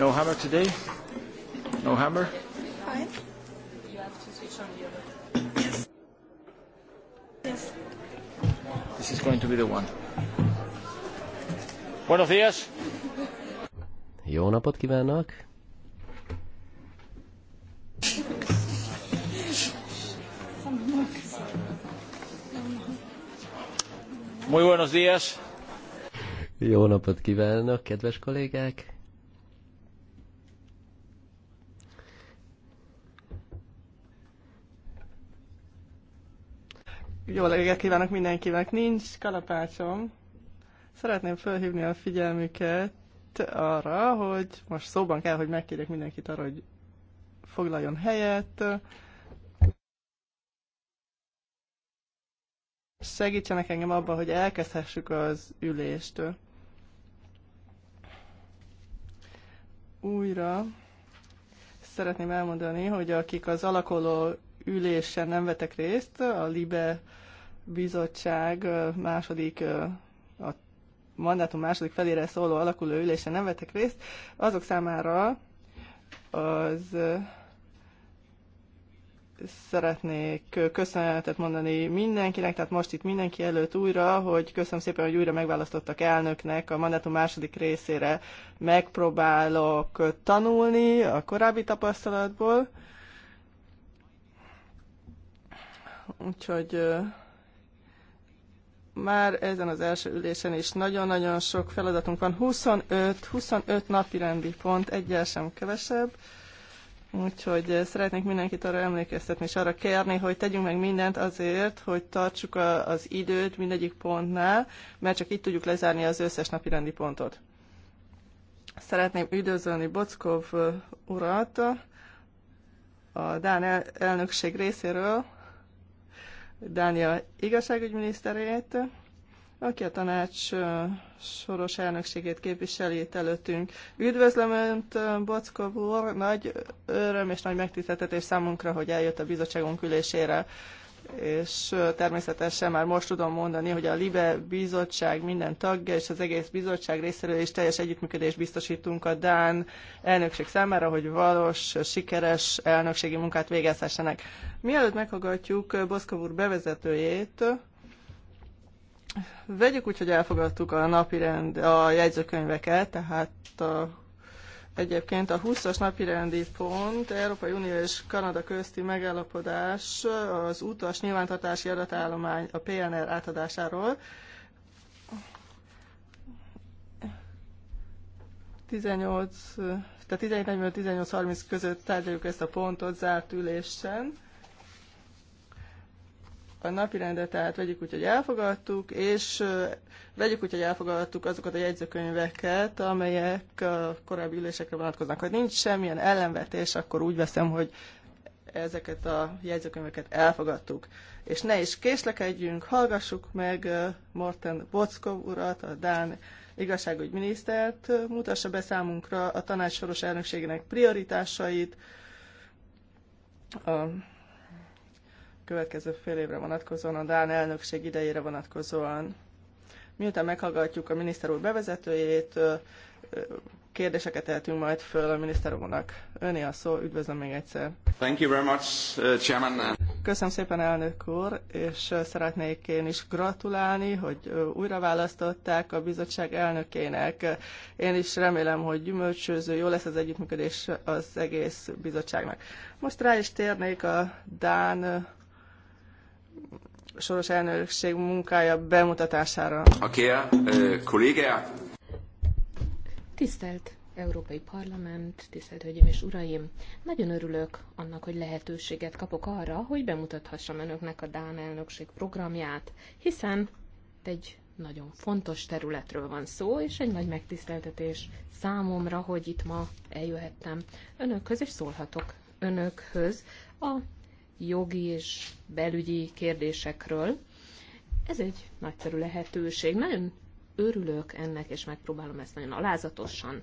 No hammer today? No hammer? Fine. You have to switch on the other. Yes. This is going to be the one. Buenos días. Jó napot kívánok! Muy buenos días. Jó napot kívánok, kedves kollégák! Jó reggelt kívánok mindenkinek. Nincs kalapácsom. Szeretném felhívni a figyelmüket arra, hogy most szóban kell, hogy megkérjek mindenkit arra, hogy foglaljon helyet. Segítsenek engem abban, hogy elkezdhessük az ülést. Újra szeretném elmondani, hogy akik az alakuló ülésen nem vetek részt, a LIBE bizottság második a mandátum második felére szóló alakuló ülésen nem vettek részt, azok számára az szeretnék köszönetet mondani mindenkinek, tehát most itt mindenki előtt újra, hogy köszönöm szépen, hogy újra megválasztottak elnöknek a mandátum második részére. Megpróbálok tanulni a korábbi tapasztalatból. Úgyhogy már ezen az első ülésen is nagyon-nagyon sok feladatunk van. 25, 25 napi rendi pont, egyel sem kevesebb. Úgyhogy eh, szeretnék mindenkit arra emlékeztetni, és arra kérni, hogy tegyünk meg mindent azért, hogy tartsuk a, az időt mindegyik pontnál, mert csak itt tudjuk lezárni az összes napi rendi pontot. Szeretném üdvözölni Bockov eh, urat a Dán elnökség részéről, Dánia igazságügyminiszterét, aki a tanács soros elnökségét képviseli itt előttünk. Üdvözlöm Önt, Bockov úr, nagy öröm és nagy megtiszteltetés számunkra, hogy eljött a bizottságunk ülésére és természetesen már most tudom mondani, hogy a LIBE bizottság minden tagja és az egész bizottság részéről is teljes együttműködést biztosítunk a Dán elnökség számára, hogy valós, sikeres elnökségi munkát végezhessenek. Mielőtt meghallgatjuk Boszkov úr bevezetőjét, vegyük úgy, hogy elfogadtuk a napirend, a jegyzőkönyveket, tehát a Egyébként a 20-as napirendi pont, Európai Unió és Kanada közti megállapodás az utas nyilvántartási adatállomány a PNR átadásáról. 18, tehát 11.40-18.30 között tárgyaljuk ezt a pontot zárt ülésen. A napirendet tehát vegyük úgy, hogy elfogadtuk, és Vegyük úgy, hogy elfogadtuk azokat a jegyzőkönyveket, amelyek a korábbi ülésekre vonatkoznak. Ha nincs semmilyen ellenvetés, akkor úgy veszem, hogy ezeket a jegyzőkönyveket elfogadtuk. És ne is késlekedjünk, hallgassuk meg Morten Bockov urat, a Dán igazságügy minisztert, mutassa be számunkra a tanács soros elnökségének prioritásait, a következő fél évre vonatkozóan, a Dán elnökség idejére vonatkozóan. Miután meghallgatjuk a miniszter úr bevezetőjét, kérdéseket tehetünk majd föl a miniszter úrnak. Öné a szó, üdvözlöm még egyszer. Thank you very much, uh, Chairman. Köszönöm szépen, elnök úr, és szeretnék én is gratulálni, hogy újra választották a bizottság elnökének. Én is remélem, hogy gyümölcsöző, jó lesz az együttműködés az egész bizottságnak. Most rá is térnék a Dán soros elnökség munkája bemutatására. Akia, eh, kollégák! Tisztelt Európai Parlament, tisztelt Hölgyeim és Uraim! Nagyon örülök annak, hogy lehetőséget kapok arra, hogy bemutathassam önöknek a Dán elnökség programját, hiszen egy nagyon fontos területről van szó, és egy nagy megtiszteltetés számomra, hogy itt ma eljöhettem önökhöz, és szólhatok önökhöz a jogi és belügyi kérdésekről. Ez egy nagyszerű lehetőség. Nagyon örülök ennek, és megpróbálom ezt nagyon alázatosan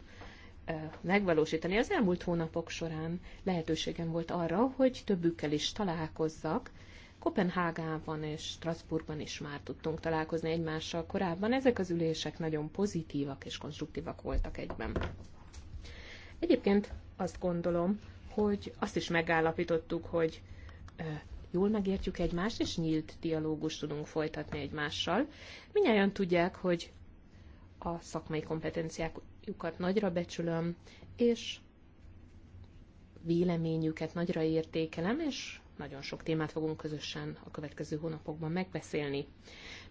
megvalósítani. Az elmúlt hónapok során lehetőségem volt arra, hogy többükkel is találkozzak. Kopenhágában és Strasbourgban is már tudtunk találkozni egymással korábban. Ezek az ülések nagyon pozitívak és konstruktívak voltak egyben. Egyébként azt gondolom, hogy azt is megállapítottuk, hogy jól megértjük egymást, és nyílt dialógust tudunk folytatni egymással. Minnyáján tudják, hogy a szakmai kompetenciákat nagyra becsülöm, és véleményüket nagyra értékelem, és nagyon sok témát fogunk közösen a következő hónapokban megbeszélni.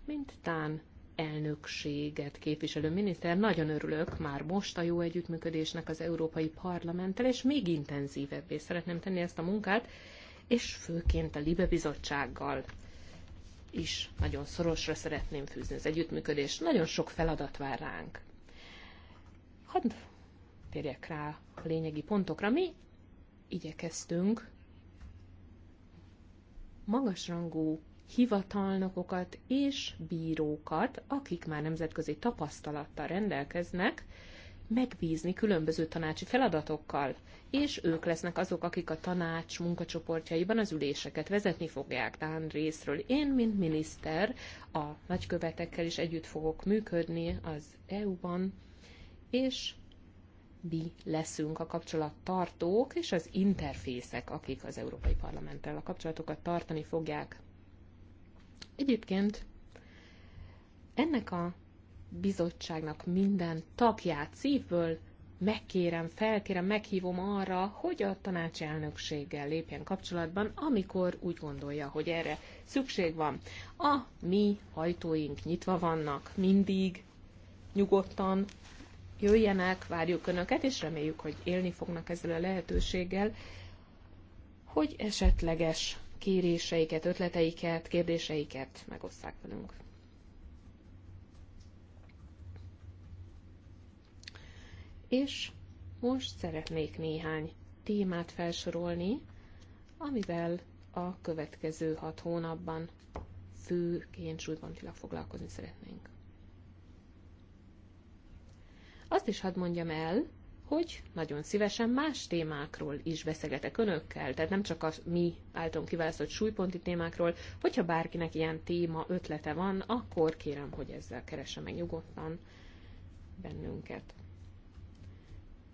Mint tán elnökséget képviselő miniszter, nagyon örülök már most a jó együttműködésnek az Európai Parlamenttel, és még intenzívebbé szeretném tenni ezt a munkát, és főként a Libe Bizottsággal is nagyon szorosra szeretném fűzni az együttműködést. Nagyon sok feladat vár ránk. Hadd térjek rá a lényegi pontokra. Mi igyekeztünk magasrangú hivatalnokokat és bírókat, akik már nemzetközi tapasztalattal rendelkeznek, megbízni különböző tanácsi feladatokkal, és ők lesznek azok, akik a tanács munkacsoportjaiban az üléseket vezetni fogják Dán részről. Én, mint miniszter, a nagykövetekkel is együtt fogok működni az EU-ban, és mi leszünk a kapcsolattartók és az interfészek, akik az Európai Parlamenttel a kapcsolatokat tartani fogják. Egyébként ennek a bizottságnak minden tagját szívből megkérem, felkérem, meghívom arra, hogy a tanácsi elnökséggel lépjen kapcsolatban, amikor úgy gondolja, hogy erre szükség van. A mi ajtóink nyitva vannak mindig, nyugodtan jöjjenek, várjuk Önöket, és reméljük, hogy élni fognak ezzel a lehetőséggel, hogy esetleges kéréseiket, ötleteiket, kérdéseiket megosszák velünk. És most szeretnék néhány témát felsorolni, amivel a következő hat hónapban főként súlypontilag foglalkozni szeretnénk. Azt is hadd mondjam el, hogy nagyon szívesen más témákról is beszélgetek önökkel, tehát nem csak a mi általunk kiválasztott súlyponti témákról, hogyha bárkinek ilyen téma ötlete van, akkor kérem, hogy ezzel keresse meg nyugodtan bennünket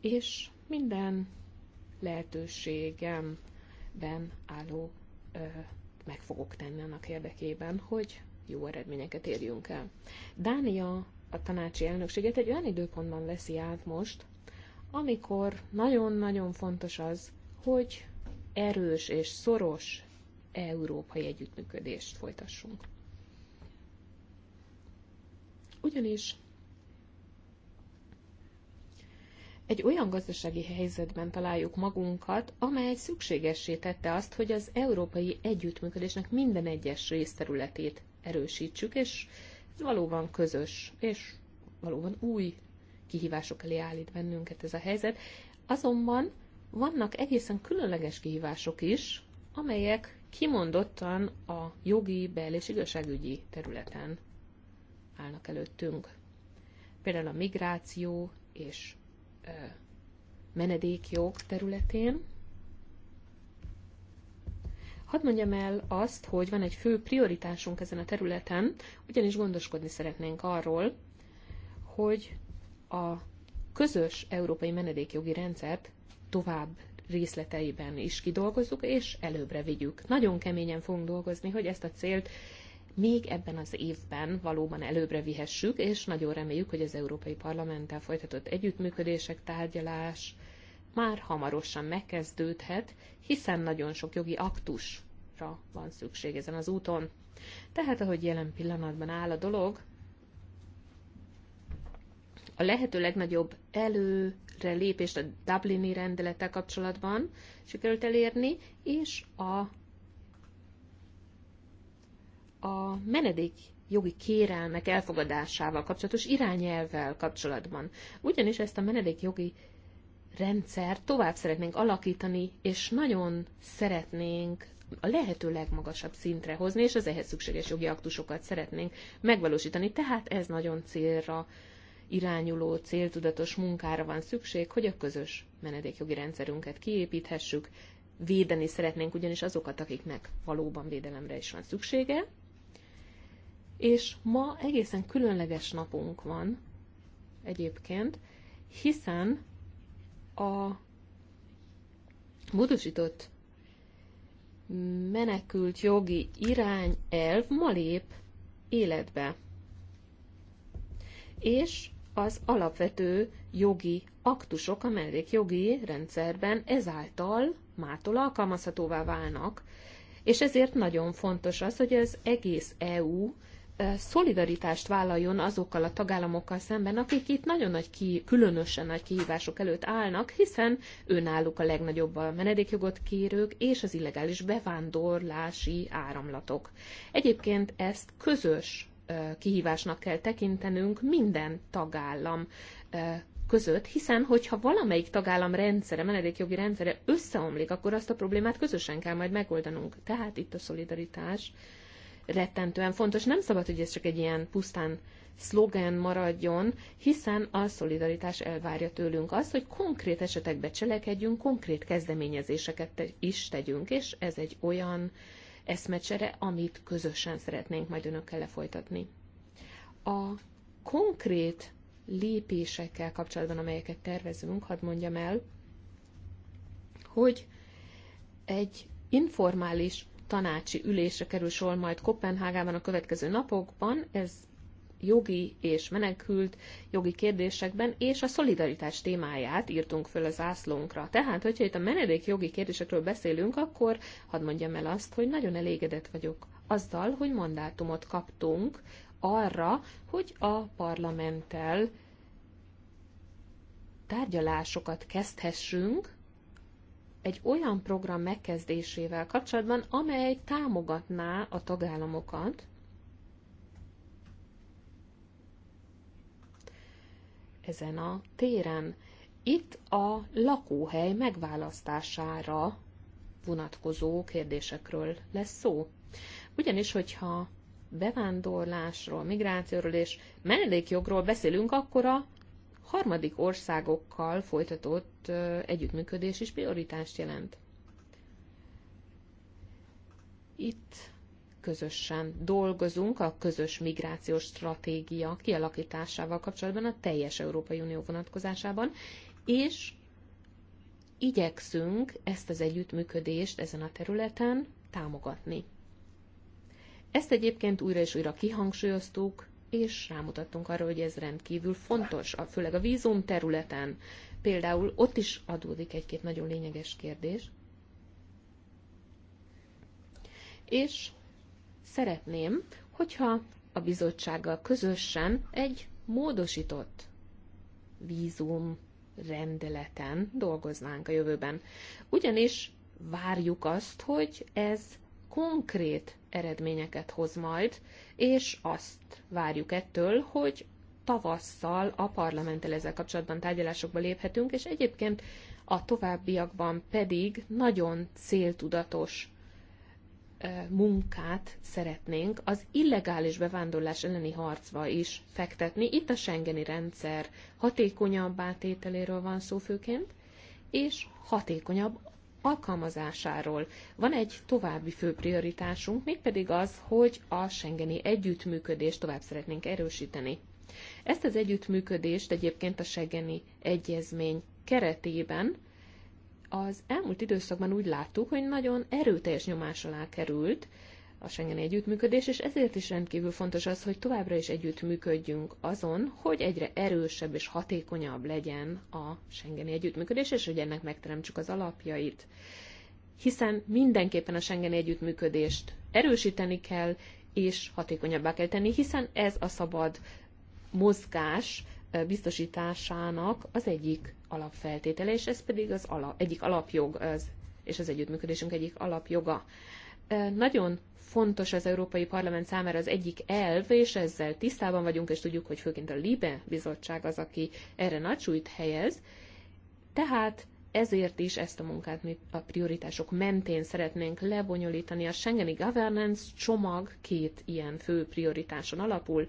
és minden lehetőségemben álló ö, meg fogok tenni annak érdekében, hogy jó eredményeket érjünk el. Dánia a tanácsi elnökséget egy olyan időpontban veszi át most, amikor nagyon-nagyon fontos az, hogy erős és szoros európai együttműködést folytassunk. Ugyanis egy olyan gazdasági helyzetben találjuk magunkat, amely szükségessé tette azt, hogy az európai együttműködésnek minden egyes részterületét erősítsük, és ez valóban közös, és valóban új kihívások elé állít bennünket ez a helyzet. Azonban vannak egészen különleges kihívások is, amelyek kimondottan a jogi, bel- és igazságügyi területen állnak előttünk. Például a migráció és menedékjog területén. Hadd mondjam el azt, hogy van egy fő prioritásunk ezen a területen, ugyanis gondoskodni szeretnénk arról, hogy a közös európai menedékjogi rendszert tovább részleteiben is kidolgozzuk, és előbbre vigyük. Nagyon keményen fogunk dolgozni, hogy ezt a célt még ebben az évben valóban előbbre vihessük, és nagyon reméljük, hogy az Európai Parlamenttel folytatott együttműködések, tárgyalás már hamarosan megkezdődhet, hiszen nagyon sok jogi aktusra van szükség ezen az úton. Tehát, ahogy jelen pillanatban áll a dolog, a lehető legnagyobb előre a Dublini rendelettel kapcsolatban sikerült elérni, és a a menedék jogi kérelmek elfogadásával kapcsolatos irányelvvel kapcsolatban. Ugyanis ezt a menedék jogi rendszer tovább szeretnénk alakítani, és nagyon szeretnénk a lehető legmagasabb szintre hozni, és az ehhez szükséges jogi aktusokat szeretnénk megvalósítani. Tehát ez nagyon célra irányuló, céltudatos munkára van szükség, hogy a közös menedékjogi rendszerünket kiépíthessük, védeni szeretnénk ugyanis azokat, akiknek valóban védelemre is van szüksége, és ma egészen különleges napunk van egyébként, hiszen a módosított menekült jogi irányelv ma lép életbe. És az alapvető jogi aktusok a jogi rendszerben ezáltal mától alkalmazhatóvá válnak, és ezért nagyon fontos az, hogy az egész EU szolidaritást vállaljon azokkal a tagállamokkal szemben, akik itt nagyon nagy ki, különösen nagy kihívások előtt állnak, hiszen ő náluk a legnagyobb a menedékjogot kérők és az illegális bevándorlási áramlatok. Egyébként ezt közös kihívásnak kell tekintenünk minden tagállam között, hiszen hogyha valamelyik tagállam rendszere, menedékjogi rendszere összeomlik, akkor azt a problémát közösen kell majd megoldanunk. Tehát itt a szolidaritás rettentően fontos. Nem szabad, hogy ez csak egy ilyen pusztán szlogen maradjon, hiszen a szolidaritás elvárja tőlünk azt, hogy konkrét esetekbe cselekedjünk, konkrét kezdeményezéseket is tegyünk, és ez egy olyan eszmecsere, amit közösen szeretnénk majd önökkel lefolytatni. A konkrét lépésekkel kapcsolatban, amelyeket tervezünk, hadd mondjam el, hogy egy informális tanácsi ülésre kerül sor majd Kopenhágában a következő napokban, ez jogi és menekült jogi kérdésekben, és a szolidaritás témáját írtunk föl az ászlónkra. Tehát, hogyha itt a menedék jogi kérdésekről beszélünk, akkor hadd mondjam el azt, hogy nagyon elégedett vagyok azzal, hogy mandátumot kaptunk arra, hogy a parlamenttel tárgyalásokat kezdhessünk egy olyan program megkezdésével kapcsolatban, amely támogatná a tagállamokat, ezen a téren. Itt a lakóhely megválasztására vonatkozó kérdésekről lesz szó. Ugyanis, hogyha bevándorlásról, migrációról és menedékjogról beszélünk, akkor a harmadik országokkal folytatott együttműködés is prioritást jelent. Itt közösen dolgozunk a közös migrációs stratégia kialakításával kapcsolatban a teljes Európai Unió vonatkozásában, és igyekszünk ezt az együttműködést ezen a területen támogatni. Ezt egyébként újra és újra kihangsúlyoztuk és rámutattunk arra, hogy ez rendkívül fontos, főleg a vízum területen. Például ott is adódik egy-két nagyon lényeges kérdés. És szeretném, hogyha a bizottsággal közösen egy módosított vízum rendeleten dolgoznánk a jövőben. Ugyanis várjuk azt, hogy ez konkrét eredményeket hoz majd, és azt várjuk ettől, hogy tavasszal a parlamenttel ezzel kapcsolatban tárgyalásokba léphetünk, és egyébként a továbbiakban pedig nagyon céltudatos munkát szeretnénk az illegális bevándorlás elleni harcba is fektetni. Itt a Schengeni rendszer hatékonyabb átételéről van szó főként, és hatékonyabb alkalmazásáról. Van egy további fő prioritásunk, mégpedig az, hogy a Schengeni együttműködést tovább szeretnénk erősíteni. Ezt az együttműködést egyébként a Schengeni Egyezmény keretében az elmúlt időszakban úgy láttuk, hogy nagyon erőteljes nyomás alá került, a Schengen együttműködés, és ezért is rendkívül fontos az, hogy továbbra is együttműködjünk azon, hogy egyre erősebb és hatékonyabb legyen a Schengeni együttműködés, és hogy ennek megteremtsük az alapjait. Hiszen mindenképpen a Schengeni együttműködést erősíteni kell, és hatékonyabbá kell tenni, hiszen ez a szabad mozgás biztosításának az egyik alapfeltétele, és ez pedig az ala, egyik alapjog az, és az együttműködésünk egyik alapjoga nagyon fontos az Európai Parlament számára az egyik elv, és ezzel tisztában vagyunk, és tudjuk, hogy főként a LIBE bizottság az, aki erre nagy súlyt helyez. Tehát ezért is ezt a munkát mi a prioritások mentén szeretnénk lebonyolítani. A Schengeni Governance csomag két ilyen fő prioritáson alapul.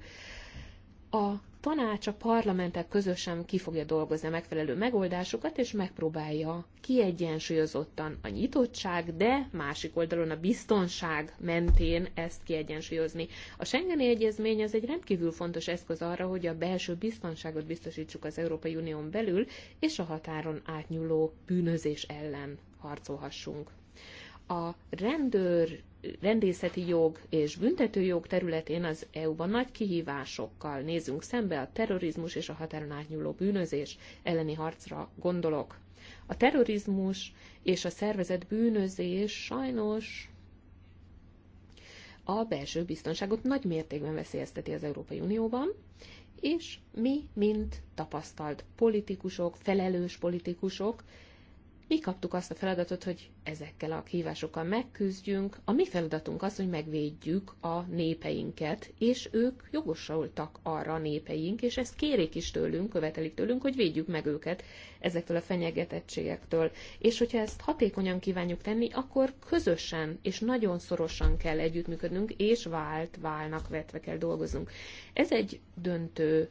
A tanács a parlamentek közösen ki fogja dolgozni a megfelelő megoldásokat, és megpróbálja kiegyensúlyozottan a nyitottság, de másik oldalon a biztonság mentén ezt kiegyensúlyozni. A Schengeni Egyezmény az egy rendkívül fontos eszköz arra, hogy a belső biztonságot biztosítsuk az Európai Unión belül, és a határon átnyúló bűnözés ellen harcolhassunk a rendőr, rendészeti jog és büntetőjog területén az EU-ban nagy kihívásokkal nézünk szembe a terrorizmus és a határon átnyúló bűnözés elleni harcra gondolok. A terrorizmus és a szervezet bűnözés sajnos a belső biztonságot nagy mértékben veszélyezteti az Európai Unióban, és mi, mint tapasztalt politikusok, felelős politikusok, mi kaptuk azt a feladatot, hogy ezekkel a kihívásokkal megküzdjünk. A mi feladatunk az, hogy megvédjük a népeinket, és ők jogosultak arra a népeink, és ezt kérik is tőlünk, követelik tőlünk, hogy védjük meg őket ezektől a fenyegetettségektől. És hogyha ezt hatékonyan kívánjuk tenni, akkor közösen és nagyon szorosan kell együttműködnünk, és vált, válnak vetve kell dolgoznunk. Ez egy döntő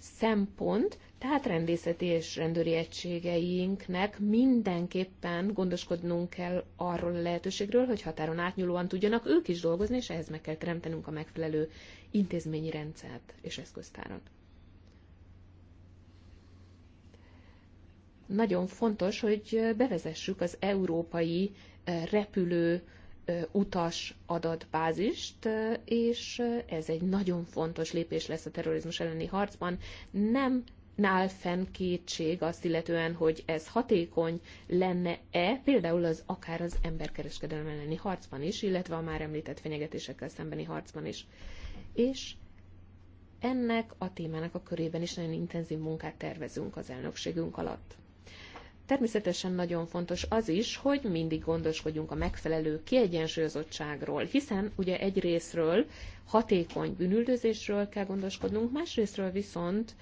szempont, tehát rendészeti és rendőri egységeinknek mindenképpen gondoskodnunk kell arról a lehetőségről, hogy határon átnyúlóan tudjanak ők is dolgozni, és ehhez meg kell teremtenünk a megfelelő intézményi rendszert és eszköztárat. Nagyon fontos, hogy bevezessük az európai eh, repülő utas adatbázist, és ez egy nagyon fontos lépés lesz a terrorizmus elleni harcban. Nem nál fenn kétség azt illetően, hogy ez hatékony lenne-e, például az akár az emberkereskedelem elleni harcban is, illetve a már említett fenyegetésekkel szembeni harcban is. És ennek a témának a körében is nagyon intenzív munkát tervezünk az elnökségünk alatt. Természetesen nagyon fontos az is, hogy mindig gondoskodjunk a megfelelő kiegyensúlyozottságról, hiszen ugye egy részről hatékony bűnüldözésről kell gondoskodnunk, másrésztről viszont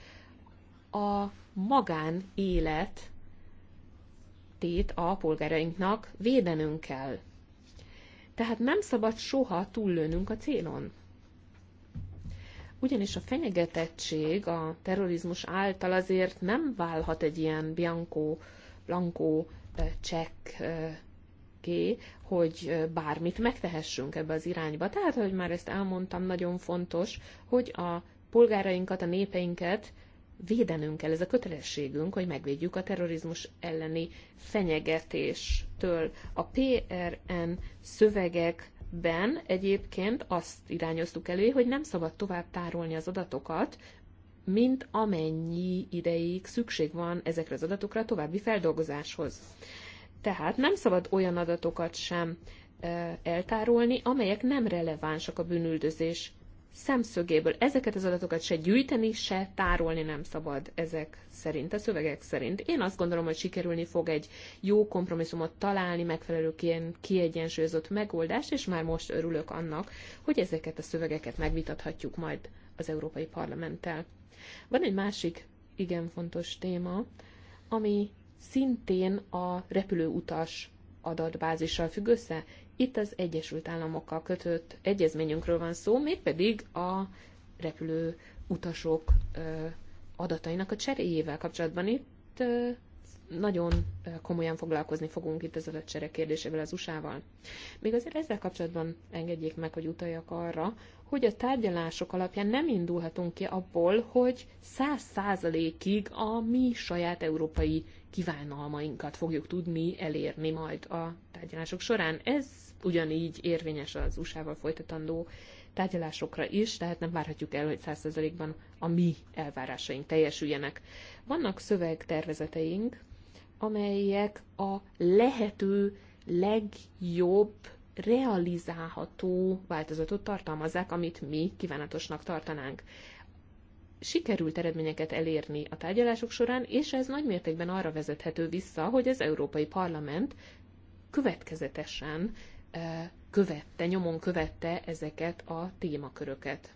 a magánélet tét a polgárainknak védenünk kell. Tehát nem szabad soha túllőnünk a célon. Ugyanis a fenyegetettség a terrorizmus által azért nem válhat egy ilyen bianco blankó csekké, hogy bármit megtehessünk ebbe az irányba. Tehát, ahogy már ezt elmondtam, nagyon fontos, hogy a polgárainkat, a népeinket védenünk kell, ez a kötelességünk, hogy megvédjük a terrorizmus elleni fenyegetéstől. A PRN szövegekben egyébként azt irányoztuk elő, hogy nem szabad tovább tárolni az adatokat, mint amennyi ideig szükség van ezekre az adatokra a további feldolgozáshoz. Tehát nem szabad olyan adatokat sem eltárolni, amelyek nem relevánsak a bűnüldözés szemszögéből. Ezeket az adatokat se gyűjteni, se tárolni nem szabad ezek szerint, a szövegek szerint. Én azt gondolom, hogy sikerülni fog egy jó kompromisszumot találni, megfelelő kiegyensúlyozott megoldást, és már most örülök annak, hogy ezeket a szövegeket megvitathatjuk majd az Európai Parlamenttel. Van egy másik igen fontos téma, ami szintén a repülőutas adatbázissal függ össze. Itt az Egyesült Államokkal kötött egyezményünkről van szó, mégpedig a repülő utasok adatainak a cseréjével kapcsolatban itt nagyon komolyan foglalkozni fogunk itt az adatcsere kérdésével az USA-val. Még azért ezzel kapcsolatban engedjék meg, hogy utaljak arra, hogy a tárgyalások alapján nem indulhatunk ki abból, hogy száz százalékig a mi saját európai kívánalmainkat fogjuk tudni elérni majd a tárgyalások során. Ez ugyanígy érvényes az USA-val folytatandó tárgyalásokra is, tehát nem várhatjuk el, hogy 100%-ban a mi elvárásaink teljesüljenek. Vannak szövegtervezeteink, amelyek a lehető legjobb realizálható változatot tartalmazzák, amit mi kívánatosnak tartanánk. Sikerült eredményeket elérni a tárgyalások során, és ez nagy mértékben arra vezethető vissza, hogy az Európai Parlament következetesen eh, követte, nyomon követte ezeket a témaköröket.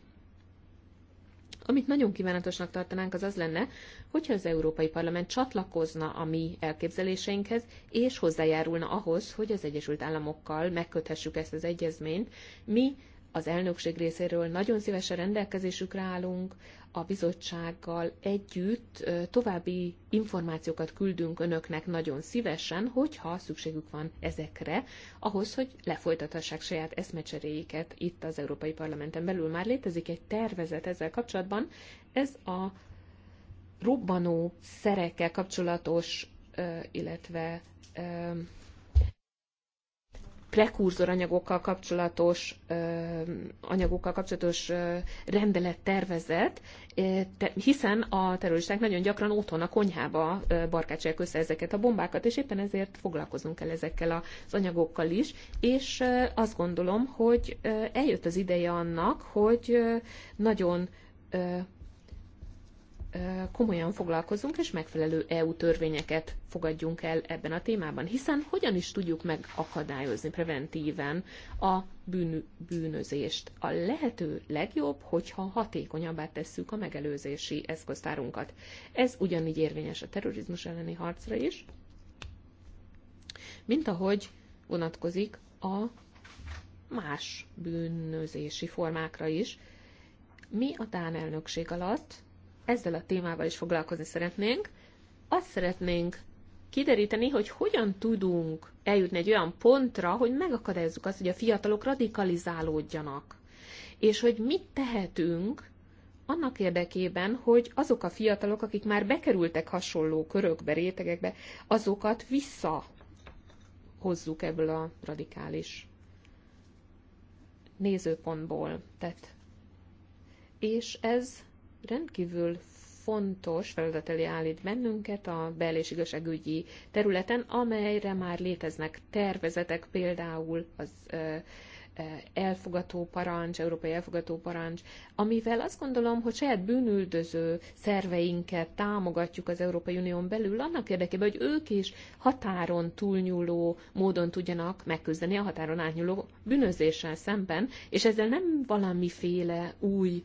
Amit nagyon kívánatosnak tartanánk, az az lenne, hogyha az Európai Parlament csatlakozna a mi elképzeléseinkhez, és hozzájárulna ahhoz, hogy az Egyesült Államokkal megköthessük ezt az egyezményt. Mi az elnökség részéről nagyon szívesen rendelkezésükre állunk, a bizottsággal együtt további információkat küldünk önöknek nagyon szívesen, hogyha szükségük van ezekre, ahhoz, hogy lefolytathassák saját eszmecseréiket itt az Európai Parlamenten belül. Már létezik egy tervezet ezzel kapcsolatban, ez a robbanó szerekkel kapcsolatos, illetve prekurzor anyagokkal kapcsolatos anyagokkal kapcsolatos rendelet tervezett, hiszen a terroristák nagyon gyakran otthon a konyhába barkácsolják össze ezeket a bombákat, és éppen ezért foglalkozunk el ezekkel az anyagokkal is, és azt gondolom, hogy eljött az ideje annak, hogy nagyon komolyan foglalkozunk, és megfelelő EU törvényeket fogadjunk el ebben a témában, hiszen hogyan is tudjuk megakadályozni preventíven a bűn, bűnözést. A lehető legjobb, hogyha hatékonyabbá tesszük a megelőzési eszköztárunkat. Ez ugyanígy érvényes a terrorizmus elleni harcra is, mint ahogy vonatkozik a más bűnözési formákra is. Mi a Dán elnökség alatt ezzel a témával is foglalkozni szeretnénk. Azt szeretnénk kideríteni, hogy hogyan tudunk eljutni egy olyan pontra, hogy megakadályozzuk azt, hogy a fiatalok radikalizálódjanak. És hogy mit tehetünk annak érdekében, hogy azok a fiatalok, akik már bekerültek hasonló körökbe, rétegekbe, azokat visszahozzuk ebből a radikális nézőpontból. Tehát. És ez rendkívül fontos feladat elé állít bennünket a bel- és igazságügyi területen, amelyre már léteznek tervezetek, például az elfogató parancs, európai elfogató parancs, amivel azt gondolom, hogy saját bűnüldöző szerveinket támogatjuk az Európai Unión belül, annak érdekében, hogy ők is határon túlnyúló módon tudjanak megküzdeni a határon átnyúló bűnözéssel szemben, és ezzel nem valamiféle új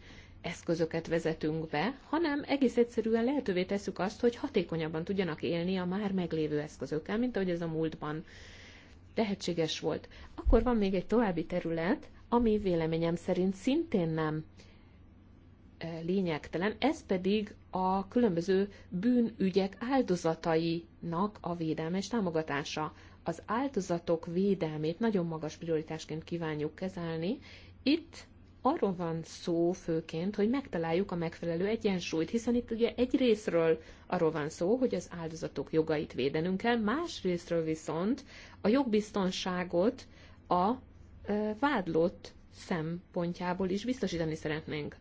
eszközöket vezetünk be, hanem egész egyszerűen lehetővé tesszük azt, hogy hatékonyabban tudjanak élni a már meglévő eszközökkel, mint ahogy ez a múltban tehetséges volt. Akkor van még egy további terület, ami véleményem szerint szintén nem e, lényegtelen, ez pedig a különböző bűnügyek áldozatainak a védelme és támogatása. Az áldozatok védelmét nagyon magas prioritásként kívánjuk kezelni. Itt arról van szó főként, hogy megtaláljuk a megfelelő egyensúlyt, hiszen itt ugye egy részről arról van szó, hogy az áldozatok jogait védenünk kell, más részről viszont a jogbiztonságot a vádlott szempontjából is biztosítani szeretnénk.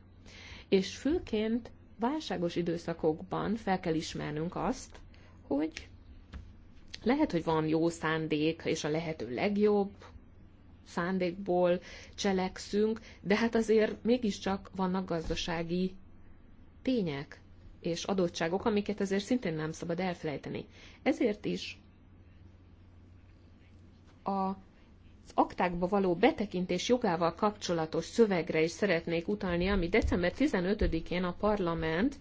És főként válságos időszakokban fel kell ismernünk azt, hogy lehet, hogy van jó szándék, és a lehető legjobb szándékból cselekszünk, de hát azért mégiscsak vannak gazdasági tények és adottságok, amiket azért szintén nem szabad elfelejteni. Ezért is a az aktákba való betekintés jogával kapcsolatos szövegre is szeretnék utalni, ami december 15-én a parlament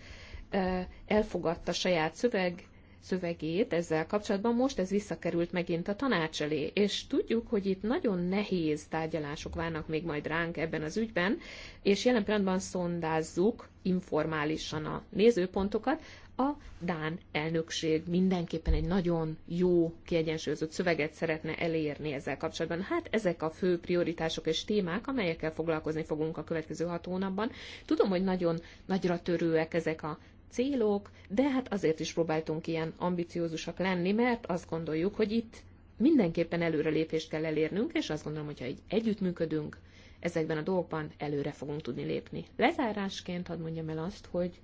eh, elfogadta saját szöveg szövegét ezzel kapcsolatban, most ez visszakerült megint a tanács elé, és tudjuk, hogy itt nagyon nehéz tárgyalások várnak még majd ránk ebben az ügyben, és jelen pillanatban szondázzuk informálisan a nézőpontokat, a Dán elnökség mindenképpen egy nagyon jó, kiegyensúlyozott szöveget szeretne elérni ezzel kapcsolatban. Hát ezek a fő prioritások és témák, amelyekkel foglalkozni fogunk a következő hat hónapban. Tudom, hogy nagyon nagyra törőek ezek a célok, de hát azért is próbáltunk ilyen ambiciózusak lenni, mert azt gondoljuk, hogy itt mindenképpen előrelépést kell elérnünk, és azt gondolom, hogyha így együttműködünk, ezekben a dolgokban előre fogunk tudni lépni. Lezárásként hadd mondjam el azt, hogy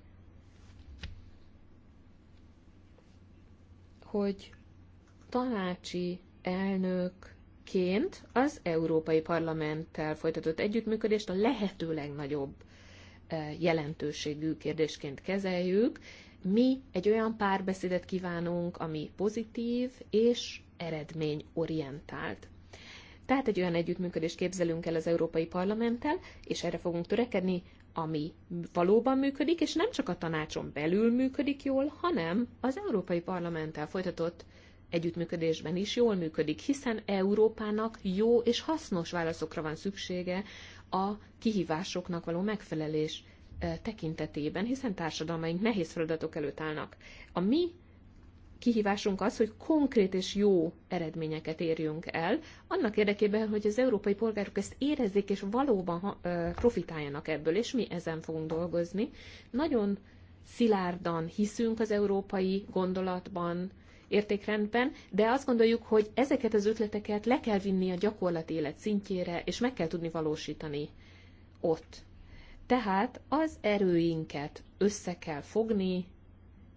hogy tanácsi elnökként az Európai Parlamenttel folytatott együttműködést a lehető legnagyobb jelentőségű kérdésként kezeljük. Mi egy olyan párbeszédet kívánunk, ami pozitív és eredményorientált. Tehát egy olyan együttműködést képzelünk el az Európai Parlamenttel, és erre fogunk törekedni, ami valóban működik, és nem csak a tanácson belül működik jól, hanem az Európai Parlamenttel folytatott együttműködésben is jól működik, hiszen Európának jó és hasznos válaszokra van szüksége a kihívásoknak való megfelelés tekintetében, hiszen társadalmaink nehéz feladatok előtt állnak. A mi kihívásunk az, hogy konkrét és jó eredményeket érjünk el, annak érdekében, hogy az európai polgárok ezt érezzék, és valóban profitáljanak ebből, és mi ezen fogunk dolgozni. Nagyon szilárdan hiszünk az európai gondolatban, értékrendben, de azt gondoljuk, hogy ezeket az ötleteket le kell vinni a gyakorlati élet szintjére, és meg kell tudni valósítani ott. Tehát az erőinket össze kell fogni,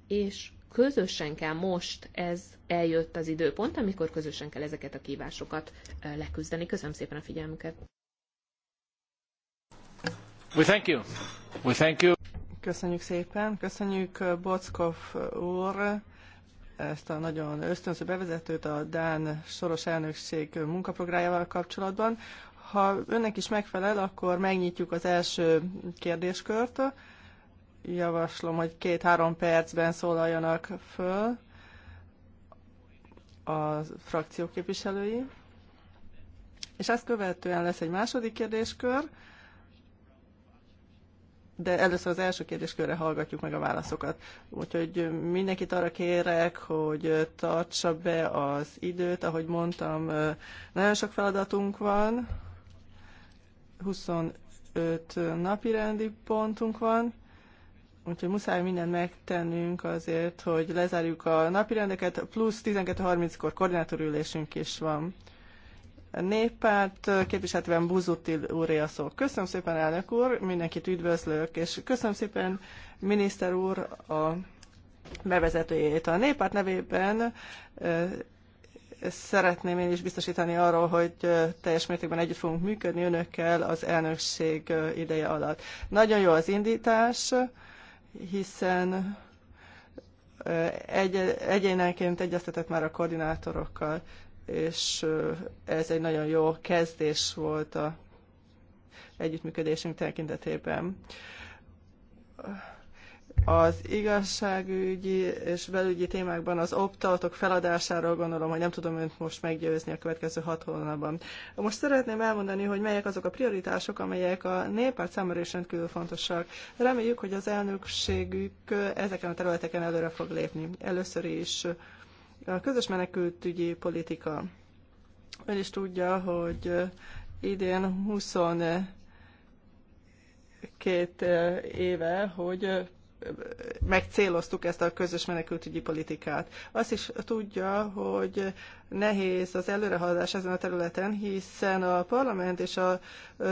és közösen kell most, ez eljött az időpont, amikor közösen kell ezeket a kívásokat leküzdeni. Köszönöm szépen a figyelmüket. We thank you. We thank you. Köszönjük szépen. Köszönjük Bockov úr ezt a nagyon ösztönző bevezetőt a Dán soros elnökség munkaprogramjával kapcsolatban. Ha önnek is megfelel, akkor megnyitjuk az első kérdéskört. Javaslom, hogy két-három percben szólaljanak föl a frakció képviselői. És ezt követően lesz egy második kérdéskör, de először az első kérdéskörre hallgatjuk meg a válaszokat. Úgyhogy mindenkit arra kérek, hogy tartsa be az időt, ahogy mondtam, nagyon sok feladatunk van, 25 napi rendi pontunk van, úgyhogy muszáj mindent megtennünk azért, hogy lezárjuk a napirendeket, plusz 12.30-kor koordinátorülésünk is van néppárt képviseletben Buzutil úré a szó. Köszönöm szépen, elnök úr, mindenkit üdvözlök, és köszönöm szépen, miniszter úr, a bevezetőjét. A néppárt nevében szeretném én is biztosítani arról, hogy teljes mértékben együtt fogunk működni önökkel az elnökség ideje alatt. Nagyon jó az indítás, hiszen egy, egyénenként egyeztetett már a koordinátorokkal és ez egy nagyon jó kezdés volt a együttműködésünk tekintetében. Az igazságügyi és belügyi témákban az optautok feladásáról gondolom, hogy nem tudom önt most meggyőzni a következő hat hónapban. Most szeretném elmondani, hogy melyek azok a prioritások, amelyek a néppárt számára is rendkívül fontosak. Reméljük, hogy az elnökségük ezeken a területeken előre fog lépni. Először is a közös menekültügyi politika. Ön is tudja, hogy idén 22 éve, hogy megcéloztuk ezt a közös menekültügyi politikát. Azt is tudja, hogy nehéz az előrehaladás ezen a területen, hiszen a parlament és a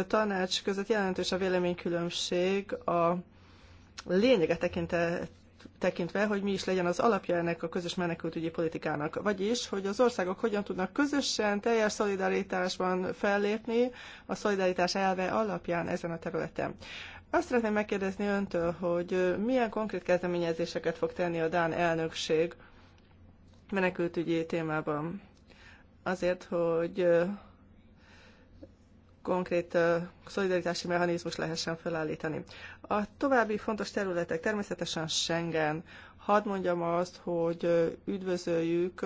tanács között jelentős a véleménykülönbség a lényege tekintett tekintve, hogy mi is legyen az alapja ennek a közös menekültügyi politikának. Vagyis, hogy az országok hogyan tudnak közösen, teljes szolidaritásban fellépni a szolidaritás elve alapján ezen a területen. Azt szeretném megkérdezni öntől, hogy milyen konkrét kezdeményezéseket fog tenni a Dán elnökség menekültügyi témában. Azért, hogy konkrét szolidaritási mechanizmus lehessen felállítani. A további fontos területek természetesen Schengen. Hadd mondjam azt, hogy üdvözöljük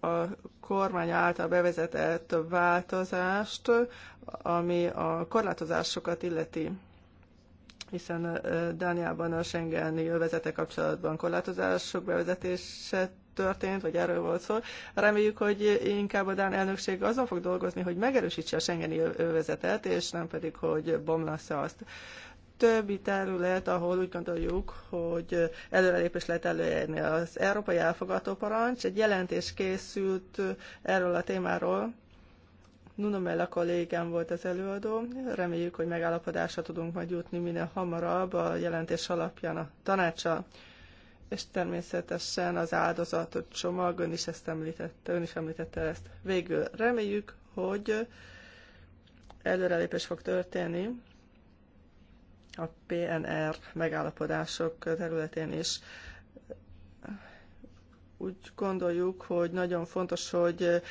a kormány által bevezetett változást, ami a korlátozásokat illeti hiszen Dániában a Schengeni övezete kapcsolatban korlátozások bevezetése történt, vagy erről volt szó. Reméljük, hogy inkább a Dán elnökség azon fog dolgozni, hogy megerősítse a Schengeni övezetet, és nem pedig, hogy bomlassza azt többi terület, ahol úgy gondoljuk, hogy előrelépés lehet előérni. Az Európai Elfogató Parancs egy jelentés készült erről a témáról. Nuno Nunamella kollégám volt az előadó. Reméljük, hogy megállapodásra tudunk majd jutni minél hamarabb a jelentés alapján a tanácsa és természetesen az áldozat csomag, ön is ezt említette, ön is említette ezt. Végül reméljük, hogy előrelépés fog történni a PNR megállapodások területén is. Úgy gondoljuk, hogy nagyon fontos, hogy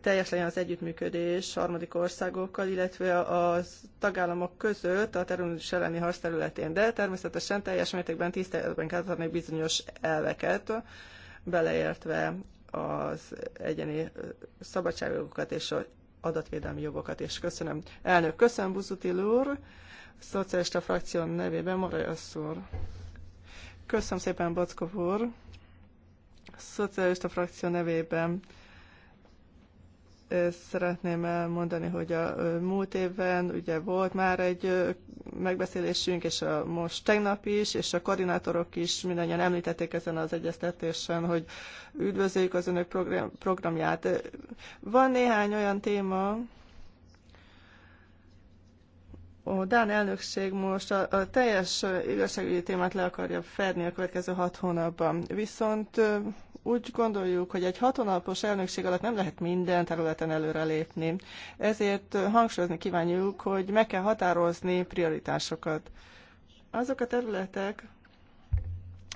teljes legyen az együttműködés harmadik országokkal, illetve a tagállamok között a terülés elleni harc területén. De természetesen teljes mértékben tiszteletben kell tartani bizonyos elveket, beleértve az egyeni szabadságokat és a adatvédelmi jogokat. És köszönöm. Elnök, köszönöm Buzutil úr, szocialista frakció nevében Morajasz úr. Köszönöm szépen Bockov úr, szocialista frakció nevében szeretném elmondani, hogy a múlt évben ugye volt már egy megbeszélésünk, és a, most tegnap is, és a koordinátorok is mindannyian említették ezen az egyeztetésen, hogy üdvözöljük az önök programját. Van néhány olyan téma, a Dán elnökség most a, a teljes igazságügyi témát le akarja fedni a következő hat hónapban. Viszont úgy gondoljuk, hogy egy hatonapos elnökség alatt nem lehet minden területen előrelépni. Ezért hangsúlyozni kívánjuk, hogy meg kell határozni prioritásokat. Azok a területek,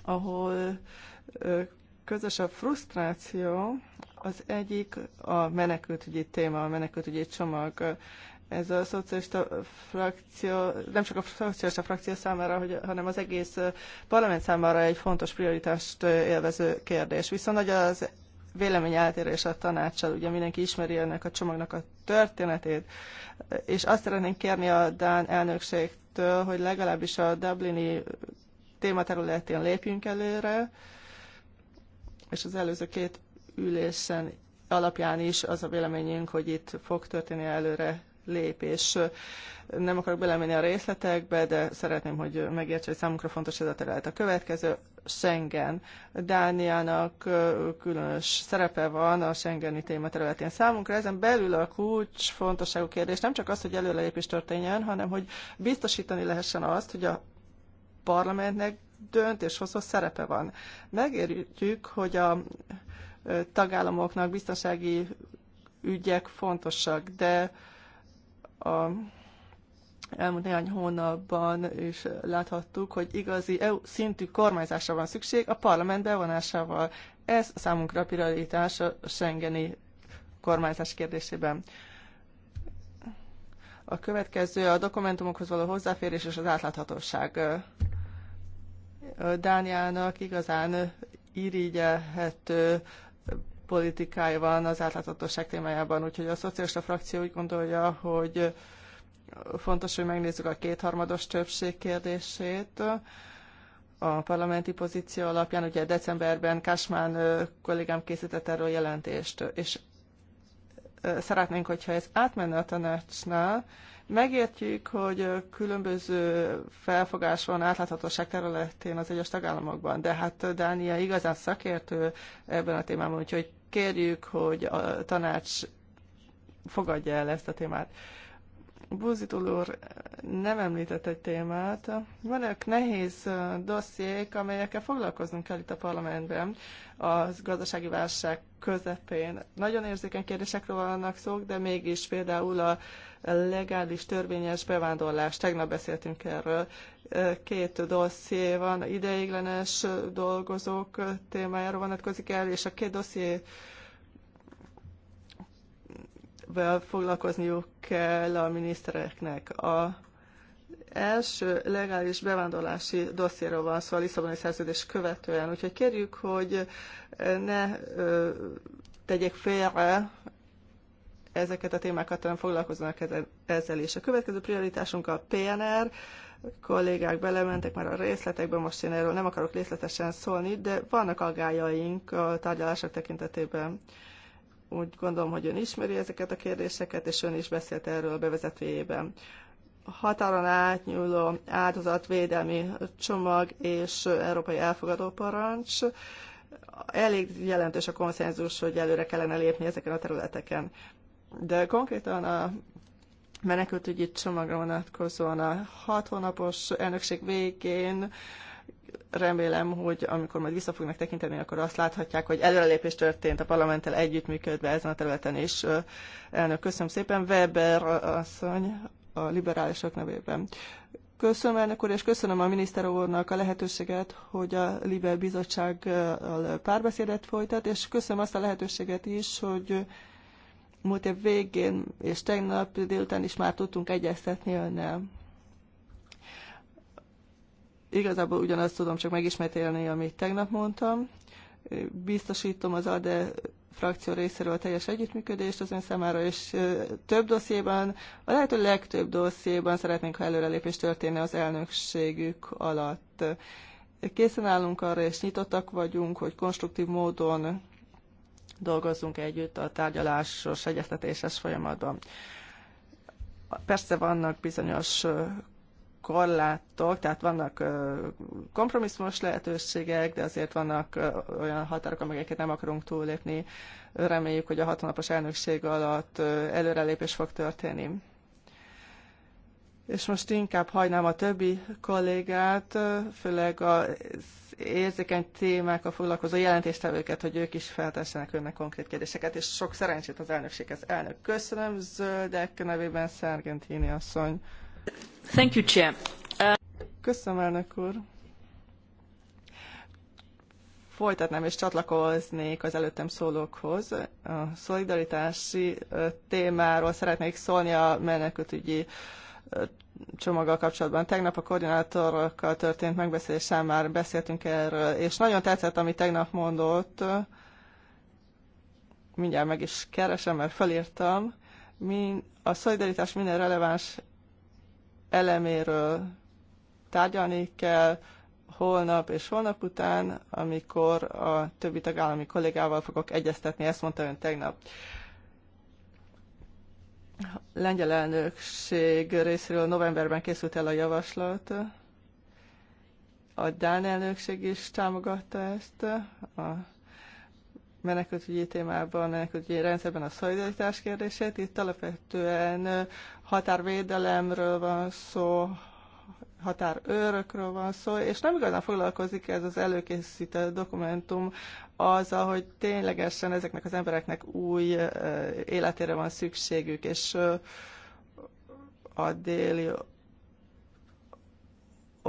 ahol közös a frusztráció, az egyik a menekültügyi téma, a menekültügyi csomag ez a szocialista frakció, nem csak a szocialista frakció számára, hogy, hanem az egész parlament számára egy fontos prioritást élvező kérdés. Viszont nagy az vélemény eltérés a tanácssal, ugye mindenki ismeri ennek a csomagnak a történetét, és azt szeretnénk kérni a Dán elnökségtől, hogy legalábbis a Dublini tématerületén lépjünk előre, és az előző két ülésen alapján is az a véleményünk, hogy itt fog történni előre lépés. Nem akarok belemenni a részletekbe, de szeretném, hogy megértse, hogy számunkra fontos ez a terület. A következő Schengen. Dániának különös szerepe van a Schengeni téma területén. Számunkra ezen belül a kulcs fontosságú kérdés nem csak az, hogy előrelépés történjen, hanem hogy biztosítani lehessen azt, hogy a parlamentnek döntéshozó szerepe van. Megértjük, hogy a tagállamoknak biztonsági ügyek fontosak, de a elmúlt néhány hónapban is láthattuk, hogy igazi EU szintű kormányzásra van szükség a parlament bevonásával. Ez számunkra a prioritás a Schengeni kormányzás kérdésében. A következő a dokumentumokhoz való hozzáférés és az átláthatóság. Dániának igazán irigyelhető politikája van az átláthatóság témájában. Úgyhogy a szocialista frakció úgy gondolja, hogy fontos, hogy megnézzük a kétharmados többség kérdését a parlamenti pozíció alapján. Ugye decemberben Kásmán kollégám készített erről jelentést, és szeretnénk, hogyha ez átmenne a tanácsnál, megértjük, hogy különböző felfogás van átláthatóság területén az egyes tagállamokban, de hát Dánia igazán szakértő ebben a témában, úgyhogy kérjük, hogy a tanács fogadja el ezt a témát. Búzitul úr nem említett egy témát. Vannak nehéz dossziék, amelyekkel foglalkoznunk kell itt a parlamentben a gazdasági válság közepén. Nagyon érzékeny kérdésekről vannak szók, de mégis például a legális törvényes bevándorlás. Tegnap beszéltünk erről. Két dosszié van, ideiglenes dolgozók témájára vonatkozik el, és a két dosszié vel foglalkozniuk kell a minisztereknek. A első legális bevándorlási dossziéról van szó a Lisszaboni szerződés követően, úgyhogy kérjük, hogy ne ö, tegyék félre ezeket a témákat, hanem foglalkoznak ezzel is. A következő prioritásunk a PNR, kollégák belementek már a részletekbe, most én erről nem akarok részletesen szólni, de vannak aggájaink a tárgyalások tekintetében. Úgy gondolom, hogy ön ismeri ezeket a kérdéseket, és ön is beszélt erről a bevezetőjében. Határon átnyúló áldozatvédelmi csomag és európai elfogadó parancs elég jelentős a konszenzus, hogy előre kellene lépni ezeken a területeken. De konkrétan a menekültügyi csomagra vonatkozóan a hat hónapos elnökség végén remélem, hogy amikor majd vissza fognak tekinteni, akkor azt láthatják, hogy előrelépés történt a parlamenttel együttműködve ezen a területen is. Elnök, köszönöm szépen. Weber asszony a liberálisok nevében. Köszönöm elnök úr, és köszönöm a miniszter úrnak a lehetőséget, hogy a liber bizottság párbeszédet folytat, és köszönöm azt a lehetőséget is, hogy múlt év végén és tegnap délután is már tudtunk egyeztetni önnel. Igazából ugyanazt tudom csak megismételni, amit tegnap mondtam. Biztosítom az ADE frakció részéről a teljes együttműködést az ön számára, és több dossziéban, a lehető legtöbb dossziéban szeretnénk, ha előrelépés történne az elnökségük alatt. Készen állunk arra, és nyitottak vagyunk, hogy konstruktív módon dolgozzunk együtt a tárgyalásos, egyeztetéses folyamatban. Persze vannak bizonyos korlátok, tehát vannak kompromisszumos lehetőségek, de azért vannak olyan határok, amelyeket nem akarunk túllépni. Reméljük, hogy a hatónapos elnökség alatt előrelépés fog történni. És most inkább hajnám a többi kollégát, főleg az érzékeny témákkal foglalkozó jelentéstevőket, hogy ők is feltessenek önnek konkrét kérdéseket, és sok szerencsét az elnökséghez. Elnök, köszönöm, zöldek nevében Szergentini asszony. Köszönöm, elnök úr. Folytatnám és csatlakoznék az előttem szólókhoz. A szolidaritási témáról szeretnék szólni a menekültügyi csomaggal kapcsolatban. Tegnap a koordinátorokkal történt megbeszélésen már beszéltünk erről, és nagyon tetszett, amit tegnap mondott, mindjárt meg is keresem, mert felírtam, a szolidaritás minden releváns eleméről tárgyalni kell holnap és holnap után, amikor a többi tagállami kollégával fogok egyeztetni, ezt mondta ön tegnap. A lengyel elnökség részéről novemberben készült el a javaslat, a Dán elnökség is támogatta ezt, a menekültügyi témában, a menekültügyi rendszerben a szolidaritás kérdését. Itt alapvetően határvédelemről van szó, határőrökről van szó, és nem igazán foglalkozik ez az előkészített dokumentum azzal, hogy ténylegesen ezeknek az embereknek új életére van szükségük, és a déli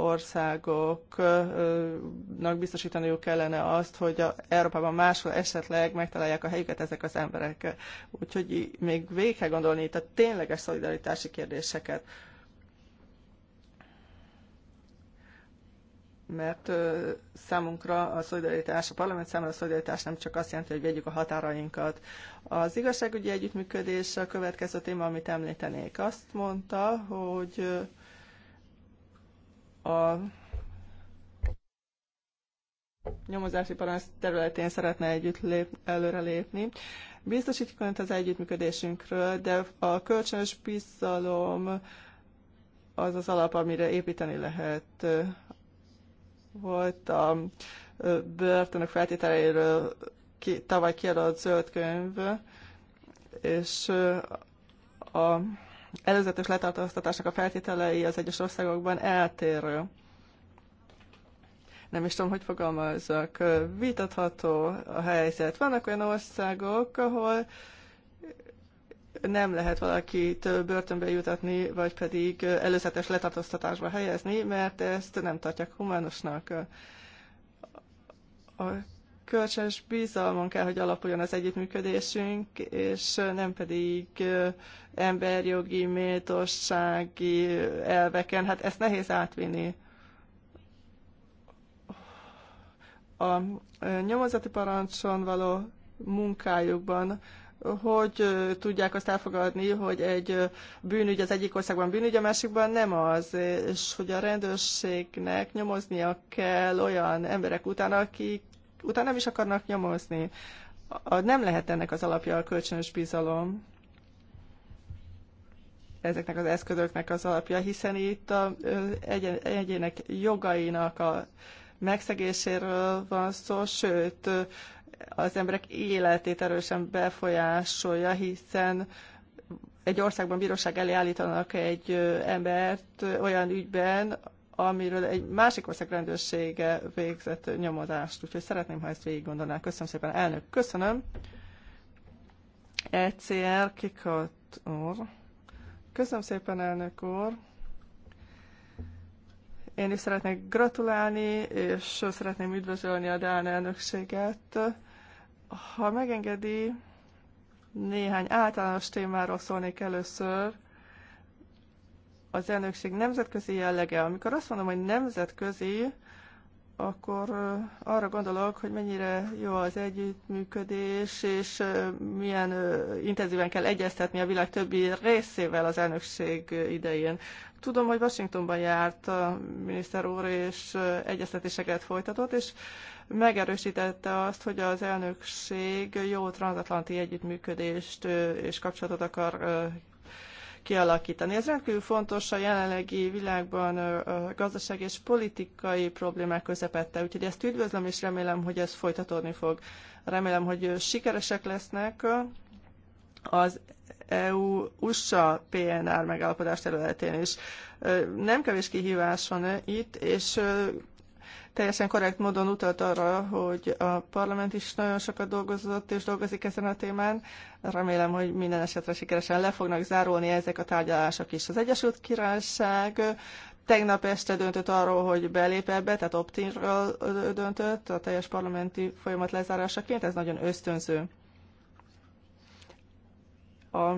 országoknak biztosítaniuk kellene azt, hogy a Európában máshol esetleg megtalálják a helyüket ezek az emberek. Úgyhogy még végig kell gondolni itt a tényleges szolidaritási kérdéseket. mert számunkra a szolidaritás, a parlament számára a szolidaritás nem csak azt jelenti, hogy vegyük a határainkat. Az igazságügyi együttműködés a következő téma, amit említenék. Azt mondta, hogy a nyomozási parancs területén szeretne együtt lép, előrelépni. Biztosítjuk önt az együttműködésünkről, de a kölcsönös bizalom az az alap, amire építeni lehet. Volt a börtönök feltételeiről ki, tavaly kiadott zöld könyv, és a előzetes letartóztatásnak a feltételei az egyes országokban eltérő. Nem is tudom, hogy fogalmazzak. Vitatható a helyzet. Vannak olyan országok, ahol nem lehet valakit börtönbe jutatni, vagy pedig előzetes letartóztatásba helyezni, mert ezt nem tartják humánusnak. A kölcsönös bizalmon kell, hogy alapuljon az együttműködésünk, és nem pedig emberjogi, méltósági elveken. Hát ezt nehéz átvinni. A nyomozati parancson való munkájukban hogy tudják azt elfogadni, hogy egy bűnügy az egyik országban bűnügy, a másikban nem az, és hogy a rendőrségnek nyomoznia kell olyan emberek után, akik utána nem is akarnak nyomozni. A, nem lehet ennek az alapja a kölcsönös bizalom ezeknek az eszközöknek az alapja, hiszen itt a egy, egyének jogainak a megszegéséről van szó, sőt, az emberek életét erősen befolyásolja, hiszen egy országban bíróság elé állítanak egy embert olyan ügyben, amiről egy másik ország rendőrsége végzett nyomozást, Úgyhogy szeretném, ha ezt végig gondolnál. Köszönöm szépen, elnök. Köszönöm. ECR kikat úr. Köszönöm szépen, elnök úr. Én is szeretnék gratulálni, és szeretném üdvözölni a Dán elnökséget. Ha megengedi, néhány általános témáról szólnék először, az elnökség nemzetközi jellege. Amikor azt mondom, hogy nemzetközi, akkor arra gondolok, hogy mennyire jó az együttműködés, és milyen intenzíven kell egyeztetni a világ többi részével az elnökség idején. Tudom, hogy Washingtonban járt a miniszter úr, és egyeztetéseket folytatott, és megerősítette azt, hogy az elnökség jó transatlanti együttműködést és kapcsolatot akar kialakítani. Ez rendkívül fontos a jelenlegi világban a gazdaság és politikai problémák közepette, úgyhogy ezt üdvözlöm, és remélem, hogy ez folytatódni fog. Remélem, hogy sikeresek lesznek az EU-USA PNR megállapodás területén is. Nem kevés kihívás van itt, és teljesen korrekt módon utalt arra, hogy a parlament is nagyon sokat dolgozott és dolgozik ezen a témán. Remélem, hogy minden esetre sikeresen le fognak zárulni ezek a tárgyalások is. Az Egyesült Királyság tegnap este döntött arról, hogy belép ebbe, tehát optinről döntött a teljes parlamenti folyamat lezárásaként, ez nagyon ösztönző. A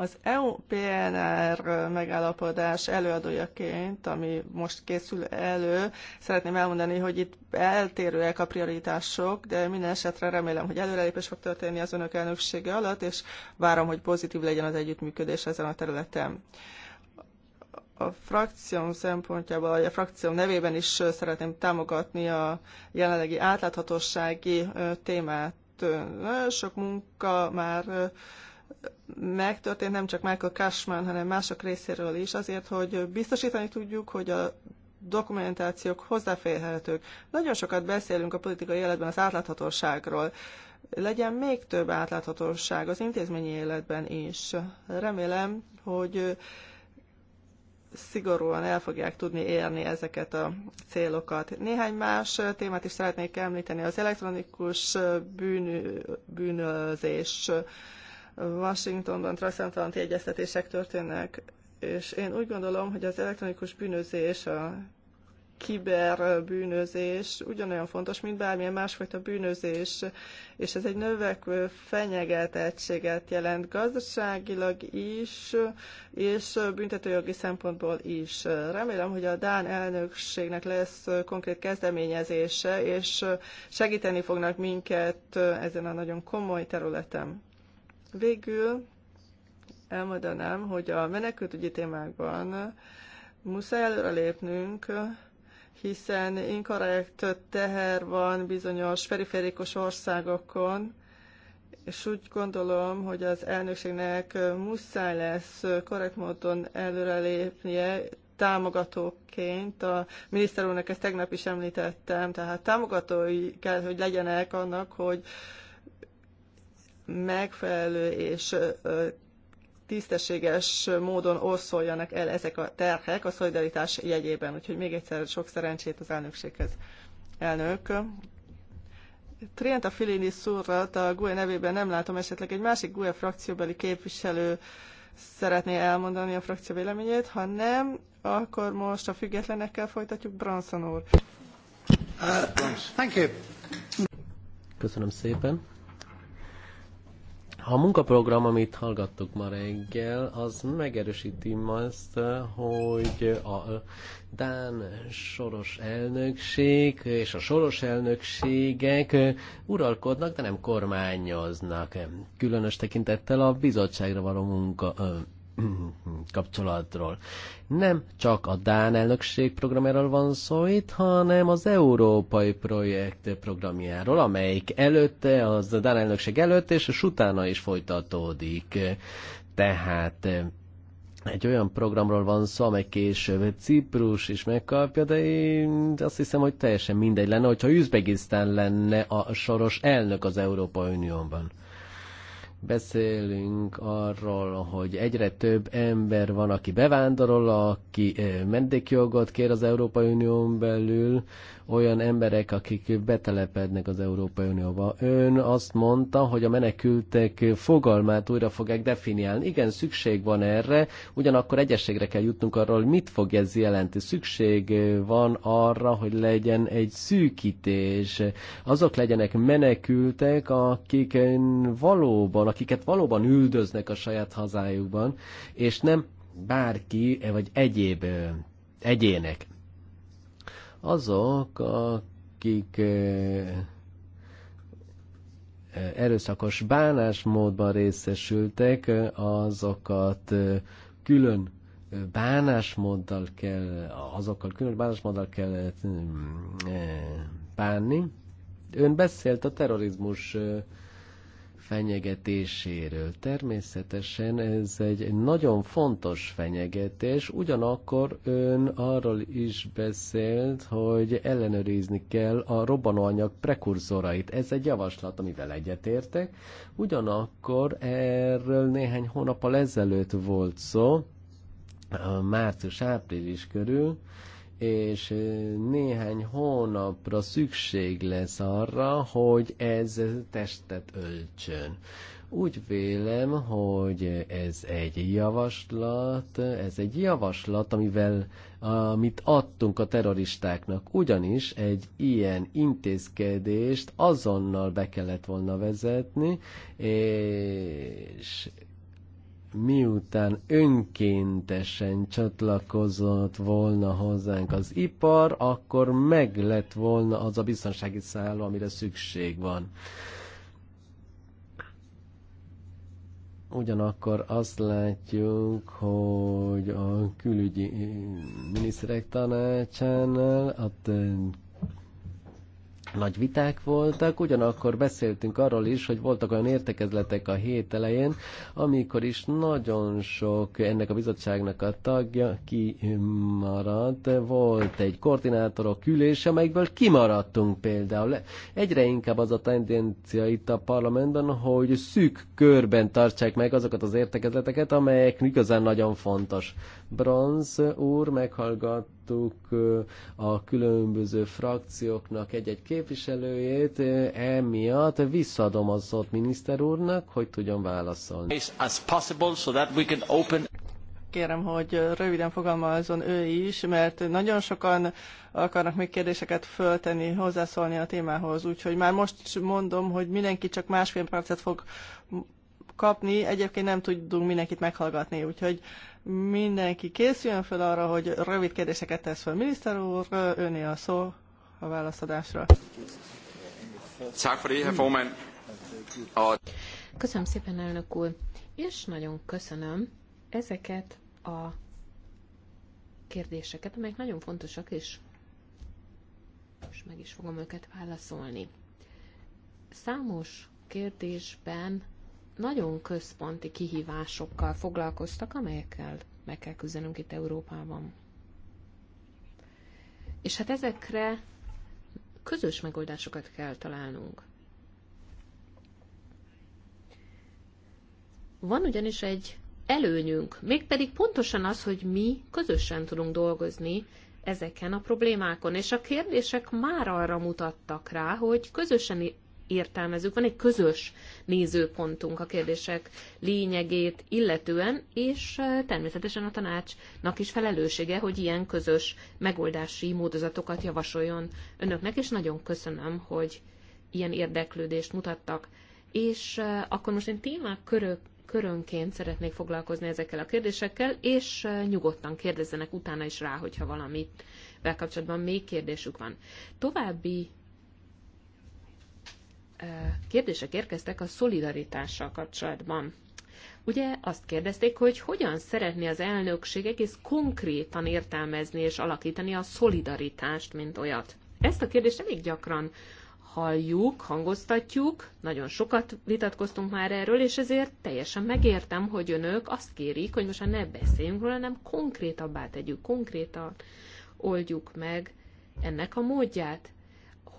az EU-PNR megállapodás előadójaként, ami most készül elő, szeretném elmondani, hogy itt eltérőek a prioritások, de minden esetre remélem, hogy előrelépés fog történni az önök elnöksége alatt, és várom, hogy pozitív legyen az együttműködés ezen a területen a frakcióm szempontjából, vagy a frakcióm nevében is szeretném támogatni a jelenlegi átláthatósági témát. Nagyon sok munka már megtörtént nem csak Michael Cashman, hanem mások részéről is, azért, hogy biztosítani tudjuk, hogy a dokumentációk hozzáférhetők. Nagyon sokat beszélünk a politikai életben az átláthatóságról. Legyen még több átláthatóság az intézményi életben is. Remélem, hogy szigorúan el fogják tudni érni ezeket a célokat. Néhány más témát is szeretnék említeni. Az elektronikus bűn, bűnözés Washingtonban transatlanti egyeztetések történnek, és én úgy gondolom, hogy az elektronikus bűnözés, a kiberbűnözés ugyanolyan fontos, mint bármilyen másfajta bűnözés, és ez egy növekvő fenyegetettséget jelent gazdaságilag is, és büntetőjogi szempontból is. Remélem, hogy a Dán elnökségnek lesz konkrét kezdeményezése, és segíteni fognak minket ezen a nagyon komoly területen. Végül elmondanám, hogy a menekültügyi témákban muszáj előrelépnünk, hiszen inkorrekt teher van bizonyos periférikus országokon, és úgy gondolom, hogy az elnökségnek muszáj lesz korrekt módon előrelépnie támogatóként. A miniszter úrnak ezt tegnap is említettem, tehát támogatói kell, hogy legyenek annak, hogy megfelelő és tisztességes módon orszoljanak el ezek a terhek a szolidaritás jegyében. Úgyhogy még egyszer sok szerencsét az elnökséghez. Elnök, Trienta Filini szurrat a GUE nevében nem látom, esetleg egy másik GUE frakcióbeli képviselő szeretné elmondani a frakció véleményét, ha nem, akkor most a függetlenekkel folytatjuk, Branson úr. Uh, thank you. Köszönöm szépen. A munkaprogram, amit hallgattuk ma reggel, az megerősíti azt, hogy a Dán soros elnökség és a soros elnökségek uralkodnak, de nem kormányoznak. Különös tekintettel a bizottságra való munka kapcsolatról. Nem csak a Dán elnökség programjáról van szó itt, hanem az európai projekt programjáról, amelyik előtte, az Dán elnökség előtt és utána is folytatódik. Tehát eh, egy olyan programról van szó, amely később Ciprus is megkapja, de én azt hiszem, hogy teljesen mindegy lenne, hogyha Üzbegisztán lenne a soros elnök az Európai Unióban. Beszélünk arról, hogy egyre több ember van, aki bevándorol, aki eh, mendékjogot kér az Európai Unión belül, olyan emberek, akik betelepednek az Európai Unióba. Ön azt mondta, hogy a menekültek fogalmát újra fogják definiálni. Igen, szükség van erre, ugyanakkor egyességre kell jutnunk arról, hogy mit fog ez jelenti. Szükség van arra, hogy legyen egy szűkítés. Azok legyenek menekültek, akik valóban, akiket valóban üldöznek a saját hazájukban, és nem bárki, vagy egyéb egyének. Azok, akik eh, eh, erőszakos bánásmódban részesültek, eh, azokat külön bánásmóddal kell, azokkal külön bánásmóddal kell bánni. Ön beszélt a terrorizmus fenyegetéséről. Természetesen ez egy nagyon fontos fenyegetés, ugyanakkor ön arról is beszélt, hogy ellenőrizni kell a robbanóanyag prekurzorait. Ez egy javaslat, amivel egyetértek. Ugyanakkor erről néhány hónappal ezelőtt volt szó, március-április körül, és néhány napra szükség lesz arra, hogy ez testet öltsön. Úgy vélem, hogy ez egy javaslat, ez egy javaslat, amivel amit adtunk a terroristáknak. Ugyanis egy ilyen intézkedést azonnal be kellett volna vezetni, és miután önkéntesen csatlakozott volna hozzánk az ipar, akkor meg lett volna az a biztonsági szálló, amire szükség van. Ugyanakkor azt látjuk, hogy a külügyi miniszterek tanácsánál a nagy viták voltak, ugyanakkor beszéltünk arról is, hogy voltak olyan értekezletek a hét elején, amikor is nagyon sok ennek a bizottságnak a tagja kimaradt. Volt egy koordinátorok ülés, amelyikből kimaradtunk például. Egyre inkább az a tendencia itt a parlamentben, hogy szűk körben tartsák meg azokat az értekezleteket, amelyek igazán nagyon fontos Bronz úr, meghallgattuk a különböző frakcióknak egy-egy képviselőjét, emiatt visszadom az szót miniszter úrnak, hogy tudjon válaszolni. Kérem, hogy röviden fogalmazzon ő is, mert nagyon sokan akarnak még kérdéseket föltenni, hozzászólni a témához, úgyhogy már most is mondom, hogy mindenki csak másfél percet fog kapni, egyébként nem tudunk mindenkit meghallgatni, úgyhogy Mindenki készüljön fel arra, hogy rövid kérdéseket tesz fel. Miniszter úr, öné a szó a válaszadásra. Köszönöm szépen, elnök úr, és nagyon köszönöm ezeket a kérdéseket, amelyek nagyon fontosak, és most meg is fogom őket válaszolni. Számos kérdésben nagyon központi kihívásokkal foglalkoztak, amelyekkel meg kell küzdenünk itt Európában. És hát ezekre közös megoldásokat kell találnunk. Van ugyanis egy előnyünk, mégpedig pontosan az, hogy mi közösen tudunk dolgozni ezeken a problémákon. És a kérdések már arra mutattak rá, hogy közösen értelmezünk, Van egy közös nézőpontunk a kérdések lényegét illetően, és eh, természetesen a tanácsnak is felelőssége, hogy ilyen közös megoldási módozatokat javasoljon önöknek, és nagyon köszönöm, hogy ilyen érdeklődést mutattak. És eh, akkor most én témák körök, körönként szeretnék foglalkozni ezekkel a kérdésekkel, és eh, nyugodtan kérdezzenek utána is rá, hogyha valami kapcsolatban még kérdésük van. További kérdések érkeztek a szolidaritással kapcsolatban. Ugye azt kérdezték, hogy hogyan szeretné az elnökség egész konkrétan értelmezni és alakítani a szolidaritást, mint olyat. Ezt a kérdést elég gyakran halljuk, hangoztatjuk, nagyon sokat vitatkoztunk már erről, és ezért teljesen megértem, hogy önök azt kérik, hogy most már ne beszéljünk róla, hanem konkrétabbá tegyük, konkrétan oldjuk meg ennek a módját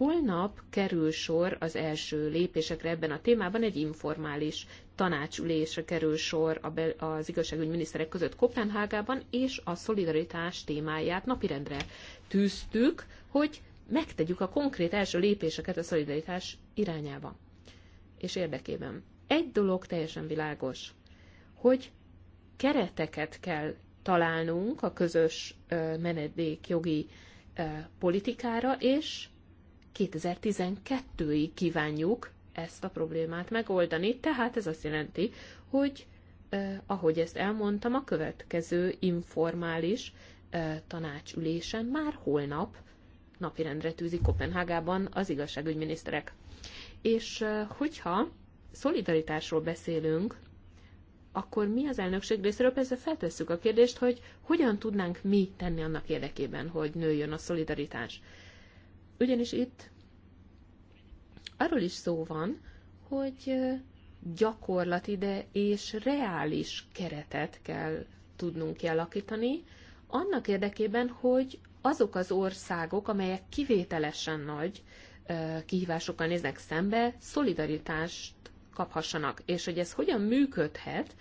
holnap kerül sor az első lépésekre ebben a témában, egy informális tanácsülésre kerül sor az miniszterek között Kopenhágában, és a szolidaritás témáját napirendre tűztük, hogy megtegyük a konkrét első lépéseket a szolidaritás irányába és érdekében. Egy dolog teljesen világos, hogy kereteket kell találnunk a közös menedékjogi politikára, és 2012-ig kívánjuk ezt a problémát megoldani, tehát ez azt jelenti, hogy eh, ahogy ezt elmondtam, a következő informális eh, tanácsülésen már holnap napirendre tűzi Kopenhágában az igazságügyminiszterek. És eh, hogyha szolidaritásról beszélünk, akkor mi az elnökség részéről persze feltesszük a kérdést, hogy hogyan tudnánk mi tenni annak érdekében, hogy nőjön a szolidaritás. Ugyanis itt arról is szó van, hogy gyakorlati, de és reális keretet kell tudnunk kialakítani, annak érdekében, hogy azok az országok, amelyek kivételesen nagy kihívásokkal néznek szembe, szolidaritást kaphassanak. És hogy ez hogyan működhet,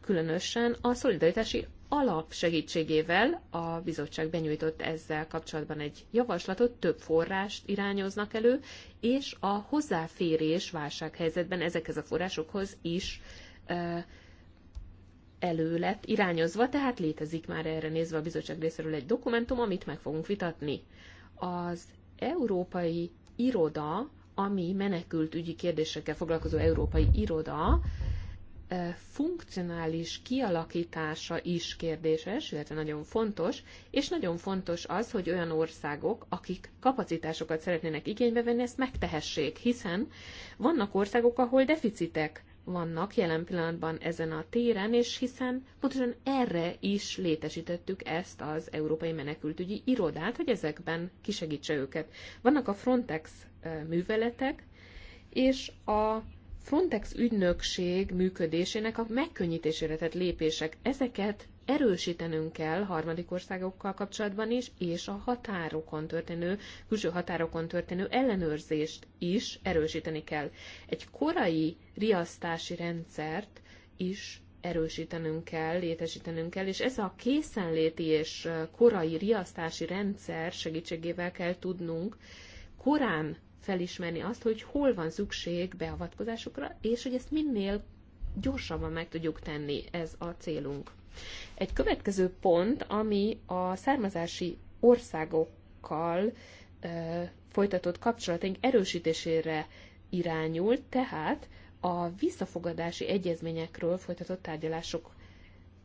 különösen a szolidaritási alap segítségével a bizottság benyújtott ezzel kapcsolatban egy javaslatot, több forrást irányoznak elő, és a hozzáférés válsághelyzetben ezekhez a forrásokhoz is elő lett irányozva, tehát létezik már erre nézve a bizottság részéről egy dokumentum, amit meg fogunk vitatni. Az Európai Iroda, ami menekült ügyi kérdésekkel foglalkozó Európai Iroda funkcionális kialakítása is kérdéses, illetve nagyon fontos, és nagyon fontos az, hogy olyan országok, akik kapacitásokat szeretnének igénybe venni, ezt megtehessék, hiszen vannak országok, ahol deficitek vannak jelen pillanatban ezen a téren, és hiszen pontosan erre is létesítettük ezt az Európai Menekültügyi Irodát, hogy ezekben kisegítse őket. Vannak a Frontex műveletek, és a Frontex ügynökség működésének a megkönnyítésére tett lépések, ezeket erősítenünk kell harmadik országokkal kapcsolatban is, és a határokon történő, külső határokon történő ellenőrzést is erősíteni kell. Egy korai riasztási rendszert is erősítenünk kell, létesítenünk kell, és ez a készenléti és korai riasztási rendszer segítségével kell tudnunk korán felismerni azt, hogy hol van szükség beavatkozásokra, és hogy ezt minél gyorsabban meg tudjuk tenni, ez a célunk. Egy következő pont, ami a származási országokkal ö, folytatott kapcsolataink erősítésére irányult, tehát a visszafogadási egyezményekről folytatott tárgyalások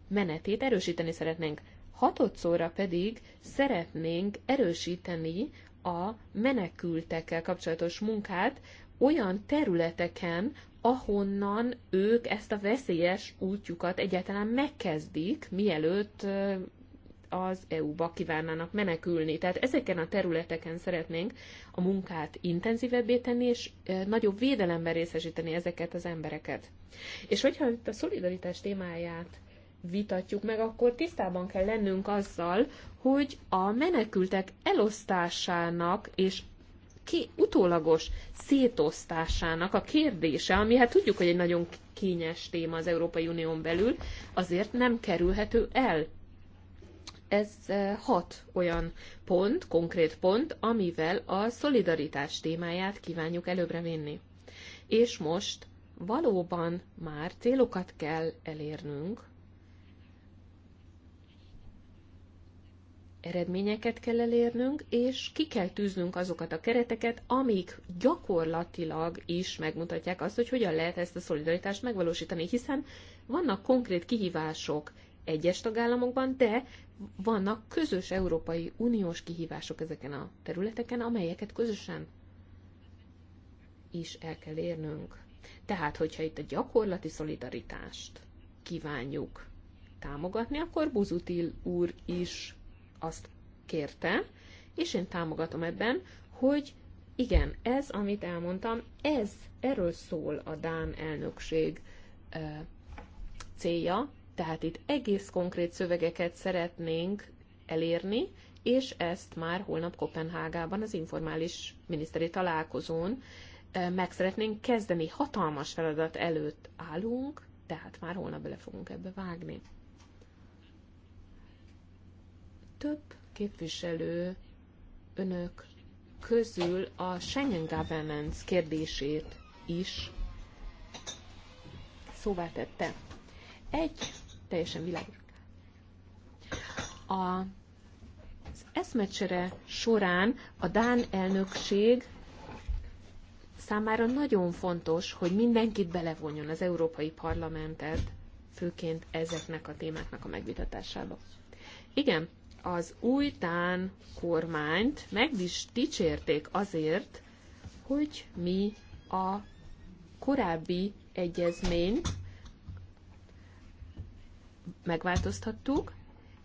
menetét erősíteni szeretnénk. Hatodszorra pedig szeretnénk erősíteni a menekültekkel kapcsolatos munkát olyan területeken, ahonnan ők ezt a veszélyes útjukat egyáltalán megkezdik, mielőtt az EU-ba kívánnának menekülni. Tehát ezeken a területeken szeretnénk a munkát intenzívebbé tenni, és nagyobb védelemben részesíteni ezeket az embereket. És hogyha itt a szolidaritás témáját vitatjuk meg, akkor tisztában kell lennünk azzal, hogy a menekültek elosztásának és ki, utólagos szétosztásának a kérdése, ami hát tudjuk, hogy egy nagyon kényes téma az Európai Unión belül, azért nem kerülhető el. Ez eh, hat olyan pont, konkrét pont, amivel a szolidaritás témáját kívánjuk előbbre vinni. És most valóban már célokat kell elérnünk, eredményeket kell elérnünk, és ki kell tűznünk azokat a kereteket, amik gyakorlatilag is megmutatják azt, hogy hogyan lehet ezt a szolidaritást megvalósítani, hiszen vannak konkrét kihívások egyes tagállamokban, de vannak közös Európai Uniós kihívások ezeken a területeken, amelyeket közösen is el kell érnünk. Tehát, hogyha itt a gyakorlati szolidaritást kívánjuk támogatni, akkor Buzutil úr is azt kérte, és én támogatom ebben, hogy igen, ez, amit elmondtam, ez, erről szól a Dán elnökség e, célja, tehát itt egész konkrét szövegeket szeretnénk elérni, és ezt már holnap Kopenhágában az informális miniszteri találkozón meg szeretnénk kezdeni. Hatalmas feladat előtt állunk, tehát már holnap bele fogunk ebbe vágni több képviselő önök közül a Schengen Governance kérdését is szóvá tette. Egy teljesen világos. A az eszmecsere során a Dán elnökség számára nagyon fontos, hogy mindenkit belevonjon az Európai Parlamentet, főként ezeknek a témáknak a megvitatásába. Igen, az új tán kormányt meg is dicsérték azért, hogy mi a korábbi egyezményt megváltoztattuk,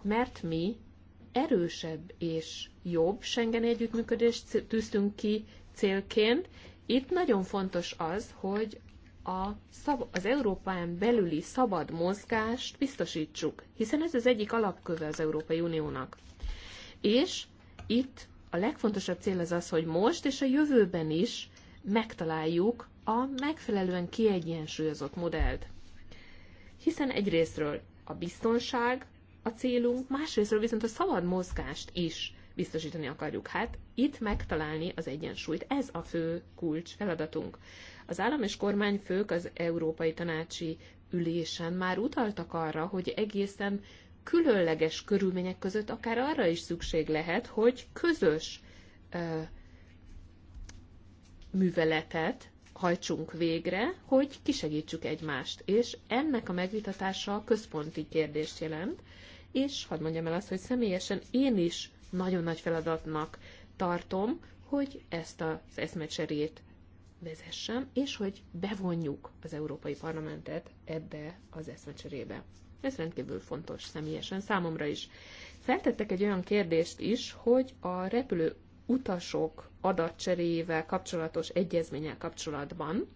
mert mi erősebb és jobb Schengen együttműködést tűztünk ki célként. Itt nagyon fontos az, hogy a szab- az Európán belüli szabad mozgást biztosítsuk, hiszen ez az egyik alapköve az Európai Uniónak. És itt a legfontosabb cél az az, hogy most és a jövőben is megtaláljuk a megfelelően kiegyensúlyozott modellt. Hiszen egyrésztről a biztonság a célunk, másrésztről viszont a szabad mozgást is biztosítani akarjuk. Hát itt megtalálni az egyensúlyt, ez a fő kulcs feladatunk. Az állam és kormányfők az Európai Tanácsi ülésen már utaltak arra, hogy egészen különleges körülmények között akár arra is szükség lehet, hogy közös ö, műveletet hajtsunk végre, hogy kisegítsük egymást. És ennek a megvitatása központi kérdést jelent, és hadd mondjam el azt, hogy személyesen én is nagyon nagy feladatnak tartom, hogy ezt az eszmecserét vezessem, és hogy bevonjuk az Európai Parlamentet ebbe az eszmecserébe. Ez rendkívül fontos személyesen számomra is. Feltettek egy olyan kérdést is, hogy a repülő utasok adatcseréjével kapcsolatos egyezménnyel kapcsolatban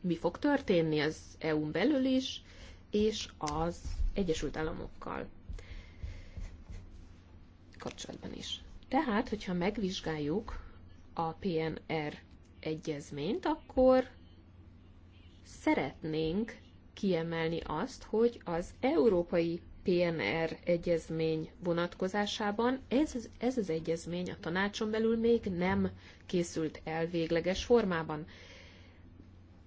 mi fog történni az EU-n belül is, és az Egyesült Államokkal kapcsolatban is. Tehát, hogyha megvizsgáljuk a PNR egyezményt, akkor szeretnénk kiemelni azt, hogy az európai PNR egyezmény vonatkozásában ez, ez az egyezmény a tanácson belül még nem készült el végleges formában.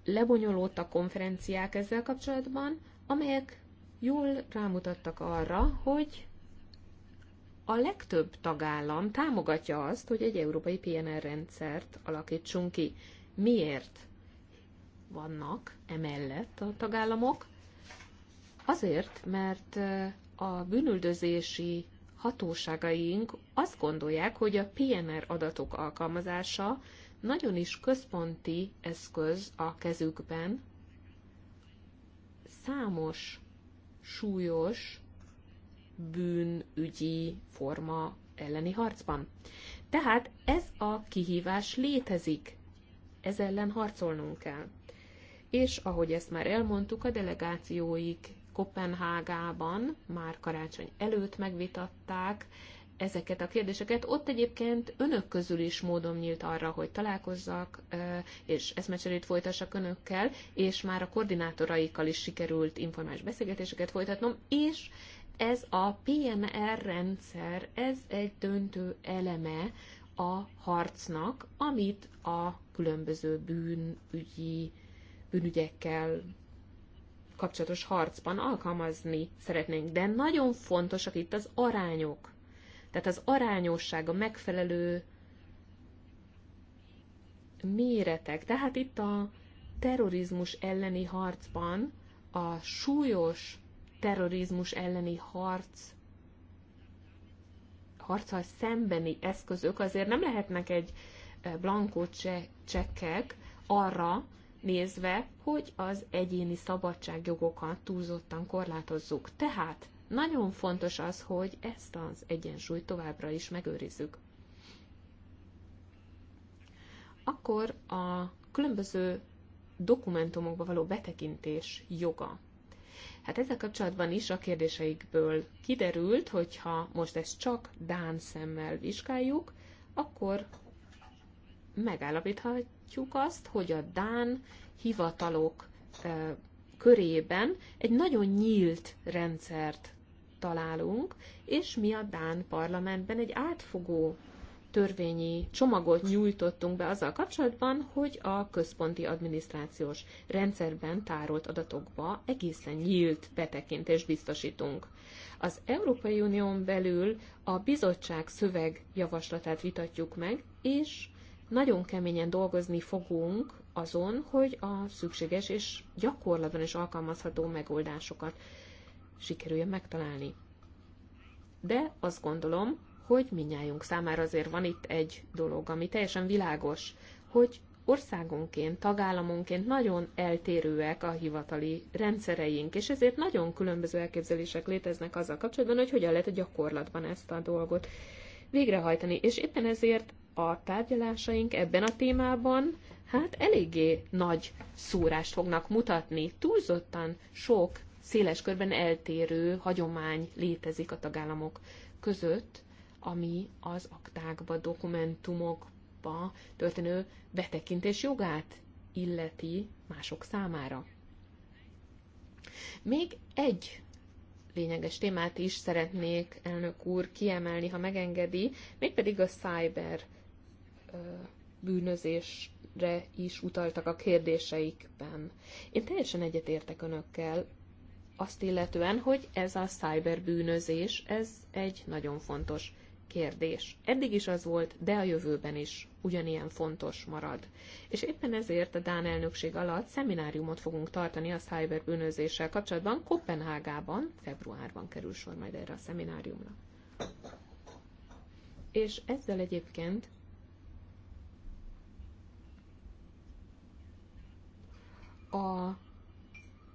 Lebonyolódtak konferenciák ezzel kapcsolatban, amelyek jól rámutattak arra, hogy a legtöbb tagállam támogatja azt, hogy egy európai PNR rendszert alakítsunk ki. Miért vannak emellett a tagállamok? Azért, mert eh, a bűnüldözési hatóságaink azt gondolják, hogy a PNR adatok alkalmazása nagyon is központi eszköz a kezükben, számos súlyos bűnügyi forma elleni harcban. Tehát ez a kihívás létezik, ez ellen harcolnunk kell. És ahogy ezt már elmondtuk, a delegációik Kopenhágában már karácsony előtt megvitatták ezeket a kérdéseket. Ott egyébként önök közül is módom nyílt arra, hogy találkozzak és eszmecserét folytassak önökkel, és már a koordinátoraikkal is sikerült informális beszélgetéseket folytatnom, és ez a PMR rendszer, ez egy döntő eleme a harcnak, amit a különböző bűnügyi, bűnügyekkel kapcsolatos harcban alkalmazni szeretnénk. De nagyon fontosak itt az arányok. Tehát az arányosság, a megfelelő méretek. Tehát itt a terrorizmus elleni harcban a súlyos terrorizmus elleni harc, harccal szembeni eszközök azért nem lehetnek egy eh, blankó cse- csekkek arra nézve, hogy az egyéni szabadságjogokat túlzottan korlátozzuk. Tehát nagyon fontos az, hogy ezt az egyensúlyt továbbra is megőrizzük. Akkor a különböző dokumentumokba való betekintés joga Hát ezzel kapcsolatban is a kérdéseikből kiderült, hogyha most ezt csak Dán szemmel vizsgáljuk, akkor megállapíthatjuk azt, hogy a Dán hivatalok e, körében egy nagyon nyílt rendszert találunk, és mi a Dán parlamentben egy átfogó törvényi csomagot nyújtottunk be azzal kapcsolatban, hogy a központi adminisztrációs rendszerben tárolt adatokba egészen nyílt betekintést biztosítunk. Az Európai Unión belül a bizottság szöveg javaslatát vitatjuk meg, és nagyon keményen dolgozni fogunk azon, hogy a szükséges és gyakorlatban is alkalmazható megoldásokat sikerüljön megtalálni. De azt gondolom, hogy minnyájunk számára azért van itt egy dolog, ami teljesen világos, hogy országonként, tagállamonként nagyon eltérőek a hivatali rendszereink, és ezért nagyon különböző elképzelések léteznek azzal kapcsolatban, hogy hogyan lehet a gyakorlatban ezt a dolgot végrehajtani. És éppen ezért a tárgyalásaink ebben a témában hát eléggé nagy szúrást fognak mutatni. Túlzottan sok széles körben eltérő hagyomány létezik a tagállamok között, ami az aktákba, dokumentumokba történő betekintés jogát illeti mások számára. Még egy lényeges témát is szeretnék, elnök úr, kiemelni, ha megengedi, mégpedig a cyber bűnözésre is utaltak a kérdéseikben. Én teljesen egyetértek önökkel azt illetően, hogy ez a cyberbűnözés, ez egy nagyon fontos kérdés. Eddig is az volt, de a jövőben is ugyanilyen fontos marad. És éppen ezért a Dán elnökség alatt szemináriumot fogunk tartani a cyberbűnözéssel kapcsolatban Kopenhágában, februárban kerül sor majd erre a szemináriumra. És ezzel egyébként a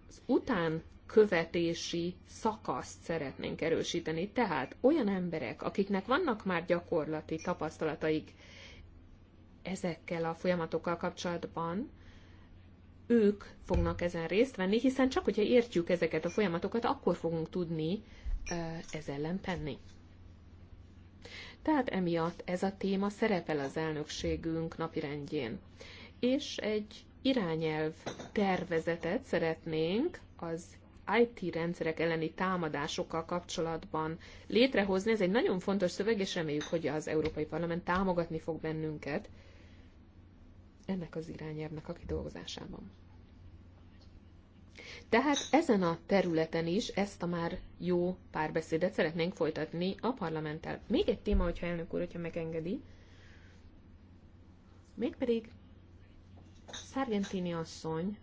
az után követési szakaszt szeretnénk erősíteni. Tehát olyan emberek, akiknek vannak már gyakorlati tapasztalataik ezekkel a folyamatokkal kapcsolatban, ők fognak ezen részt venni, hiszen csak hogyha értjük ezeket a folyamatokat, akkor fogunk tudni ez ellen tenni. Tehát emiatt ez a téma szerepel az elnökségünk napirendjén. És egy irányelv tervezetet szeretnénk az IT rendszerek elleni támadásokkal kapcsolatban létrehozni. Ez egy nagyon fontos szöveg, és reméljük, hogy az Európai Parlament támogatni fog bennünket ennek az irányelvnek a kidolgozásában. Tehát ezen a területen is ezt a már jó párbeszédet szeretnénk folytatni a parlamenttel. Még egy téma, hogyha elnök úr, hogyha megengedi, mégpedig Szargentini asszony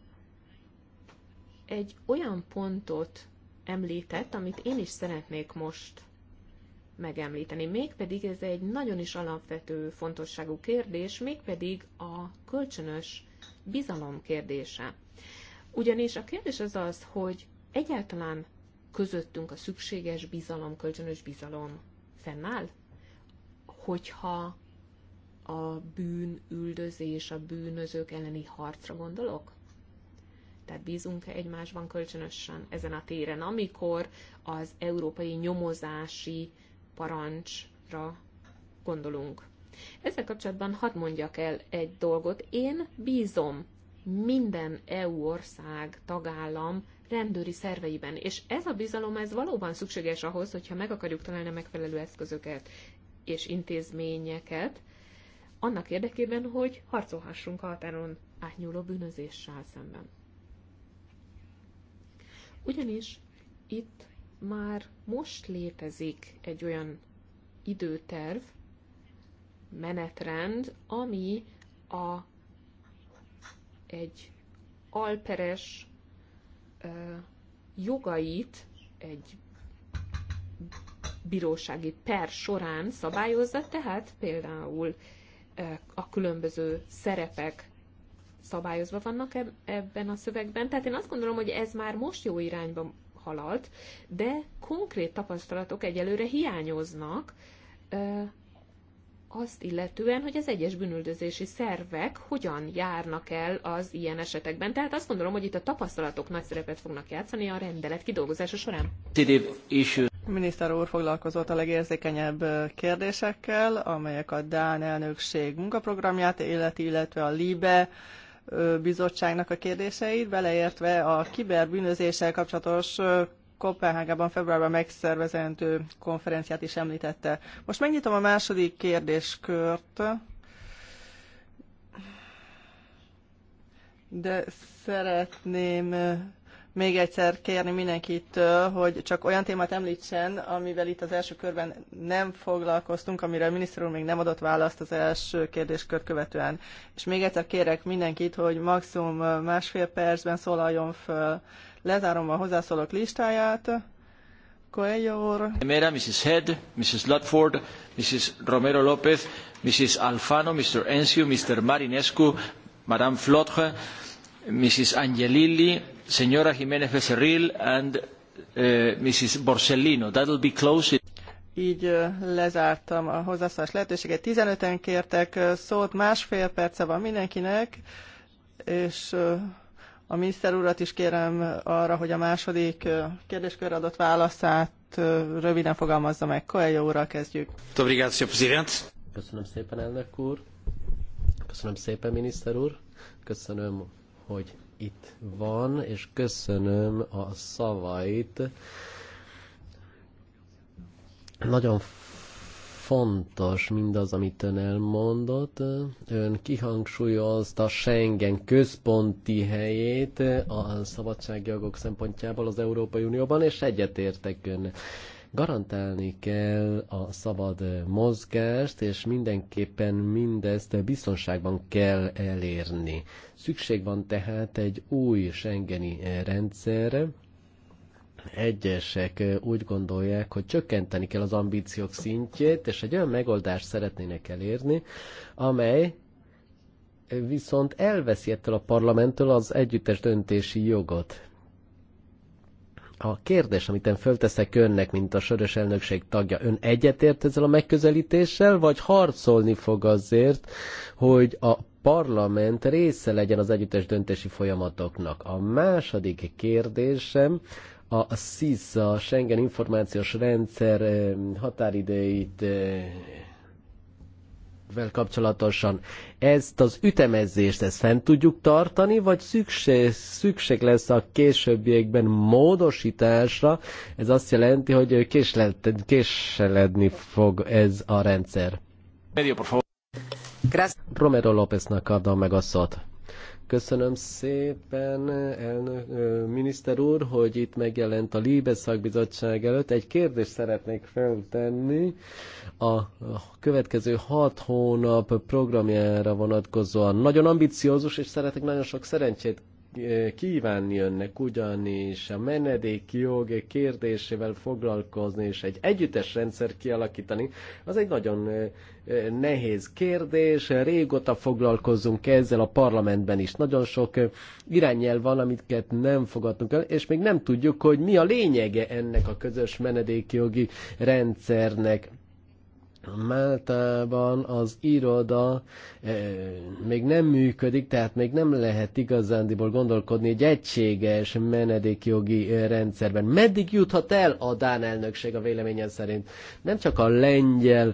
egy olyan pontot említett, amit én is szeretnék most megemlíteni. Mégpedig ez egy nagyon is alapvető fontosságú kérdés, mégpedig a kölcsönös bizalom kérdése. Ugyanis a kérdés az az, hogy egyáltalán közöttünk a szükséges bizalom, kölcsönös bizalom fennáll? Hogyha a bűn üldözés, a bűnözők elleni harcra gondolok? tehát bízunk-e egymásban kölcsönösen ezen a téren, amikor az európai nyomozási parancsra gondolunk. Ezzel kapcsolatban hadd mondjak el egy dolgot. Én bízom minden EU ország, tagállam rendőri szerveiben. És ez a bizalom, ez valóban szükséges ahhoz, hogyha meg akarjuk találni a megfelelő eszközöket és intézményeket, annak érdekében, hogy harcolhassunk a határon átnyúló bűnözéssel szemben. Ugyanis itt már most létezik egy olyan időterv, menetrend, ami a egy alperes ö, jogait egy bírósági per során szabályozza, tehát például ö, a különböző szerepek szabályozva vannak ebben a szövegben. Tehát én azt gondolom, hogy ez már most jó irányba halalt, de konkrét tapasztalatok egyelőre hiányoznak azt illetően, hogy az egyes bűnüldözési szervek hogyan járnak el az ilyen esetekben. Tehát azt gondolom, hogy itt a tapasztalatok nagy szerepet fognak játszani a rendelet kidolgozása során. A miniszter úr foglalkozott a legérzékenyebb kérdésekkel, amelyek a Dán elnökség munkaprogramját illeti, illetve a LIBE bizottságnak a kérdéseit, beleértve a kiberbűnözéssel kapcsolatos Kopenhágában februárban megszervezendő konferenciát is említette. Most megnyitom a második kérdéskört, de szeretném még egyszer kérni mindenkitől, hogy csak olyan témát említsen, amivel itt az első körben nem foglalkoztunk, amire a miniszter úr még nem adott választ az első kérdéskör követően. És még egyszer kérek mindenkit, hogy maximum másfél percben szólaljon föl. Lezárom a hozzászólók listáját. Coelho úr. Mera, Mrs. Head, Mrs. Ludford, Mrs. Romero López, Mrs. Alfano, Mr. Enzio, Mr. Marinescu, Madame Flotre, Mrs. Angelilli, Senora Jiménez Becerril and uh, eh, Mrs. Borsellino. That'll be close. Így eh, lezártam a hozzászólás lehetőséget. 15-en kértek eh, szót, másfél perce van mindenkinek, és a miniszter urat is kérem arra, hogy a második kérdéskörre adott válaszát röviden fogalmazza meg. Coelho úrral kezdjük. Köszönöm szépen, elnök úr. Köszönöm szépen, miniszter úr. Köszönöm, hogy itt van, és köszönöm a szavait. Nagyon fontos mindaz, amit ön elmondott. Ön kihangsúlyozta Schengen központi helyét a szabadságjogok szempontjából az Európai Unióban, és egyetértek ön. Garantálni kell a szabad mozgást, és mindenképpen mindezt biztonságban kell elérni. Szükség van tehát egy új Schengeni rendszerre, egyesek úgy gondolják, hogy csökkenteni kell az ambíciók szintjét, és egy olyan megoldást szeretnének elérni, amely viszont elveszi ettől a parlamenttől az együttes döntési jogot a kérdés, amit én fölteszek önnek, mint a sörös elnökség tagja, ön egyetért ezzel a megközelítéssel, vagy harcolni fog azért, hogy a parlament része legyen az együttes döntési folyamatoknak? A második kérdésem a SISZ, a Schengen Információs Rendszer eh, határidőit eh, vel kapcsolatosan ezt az ütemezést, ezt fent tudjuk tartani, vagy szükség, szükség lesz a későbbiekben módosításra? Ez azt jelenti, hogy késled, késeledni fog ez a rendszer. Romero Lópeznak adom meg a szót. Köszönöm szépen, elnök, miniszter úr, hogy itt megjelent a Líbe szakbizottság előtt. Egy kérdést szeretnék feltenni a következő hat hónap programjára vonatkozóan. Nagyon ambiciózus, és szeretek nagyon sok szerencsét kívánni önnek, ugyanis a jog kérdésével foglalkozni és egy együttes rendszer kialakítani, az egy nagyon nehéz kérdés. Régóta foglalkozunk ezzel a parlamentben is. Nagyon sok irányjel van, amiket nem fogadtunk el, és még nem tudjuk, hogy mi a lényege ennek a közös menedékjogi rendszernek Máltában az iroda e, még nem működik, tehát még nem lehet igazándiból gondolkodni egy egységes menedékjogi eh, rendszerben. Meddig juthat el a Dán elnökség a véleménye szerint? Nem csak a lengyel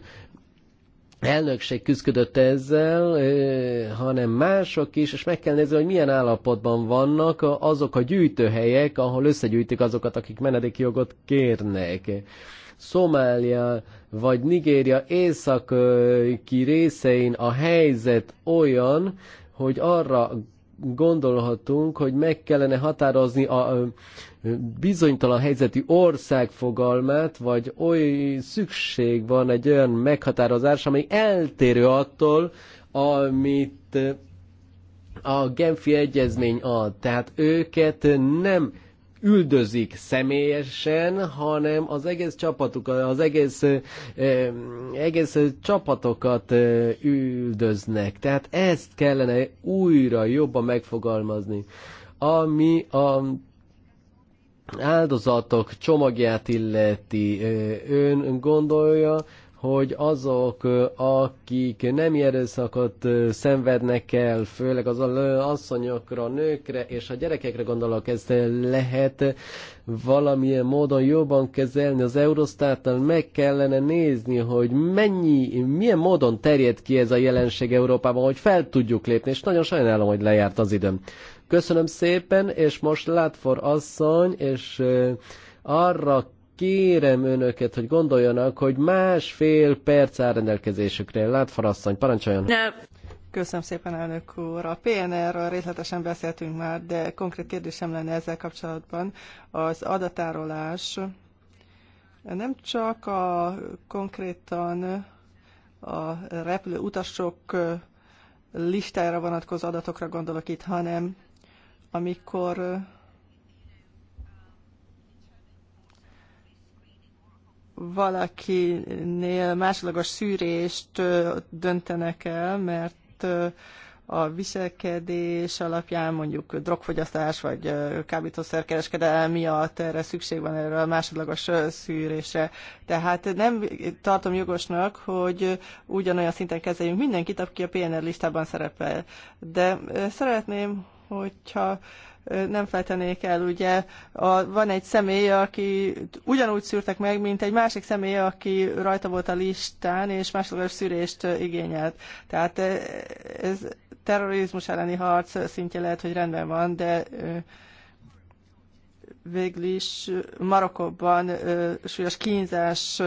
elnökség küzdött ezzel, eh, hanem mások is, és meg kell nézni, hogy milyen állapotban vannak azok a gyűjtőhelyek, ahol összegyűjtik azokat, akik menedékjogot kérnek. Szomália vagy Nigéria északi részein a helyzet olyan, hogy arra gondolhatunk, hogy meg kellene határozni a bizonytalan helyzetű ország fogalmát, vagy oly szükség van egy olyan meghatározás, amely eltérő attól, amit a Genfi Egyezmény ad. Tehát őket nem üldözik személyesen, hanem az egész csapatukat, az egész, eh, egész csapatokat eh, üldöznek. Tehát ezt kellene újra jobban megfogalmazni. Ami a áldozatok csomagját illeti, eh, ön gondolja, hogy azok, akik nem erőszakot szenvednek el, főleg az asszonyokra, nőkre és a gyerekekre gondolok, ez lehet valamilyen módon jobban kezelni. Az Eurostáttal, meg kellene nézni, hogy mennyi, milyen módon terjed ki ez a jelenség Európában, hogy fel tudjuk lépni, és nagyon sajnálom, hogy lejárt az időm. Köszönöm szépen, és most Látfor asszony, és arra kérem önöket, hogy gondoljanak, hogy másfél perc áll rendelkezésükre. Látfarasszony, parancsoljon! Ne, Köszönöm szépen, elnök úr. A PNR-ről részletesen beszéltünk már, de konkrét kérdésem lenne ezzel kapcsolatban. Az adatárolás nem csak a konkrétan a repülő utasok listájára vonatkozó adatokra gondolok itt, hanem amikor valakinél másodlagos szűrést döntenek el, mert a viselkedés alapján mondjuk drogfogyasztás vagy kábítószerkereskedelem miatt erre szükség van erre a másodlagos szűrésre. Tehát nem tartom jogosnak, hogy ugyanolyan szinten kezeljünk mindenkit, aki a PNR listában szerepel. De szeretném, hogyha nem feltenék el. Ugye a, van egy személy, aki ugyanúgy szűrtek meg, mint egy másik személy, aki rajta volt a listán, és másodlagos szűrést igényelt. Tehát ez terrorizmus elleni harc szintje lehet, hogy rendben van, de végül is Marokkóban súlyos kínzás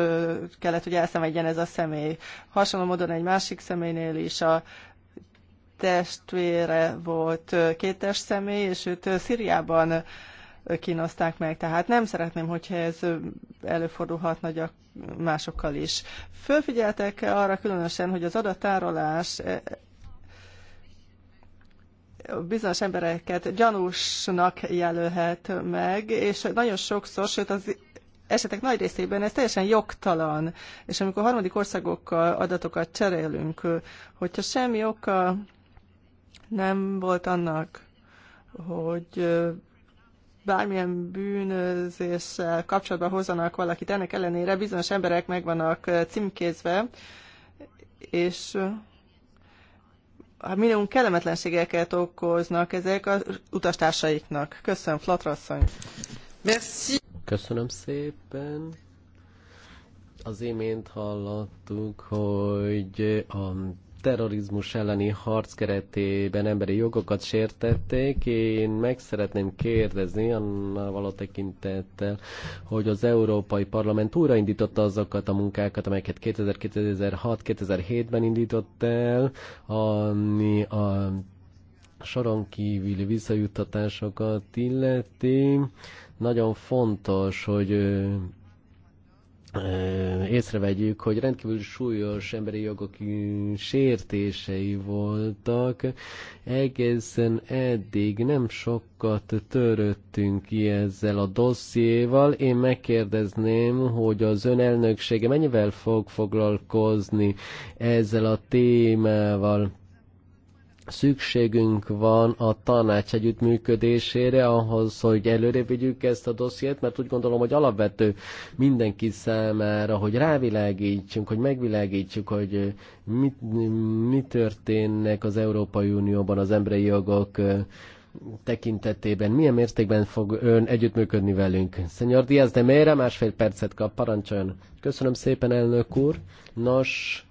kellett, hogy elszenvedjen ez a személy. Hasonló módon egy másik személynél is a testvére volt kétes személy, és őt Szíriában kínozták meg. Tehát nem szeretném, hogyha ez nagy a másokkal is. Fölfigyeltek arra különösen, hogy az adatárolás e, e, bizonyos embereket gyanúsnak jelölhet meg, és nagyon sokszor, sőt az esetek nagy részében ez teljesen jogtalan, és amikor harmadik országokkal adatokat cserélünk, hogyha semmi oka nem volt annak, hogy bármilyen bűnözéssel kapcsolatban hozzanak valakit. Ennek ellenére bizonyos emberek meg vannak címkézve, és hát minimum kellemetlenségeket okoznak ezek az utastársaiknak. Köszönöm, Flatrasszony! Merci! Köszönöm szépen! Az imént hallottuk, hogy a terrorizmus elleni harc keretében emberi jogokat sértették. Én meg szeretném kérdezni, annál való tekintettel, hogy az Európai Parlament újraindította azokat a munkákat, amelyeket 2006-2007-ben indított el, ami a soron kívüli visszajuttatásokat illeti. Nagyon fontos, hogy észrevegyük, hogy rendkívül súlyos emberi jogok sértései voltak. Egészen eddig nem sokat törődtünk ki ezzel a dossziéval. Én megkérdezném, hogy az ön elnöksége mennyivel fog foglalkozni ezzel a témával szükségünk van a tanács együttműködésére ahhoz, hogy előre vigyük ezt a dossziét, mert úgy gondolom, hogy alapvető mindenki számára, hogy rávilágítsunk, hogy megvilágítsuk, hogy mi, mi történnek az Európai Unióban az emberi jogok tekintetében, milyen mértékben fog ön együttműködni velünk. Szenyor Diaz de Mére másfél percet kap, parancsoljon. Köszönöm szépen, elnök úr. Nos,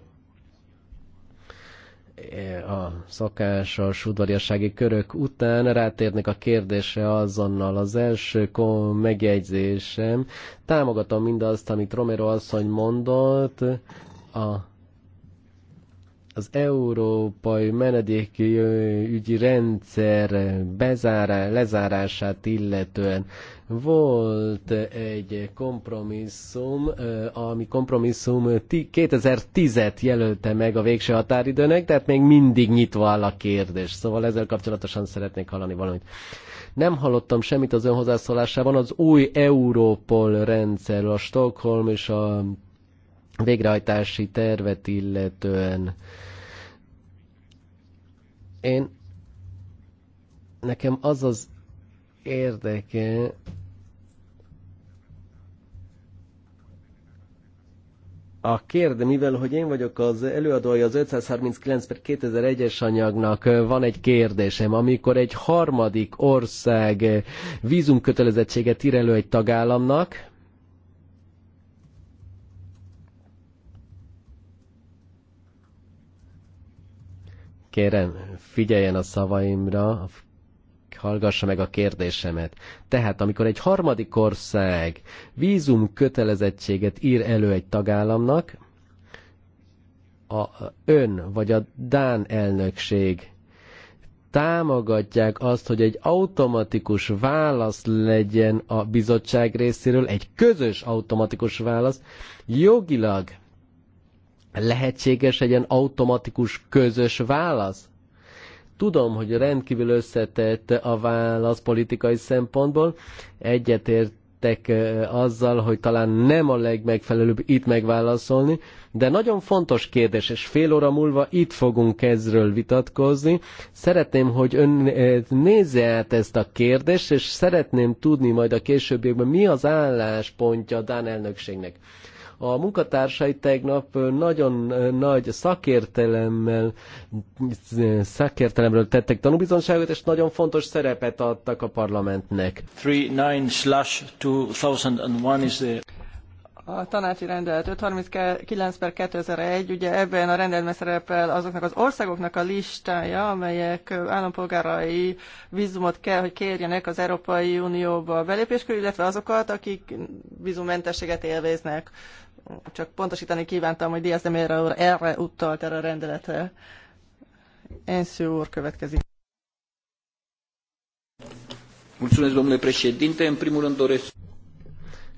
a szokásos udvariassági körök után rátérnek a kérdése azonnal. Az első megjegyzésem, támogatom mindazt, amit Romero asszony mondott, a az európai menedékügyi rendszer bezárá, lezárását illetően volt egy kompromisszum, ami kompromisszum 2010-et jelölte meg a végső határidőnek, tehát még mindig nyitva áll a kérdés. Szóval ezzel kapcsolatosan szeretnék hallani valamit. Nem hallottam semmit az önhozászólásában az új Európol rendszer, a Stockholm és a végrehajtási tervet illetően. Én nekem az az érdeke, a kérd, mivel hogy én vagyok az előadója az 539 per 2001-es anyagnak, van egy kérdésem. Amikor egy harmadik ország vízumkötelezettséget ír elő egy tagállamnak, Kérem, figyeljen a szavaimra, hallgassa meg a kérdésemet. Tehát, amikor egy harmadik ország vízum kötelezettséget ír elő egy tagállamnak, a ön vagy a Dán elnökség támogatják azt, hogy egy automatikus válasz legyen a bizottság részéről, egy közös automatikus válasz, jogilag lehetséges egy ilyen automatikus közös válasz? Tudom, hogy rendkívül összetett a válasz politikai szempontból. Egyetért azzal, hogy talán nem a legmegfelelőbb itt megválaszolni, de nagyon fontos kérdés, és fél óra múlva itt fogunk ezről vitatkozni. Szeretném, hogy ön nézze át ezt a kérdést, és szeretném tudni majd a későbbiekben, mi az álláspontja a Dán elnökségnek. A munkatársai tegnap nagyon nagy szakértelemmel, szakértelemről tettek tanúbizonságot, és nagyon fontos szerepet adtak a parlamentnek. 39/2001 is the a tanácsi rendelet 539 per 2001, ugye ebben a rendeletben szerepel azoknak az országoknak a listája, amelyek állampolgárai vízumot kell, hogy kérjenek az Európai Unióba belépéskor, illetve azokat, akik vízummentességet élveznek csak pontosítani kívántam, hogy Diaz de Mera erre utalt erre a rendeletre. Ensző úr következik.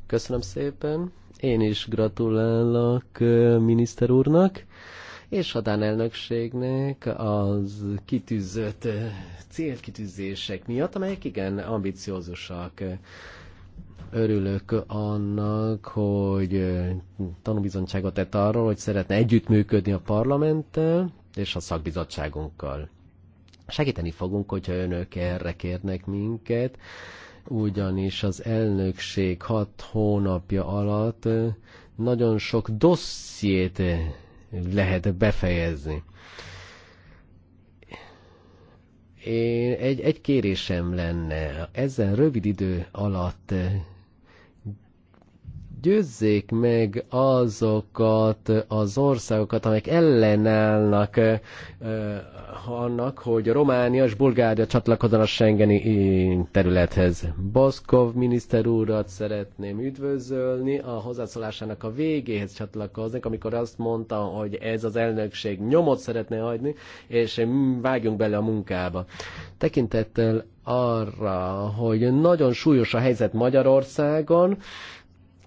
Köszönöm szépen. Én is gratulálok miniszter úrnak és a Dán elnökségnek az kitűzött célkitűzések miatt, amelyek igen ambiciózusak. Örülök annak, hogy tanúbizonyságot tett arról, hogy szeretne együttműködni a parlamenttel és a szakbizottságunkkal. Segíteni fogunk, hogyha önök erre kérnek minket, ugyanis az elnökség hat hónapja alatt nagyon sok dossziét lehet befejezni. Én egy, egy kérésem lenne, ezen rövid idő alatt győzzék meg azokat az országokat, amelyek ellenállnak eh, annak, hogy Románia és Bulgária csatlakozzon a Schengeni területhez. Boszkov miniszter úrat szeretném üdvözölni, a hozzászólásának a végéhez csatlakozni, amikor azt mondta, hogy ez az elnökség nyomot szeretne adni, és vágjunk bele a munkába. Tekintettel arra, hogy nagyon súlyos a helyzet Magyarországon,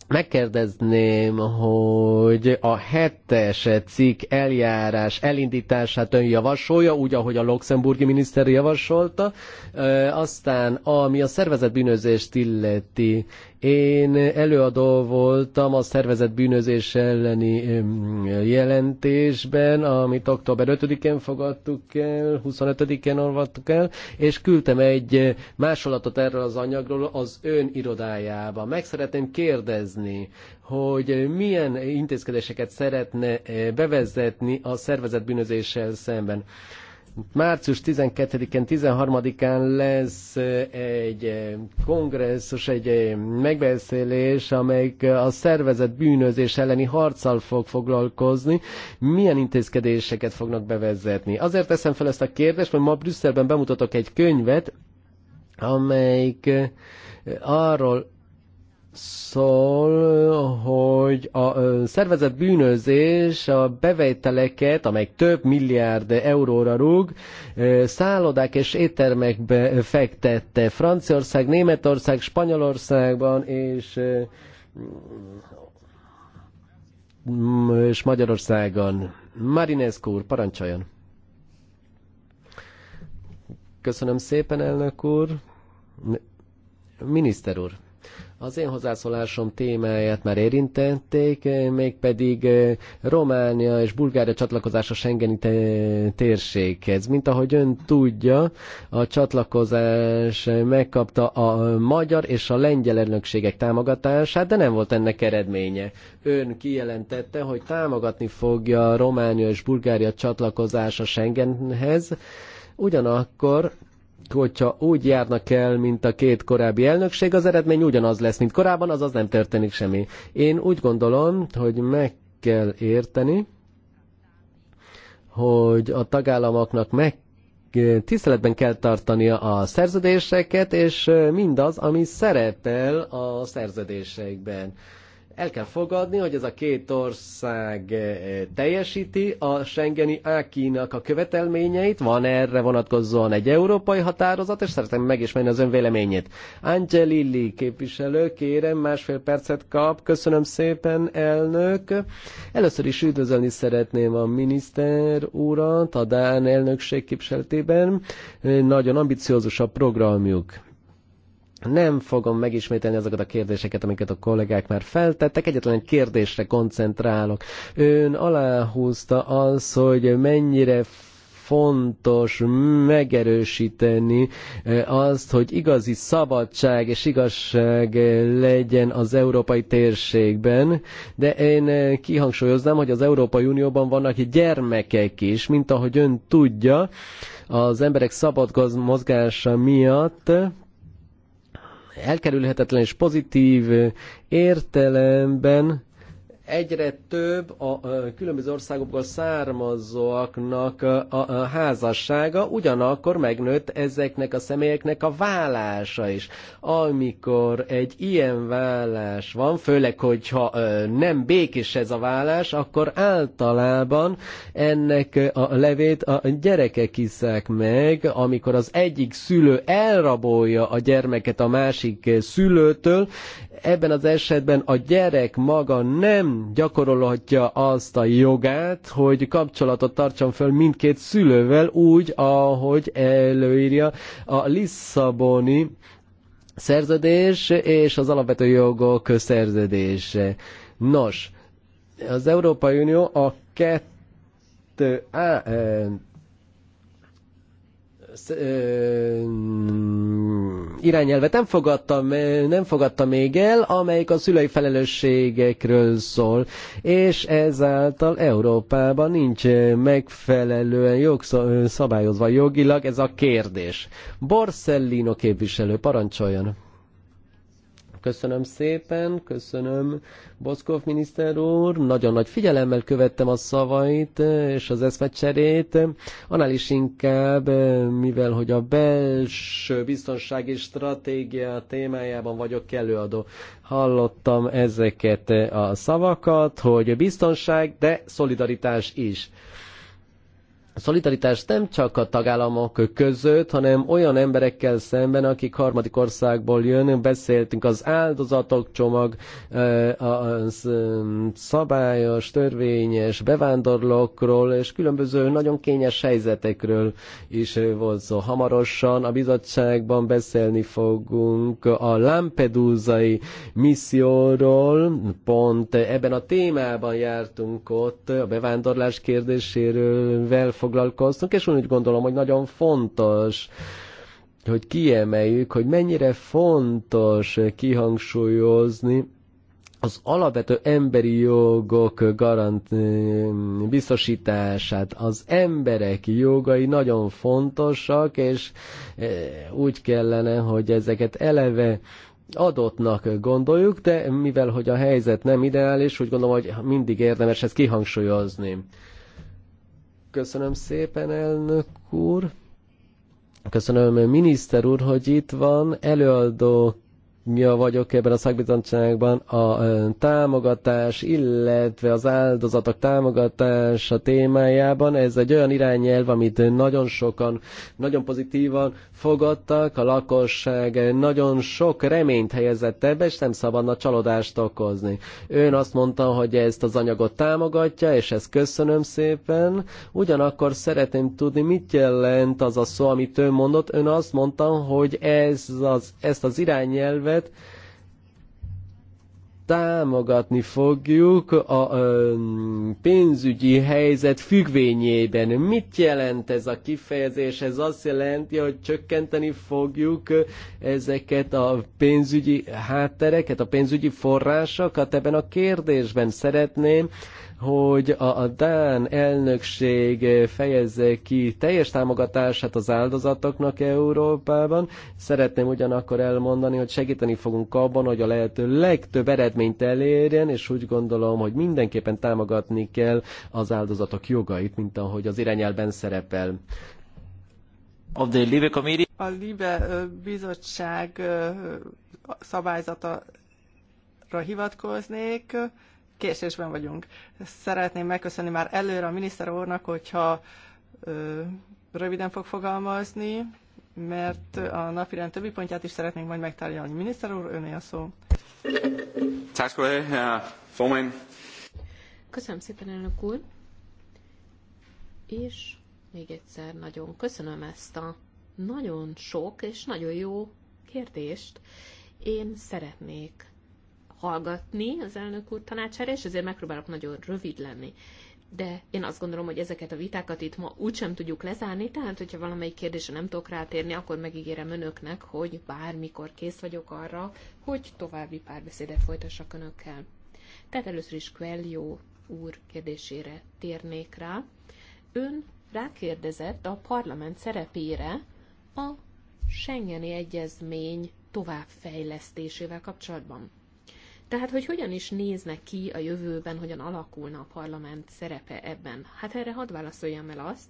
megkérdezném, hogy a hetes cikk eljárás elindítását ön javasolja, úgy, ahogy a luxemburgi miniszter javasolta, aztán ami a szervezet bűnözést illeti, én előadó voltam a szervezet bűnözés elleni jelentésben, amit október 5-én fogadtuk el, 25-én olvattuk el, és küldtem egy másolatot erről az anyagról az ön irodájába. Meg szeretném kérdezni, hogy milyen intézkedéseket szeretne eh, bevezetni a szervezet bűnözéssel szemben március 12-én, 13-án lesz egy kongresszus, egy megbeszélés, amelyik a szervezet bűnözés elleni harccal fog foglalkozni. Milyen intézkedéseket fognak bevezetni? Azért teszem fel ezt a kérdést, mert ma Brüsszelben bemutatok egy könyvet, amelyik arról szól, hogy a szervezett bűnözés a bevételeket, amely több milliárd euróra rúg, szállodák és éttermekbe fektette. Franciaország, Németország, Spanyolországban és és Magyarországon. Marinescu úr, parancsoljon! Köszönöm szépen, elnök úr. Miniszter úr! Az én hozzászólásom témáját már érintették, mégpedig eh, Románia és Bulgária csatlakozása Schengeni térséghez. Mint ahogy ön tudja, a csatlakozás megkapta a magyar és a lengyel elnökségek támogatását, de nem volt ennek eredménye. Ön kijelentette, hogy támogatni fogja Románia és Bulgária csatlakozása Schengenhez, ugyanakkor hogyha úgy járnak el, mint a két korábbi elnökség, az eredmény ugyanaz lesz, mint korábban, azaz nem történik semmi. Én úgy gondolom, hogy meg kell érteni, hogy a tagállamoknak meg tiszteletben kell tartania a szerződéseket, és mindaz, ami szerepel a szerződésekben. El kell fogadni, hogy ez a két ország eh, teljesíti a Schengeni Ákinak a követelményeit, van erre vonatkozóan egy európai határozat, és szeretném megismerni az ön véleményét. Angelilli képviselő, kérem, másfél percet kap. Köszönöm szépen, elnök. Először is üdvözölni szeretném a miniszter urat a Dán elnökség képviseletében. Nagyon ambiciózus a programjuk nem fogom megismételni azokat a kérdéseket, amiket a kollégák már feltettek. Egyetlen egy kérdésre koncentrálok. Ön aláhúzta az, hogy mennyire fontos megerősíteni azt, hogy igazi szabadság és igazság legyen az európai térségben, de én kihangsúlyoznám, hogy az Európai Unióban vannak gyermekek is, mint ahogy ön tudja, az emberek szabad mozgása miatt elkerülhetetlen és pozitív értelemben egyre több a különböző országokból származóaknak a házassága, ugyanakkor megnőtt ezeknek a személyeknek a vállása is. Amikor egy ilyen vállás van, főleg, hogyha nem békés ez a vállás, akkor általában ennek a levét a gyerekek iszák meg, amikor az egyik szülő elrabolja a gyermeket a másik szülőtől, ebben az esetben a gyerek maga nem gyakorolhatja azt a jogát, hogy kapcsolatot tartson föl mindkét szülővel úgy, ahogy előírja a Lisszaboni szerződés és az alapvető jogok szerződése. Nos, az Európai Unió a kettő a irányelvet nem fogadtam, nem fogadtam még el, amelyik a szülői felelősségekről szól, és ezáltal Európában nincs megfelelően jogszabályozva jogilag ez a kérdés. Borsellino képviselő, parancsoljon! Köszönöm szépen, köszönöm Boszkov miniszter úr, nagyon nagy figyelemmel követtem a szavait és az eszmecserét, annál is inkább, mivel hogy a belső biztonsági stratégia témájában vagyok előadó. Hallottam ezeket a szavakat, hogy biztonság, de szolidaritás is. A szolidaritás nem csak a tagállamok között, hanem olyan emberekkel szemben, akik harmadik országból jönnek, beszéltünk az áldozatok csomag, a szabályos, törvényes bevándorlókról, és különböző nagyon kényes helyzetekről is volt szó. Hamarosan a bizottságban beszélni fogunk a Lampedúzai misszióról, pont ebben a témában jártunk ott, a bevándorlás kérdéséről, vel foglalkoztunk, és úgy gondolom, hogy nagyon fontos hogy kiemeljük, hogy mennyire fontos kihangsúlyozni az alapvető emberi jogok garant biztosítását. Az emberek jogai nagyon fontosak, és e, úgy kellene, hogy ezeket eleve adottnak gondoljuk, de mivel hogy a helyzet nem ideális, úgy gondolom, hogy mindig érdemes ezt kihangsúlyozni. Köszönöm szépen, elnök úr. Köszönöm, miniszter úr, hogy itt van. Előadó ja vagyok ebben a szakbizottságban, a támogatás, illetve az áldozatok támogatása témájában. Ez egy olyan irányelv, amit nagyon sokan, nagyon pozitívan fogadtak, a lakosság nagyon sok reményt helyezett ebbe, és nem szabadna csalódást okozni. Ön azt mondta, hogy ezt az anyagot támogatja, és ezt köszönöm szépen. Ugyanakkor szeretném tudni, mit jelent az a szó, amit ön mondott. Ön azt mondta, hogy ez az, ezt az irányelvet területet. Támogatni fogjuk a ö, pénzügyi helyzet függvényében. Mit jelent ez a kifejezés? Ez azt jelenti, hogy csökkenteni fogjuk ezeket a pénzügyi háttereket, a pénzügyi forrásokat ebben a kérdésben. Szeretném, hogy a, a Dán elnökség fejezze ki teljes támogatását az áldozatoknak Európában. Szeretném ugyanakkor elmondani, hogy segíteni fogunk abban, hogy a lehető legtöbb eredményt elérjen, és úgy gondolom, hogy mindenképpen támogatni kell az áldozatok jogait, mint ahogy az irányelben szerepel. Libe A Libe bizottság szabályzatra hivatkoznék késésben vagyunk. Szeretném megköszönni már előre a miniszter úrnak, hogyha ö, röviden fog fogalmazni, mert a napirend többi pontját is szeretnénk majd megtárgyalni. Miniszter úr, öné a szó. Köszönöm szépen, elnök úr. És még egyszer nagyon köszönöm ezt a nagyon sok és nagyon jó kérdést. Én szeretnék hallgatni az elnök úr tanácsára, és ezért megpróbálok nagyon rövid lenni. De én azt gondolom, hogy ezeket a vitákat itt ma úgysem tudjuk lezárni, tehát hogyha valamelyik kérdésre nem tudok rátérni, akkor megígérem önöknek, hogy bármikor kész vagyok arra, hogy további párbeszédet folytassak önökkel. Tehát először is Quellió úr kérdésére térnék rá. Ön rákérdezett a parlament szerepére a Schengeni Egyezmény továbbfejlesztésével kapcsolatban. Tehát, hogy hogyan is néznek ki a jövőben, hogyan alakulna a parlament szerepe ebben? Hát erre hadd válaszoljam el azt,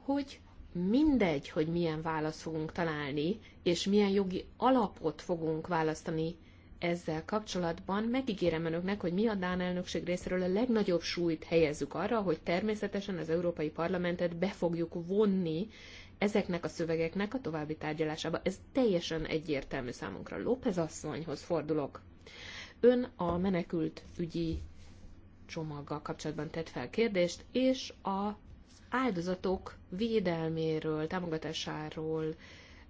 hogy mindegy, hogy milyen választ fogunk találni, és milyen jogi alapot fogunk választani ezzel kapcsolatban megígérem önöknek, hogy mi a Dán elnökség részéről a legnagyobb súlyt helyezzük arra, hogy természetesen az Európai Parlamentet be fogjuk vonni ezeknek a szövegeknek a további tárgyalásába. Ez teljesen egyértelmű számunkra. López asszonyhoz fordulok. Ön a menekült ügyi csomaggal kapcsolatban tett fel kérdést, és a áldozatok védelméről, támogatásáról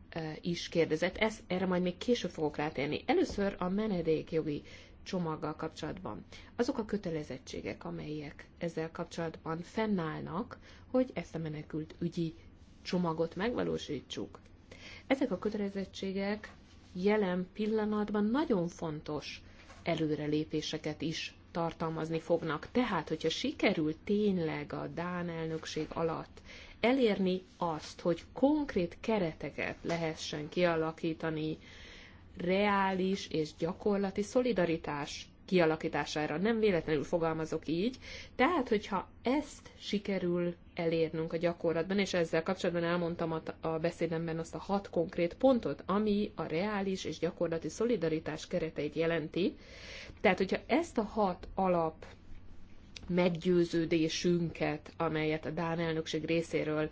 e, is kérdezett. Ez, erre majd még később fogok rátérni. Először a menedékjogi csomaggal kapcsolatban. Azok a kötelezettségek, amelyek ezzel kapcsolatban fennállnak, hogy ezt a menekült ügyi csomagot megvalósítsuk. Ezek a kötelezettségek jelen pillanatban nagyon fontos előrelépéseket is tartalmazni fognak. Tehát, hogyha sikerül tényleg a Dán elnökség alatt elérni azt, hogy konkrét kereteket lehessen kialakítani, reális és gyakorlati szolidaritás kialakítására. Nem véletlenül fogalmazok így. Tehát, hogyha ezt sikerül elérnünk a gyakorlatban, és ezzel kapcsolatban elmondtam a, a beszédemben azt a hat konkrét pontot, ami a reális és gyakorlati szolidaritás kereteit jelenti. Tehát, hogyha ezt a hat alap meggyőződésünket, amelyet a Dán elnökség részéről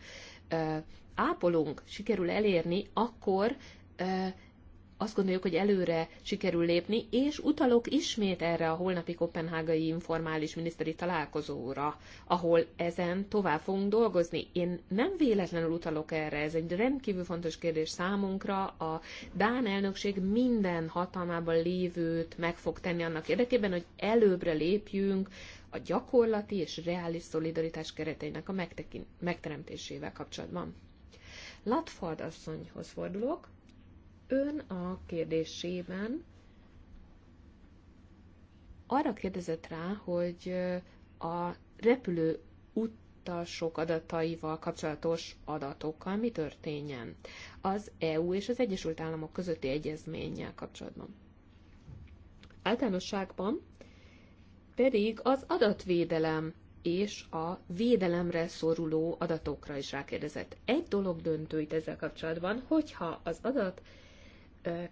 ápolunk, sikerül elérni, akkor azt gondoljuk, hogy előre sikerül lépni, és utalok ismét erre a holnapi kopenhágai informális miniszteri találkozóra, ahol ezen tovább fogunk dolgozni. Én nem véletlenül utalok erre, ez egy rendkívül fontos kérdés számunkra. A Dán elnökség minden hatalmában lévőt meg fog tenni annak érdekében, hogy előbbre lépjünk a gyakorlati és reális szolidaritás kereteinek a megteremtésével kapcsolatban. Latford asszonyhoz fordulok. Ön a kérdésében arra kérdezett rá, hogy a repülő utasok adataival kapcsolatos adatokkal mi történjen az EU és az Egyesült Államok közötti egyezménnyel kapcsolatban. Általánosságban pedig az adatvédelem és a védelemre szoruló adatokra is rákérdezett. Egy dolog döntő itt ezzel kapcsolatban, hogyha az adat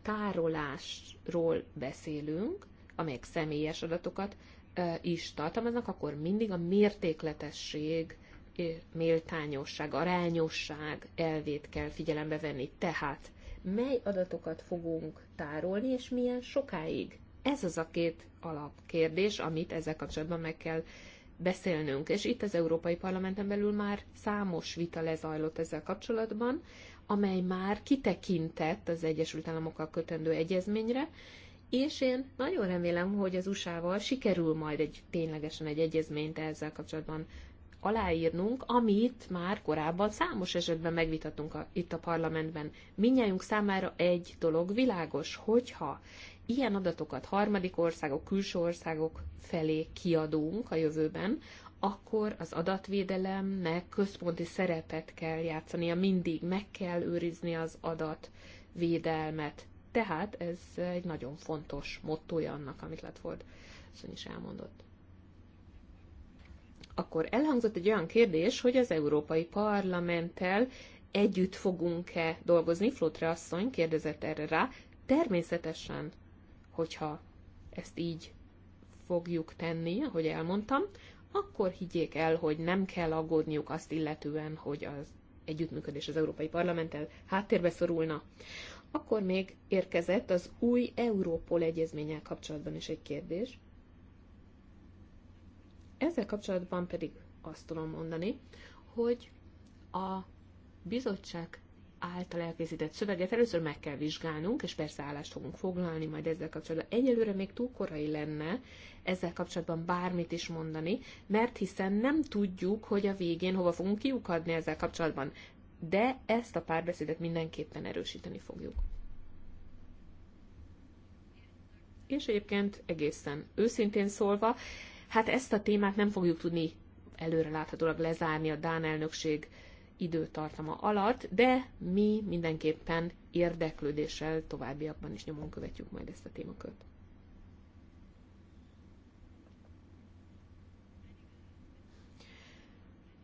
tárolásról beszélünk, amelyek személyes adatokat is tartalmaznak, akkor mindig a mértékletesség, méltányosság, arányosság elvét kell figyelembe venni. Tehát mely adatokat fogunk tárolni, és milyen sokáig? Ez az a két alapkérdés, amit ezzel kapcsolatban meg kell beszélnünk. És itt az Európai Parlamenten belül már számos vita lezajlott ezzel kapcsolatban, amely már kitekintett az Egyesült Államokkal kötendő egyezményre, és én nagyon remélem, hogy az USA-val sikerül majd egy ténylegesen egy egyezményt ezzel kapcsolatban aláírnunk, amit már korábban számos esetben megvitattunk a, itt a parlamentben. Minnyájunk számára egy dolog világos, hogyha ilyen adatokat harmadik országok, külső országok felé kiadunk a jövőben, akkor az adatvédelemnek központi szerepet kell játszania, mindig meg kell őrizni az adatvédelmet. Tehát ez egy nagyon fontos mottoja annak, amit Letford asszony is elmondott. Akkor elhangzott egy olyan kérdés, hogy az Európai Parlamenttel együtt fogunk-e dolgozni, Flotre asszony kérdezett erre rá. Természetesen, hogyha ezt így fogjuk tenni, ahogy elmondtam, akkor higgyék el, hogy nem kell aggódniuk azt illetően, hogy az együttműködés az Európai Parlamenttel háttérbe szorulna. Akkor még érkezett az új Európol egyezménnyel kapcsolatban is egy kérdés. Ezzel kapcsolatban pedig azt tudom mondani, hogy a bizottság által elkészített szöveget először meg kell vizsgálnunk, és persze állást fogunk foglalni majd ezzel kapcsolatban. Egyelőre még túl korai lenne ezzel kapcsolatban bármit is mondani, mert hiszen nem tudjuk, hogy a végén hova fogunk kiukadni ezzel kapcsolatban. De ezt a párbeszédet mindenképpen erősíteni fogjuk. És egyébként egészen őszintén szólva, hát ezt a témát nem fogjuk tudni előre láthatólag lezárni a Dán elnökség időtartama alatt, de mi mindenképpen érdeklődéssel továbbiakban is nyomon követjük majd ezt a témakört.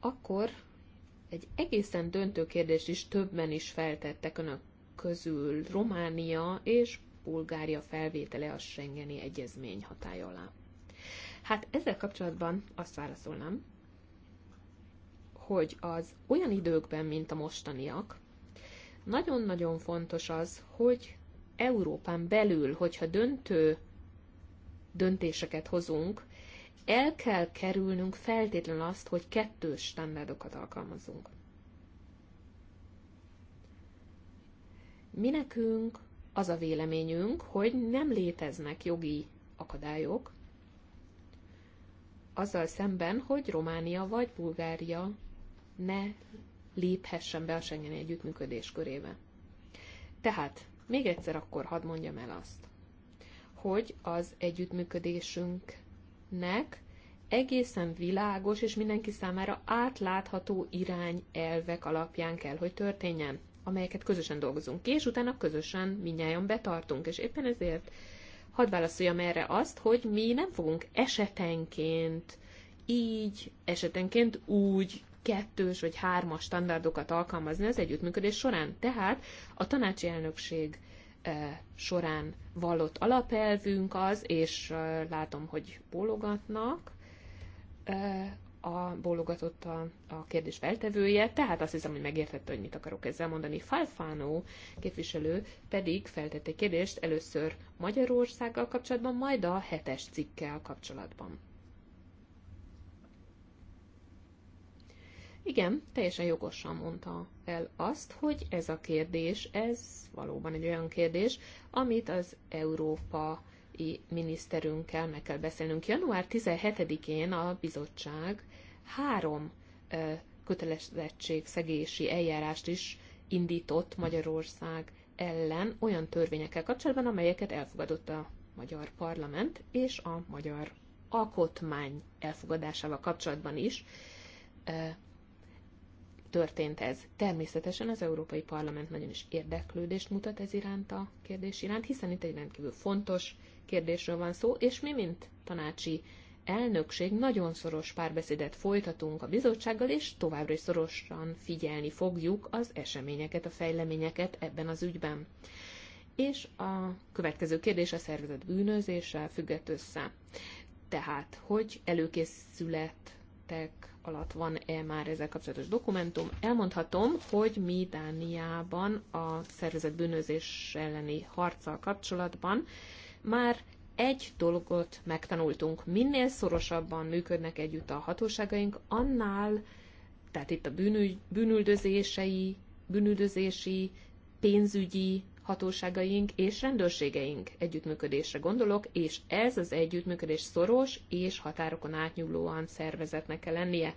Akkor egy egészen döntő kérdést is többen is feltettek önök közül Románia és Bulgária felvétele a Schengeni Egyezmény hatája alá. Hát ezzel kapcsolatban azt válaszolnám, hogy az olyan időkben, mint a mostaniak, nagyon-nagyon fontos az, hogy Európán belül, hogyha döntő döntéseket hozunk, el kell kerülnünk feltétlenül azt, hogy kettős standardokat alkalmazunk. Mi nekünk az a véleményünk, hogy nem léteznek jogi akadályok, azzal szemben, hogy Románia vagy Bulgária ne léphessen be a Schengen együttműködés körébe. Tehát még egyszer akkor hadd mondjam el azt, hogy az együttműködésünknek egészen világos és mindenki számára átlátható irány elvek alapján kell, hogy történjen, amelyeket közösen dolgozunk ki, és utána közösen minnyáján betartunk, és éppen ezért hadd válaszoljam erre azt, hogy mi nem fogunk esetenként így, esetenként úgy kettős vagy hármas standardokat alkalmazni az együttműködés során. Tehát a tanácsi elnökség e, során vallott alapelvünk az, és e, látom, hogy bólogatnak, e, a bólogatott a, a kérdés feltevője, tehát azt hiszem, hogy megértette, hogy mit akarok ezzel mondani. Falfánó képviselő pedig feltette kérdést először Magyarországgal kapcsolatban, majd a hetes cikkel kapcsolatban. Igen, teljesen jogosan mondta el azt, hogy ez a kérdés, ez valóban egy olyan kérdés, amit az Európa miniszterünkkel meg kell beszélnünk. Január 17-én a bizottság három szegési eljárást is indított Magyarország ellen olyan törvényekkel kapcsolatban, amelyeket elfogadott a magyar parlament és a magyar alkotmány elfogadásával kapcsolatban is történt ez? Természetesen az Európai Parlament nagyon is érdeklődést mutat ez iránt a kérdés iránt, hiszen itt egy rendkívül fontos kérdésről van szó, és mi, mint tanácsi elnökség nagyon szoros párbeszédet folytatunk a bizottsággal, és továbbra is szorosan figyelni fogjuk az eseményeket, a fejleményeket ebben az ügyben. És a következő kérdés a szervezet bűnözéssel függet össze. Tehát, hogy előkészület hetek alatt van-e már ezzel kapcsolatos dokumentum. Elmondhatom, hogy mi Dániában a szervezett bűnözés elleni harccal kapcsolatban már egy dolgot megtanultunk. Minél szorosabban működnek együtt a hatóságaink, annál, tehát itt a bűnügy, bűnüldözései, bűnüldözési, pénzügyi hatóságaink és rendőrségeink együttműködésre gondolok, és ez az együttműködés szoros és határokon átnyúlóan szervezetnek kell lennie.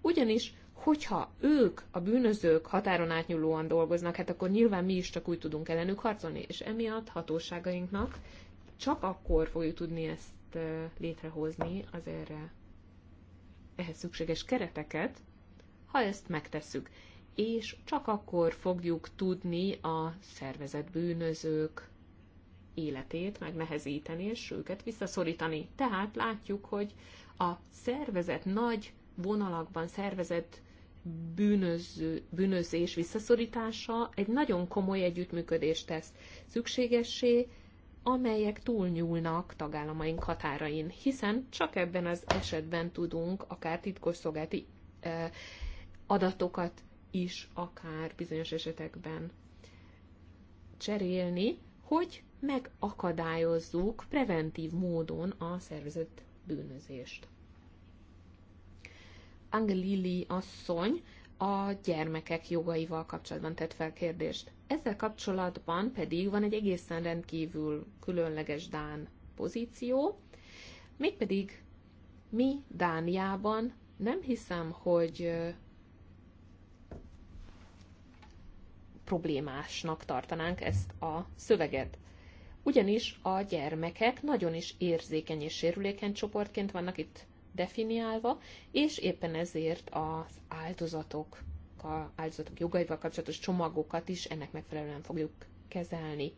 Ugyanis, hogyha ők, a bűnözők határon átnyúlóan dolgoznak, hát akkor nyilván mi is csak úgy tudunk ellenük harcolni, és emiatt hatóságainknak csak akkor fogjuk tudni ezt létrehozni az erre ehhez szükséges kereteket, ha ezt megtesszük és csak akkor fogjuk tudni a szervezett bűnözők életét megnehezíteni, és őket visszaszorítani. Tehát látjuk, hogy a szervezet nagy vonalakban szervezett bűnöző, bűnözés visszaszorítása egy nagyon komoly együttműködést tesz szükségessé, amelyek túlnyúlnak tagállamaink határain, hiszen csak ebben az esetben tudunk akár titkosszolgálati adatokat is akár bizonyos esetekben cserélni, hogy megakadályozzuk preventív módon a szervezett bűnözést. Angelili asszony a gyermekek jogaival kapcsolatban tett fel kérdést. Ezzel kapcsolatban pedig van egy egészen rendkívül különleges Dán pozíció, mégpedig mi Dániában nem hiszem, hogy problémásnak tartanánk ezt a szöveget. Ugyanis a gyermekek nagyon is érzékeny és sérülékeny csoportként vannak itt definiálva, és éppen ezért az áldozatok, áldozatok jogaival kapcsolatos csomagokat is ennek megfelelően fogjuk kezelni.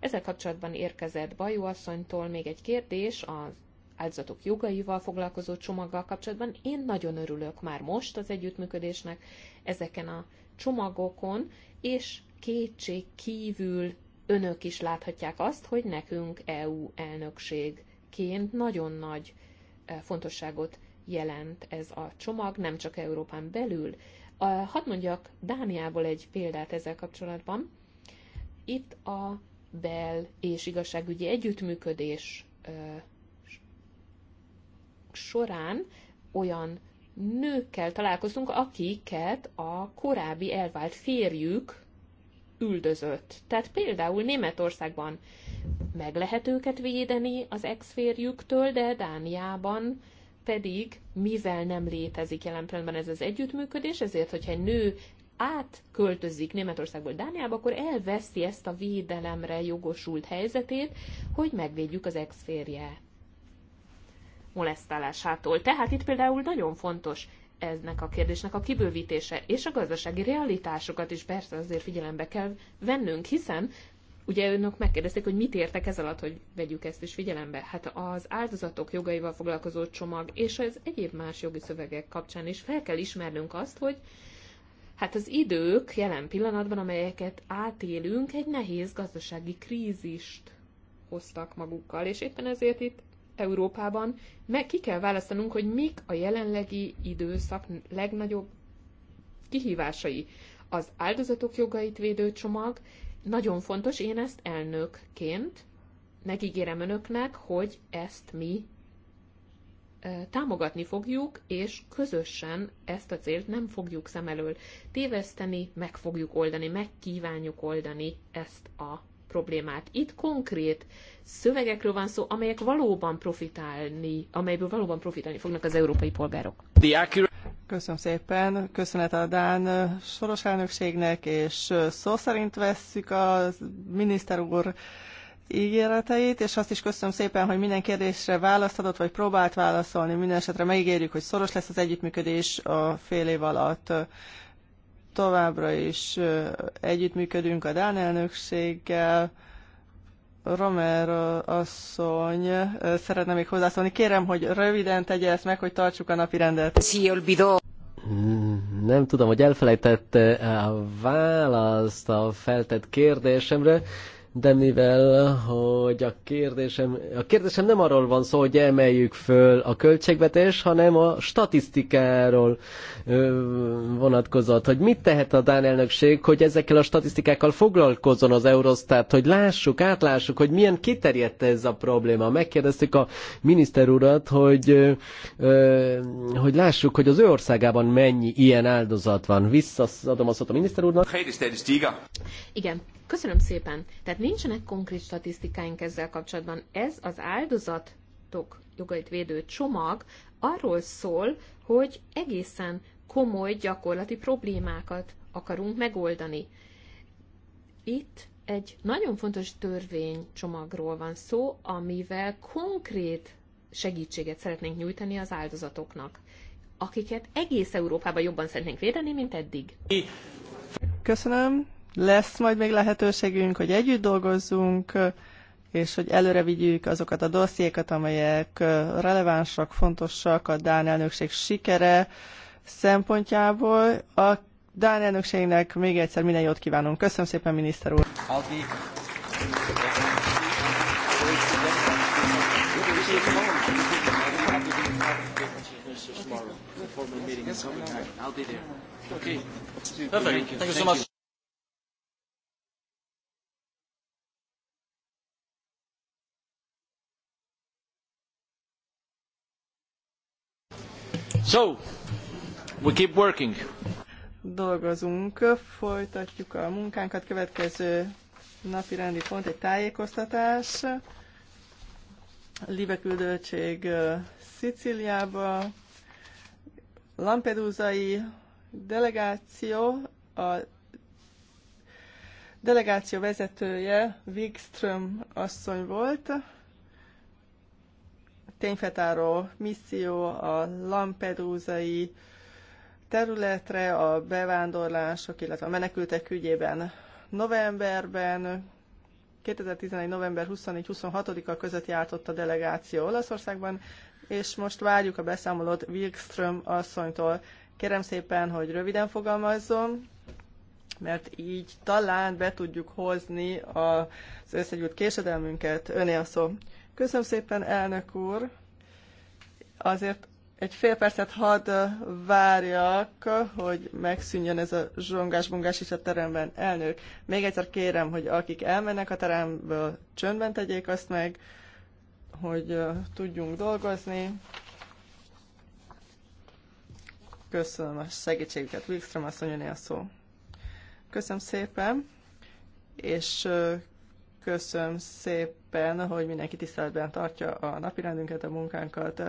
Ezzel kapcsolatban érkezett Bajó asszonytól még egy kérdés az áldozatok jogaival foglalkozó csomaggal kapcsolatban. Én nagyon örülök már most az együttműködésnek ezeken a csomagokon, és kétség kívül önök is láthatják azt, hogy nekünk EU elnökségként nagyon nagy e, fontosságot jelent ez a csomag, nem csak Európán belül. Hadd mondjak Dániából egy példát ezzel kapcsolatban. Itt a bel- és igazságügyi együttműködés e, során olyan nőkkel találkoztunk, akiket a korábbi elvált férjük üldözött. Tehát például Németországban meg lehet őket védeni az ex-férjüktől, de Dániában pedig, mivel nem létezik jelen pillanatban ez az együttműködés, ezért, hogyha egy nő átköltözik Németországból Dániába, akkor elveszi ezt a védelemre jogosult helyzetét, hogy megvédjük az ex-férjét molesztálásától. Tehát itt például nagyon fontos eznek a kérdésnek a kibővítése, és a gazdasági realitásokat is persze azért figyelembe kell vennünk, hiszen Ugye önök megkérdezték, hogy mit értek ez alatt, hogy vegyük ezt is figyelembe. Hát az áldozatok jogaival foglalkozó csomag és az egyéb más jogi szövegek kapcsán is fel kell ismernünk azt, hogy hát az idők jelen pillanatban, amelyeket átélünk, egy nehéz gazdasági krízist hoztak magukkal, és éppen ezért itt Európában, meg ki kell választanunk, hogy mik a jelenlegi időszak legnagyobb kihívásai. Az áldozatok jogait védő csomag nagyon fontos, én ezt elnökként megígérem önöknek, hogy ezt mi támogatni fogjuk, és közösen ezt a célt nem fogjuk szem elől téveszteni, meg fogjuk oldani, meg kívánjuk oldani ezt a problémát. Itt konkrét szövegekről van szó, amelyek valóban profitálni, amelyből valóban profitálni fognak az európai polgárok. Köszönöm szépen, köszönet a Dán soros elnökségnek, és szó szerint vesszük a miniszter úr ígéreteit, és azt is köszönöm szépen, hogy minden kérdésre választ adott, vagy próbált válaszolni. Minden esetre megígérjük, hogy szoros lesz az együttműködés a fél év alatt továbbra is együttműködünk a Dán elnökséggel. Romero asszony szeretne még hozzászólni. Kérem, hogy röviden tegye ezt meg, hogy tartsuk a napi rendet. Mm, nem tudom, hogy elfelejtette a választ a feltett kérdésemre de mivel, hogy a kérdésem, a kérdésem nem arról van szó, hogy emeljük föl a költségvetés, hanem a statisztikáról vonatkozott, hogy mit tehet a Dán elnökség, hogy ezekkel a statisztikákkal foglalkozzon az Eurostat, hogy lássuk, átlássuk, hogy milyen kiterjedt ez a probléma. Megkérdeztük a miniszter urat, hogy, hogy lássuk, hogy az ő országában mennyi ilyen áldozat van. Visszaadom a szót a miniszter úrnak. Igen, Köszönöm szépen. Tehát nincsenek konkrét statisztikáink ezzel kapcsolatban. Ez az áldozatok jogait védő csomag arról szól, hogy egészen komoly gyakorlati problémákat akarunk megoldani. Itt egy nagyon fontos törvénycsomagról van szó, amivel konkrét segítséget szeretnénk nyújtani az áldozatoknak, akiket egész Európában jobban szeretnénk védeni, mint eddig. Köszönöm. Lesz majd még lehetőségünk, hogy együtt dolgozzunk, és hogy előre vigyük azokat a dossziékat, amelyek relevánsak, fontosak a Dán elnökség sikere szempontjából. A Dán elnökségnek még egyszer minden jót kívánunk. Köszönöm szépen, miniszter úr! Okay. Perfect. Thank you so much. So, we keep working. Dolgozunk, folytatjuk a munkánkat. Következő napi rendi pont egy tájékoztatás. Libe küldöttség Sziciliába, Lampedúzai delegáció, a delegáció vezetője Wigström asszony volt, tényfetáró misszió a Lampedúzai területre a bevándorlások, illetve a menekültek ügyében novemberben 2011. november 24-26-a között jártott a delegáció Olaszországban, és most várjuk a beszámolót Wilkström asszonytól. Kérem szépen, hogy röviden fogalmazzon, mert így talán be tudjuk hozni az összegyűlt késedelmünket. Öné a szó. Köszönöm szépen, elnök úr. Azért egy fél percet hadd várjak, hogy megszűnjön ez a zsongás-bongás is a teremben. Elnök, még egyszer kérem, hogy akik elmennek a teremből, csöndben tegyék azt meg, hogy tudjunk dolgozni. Köszönöm a segítségüket, Wilkström asszony, a szó. Köszönöm szépen, és Köszönöm szépen, hogy mindenki tiszteletben tartja a napirendünket, a munkánkat.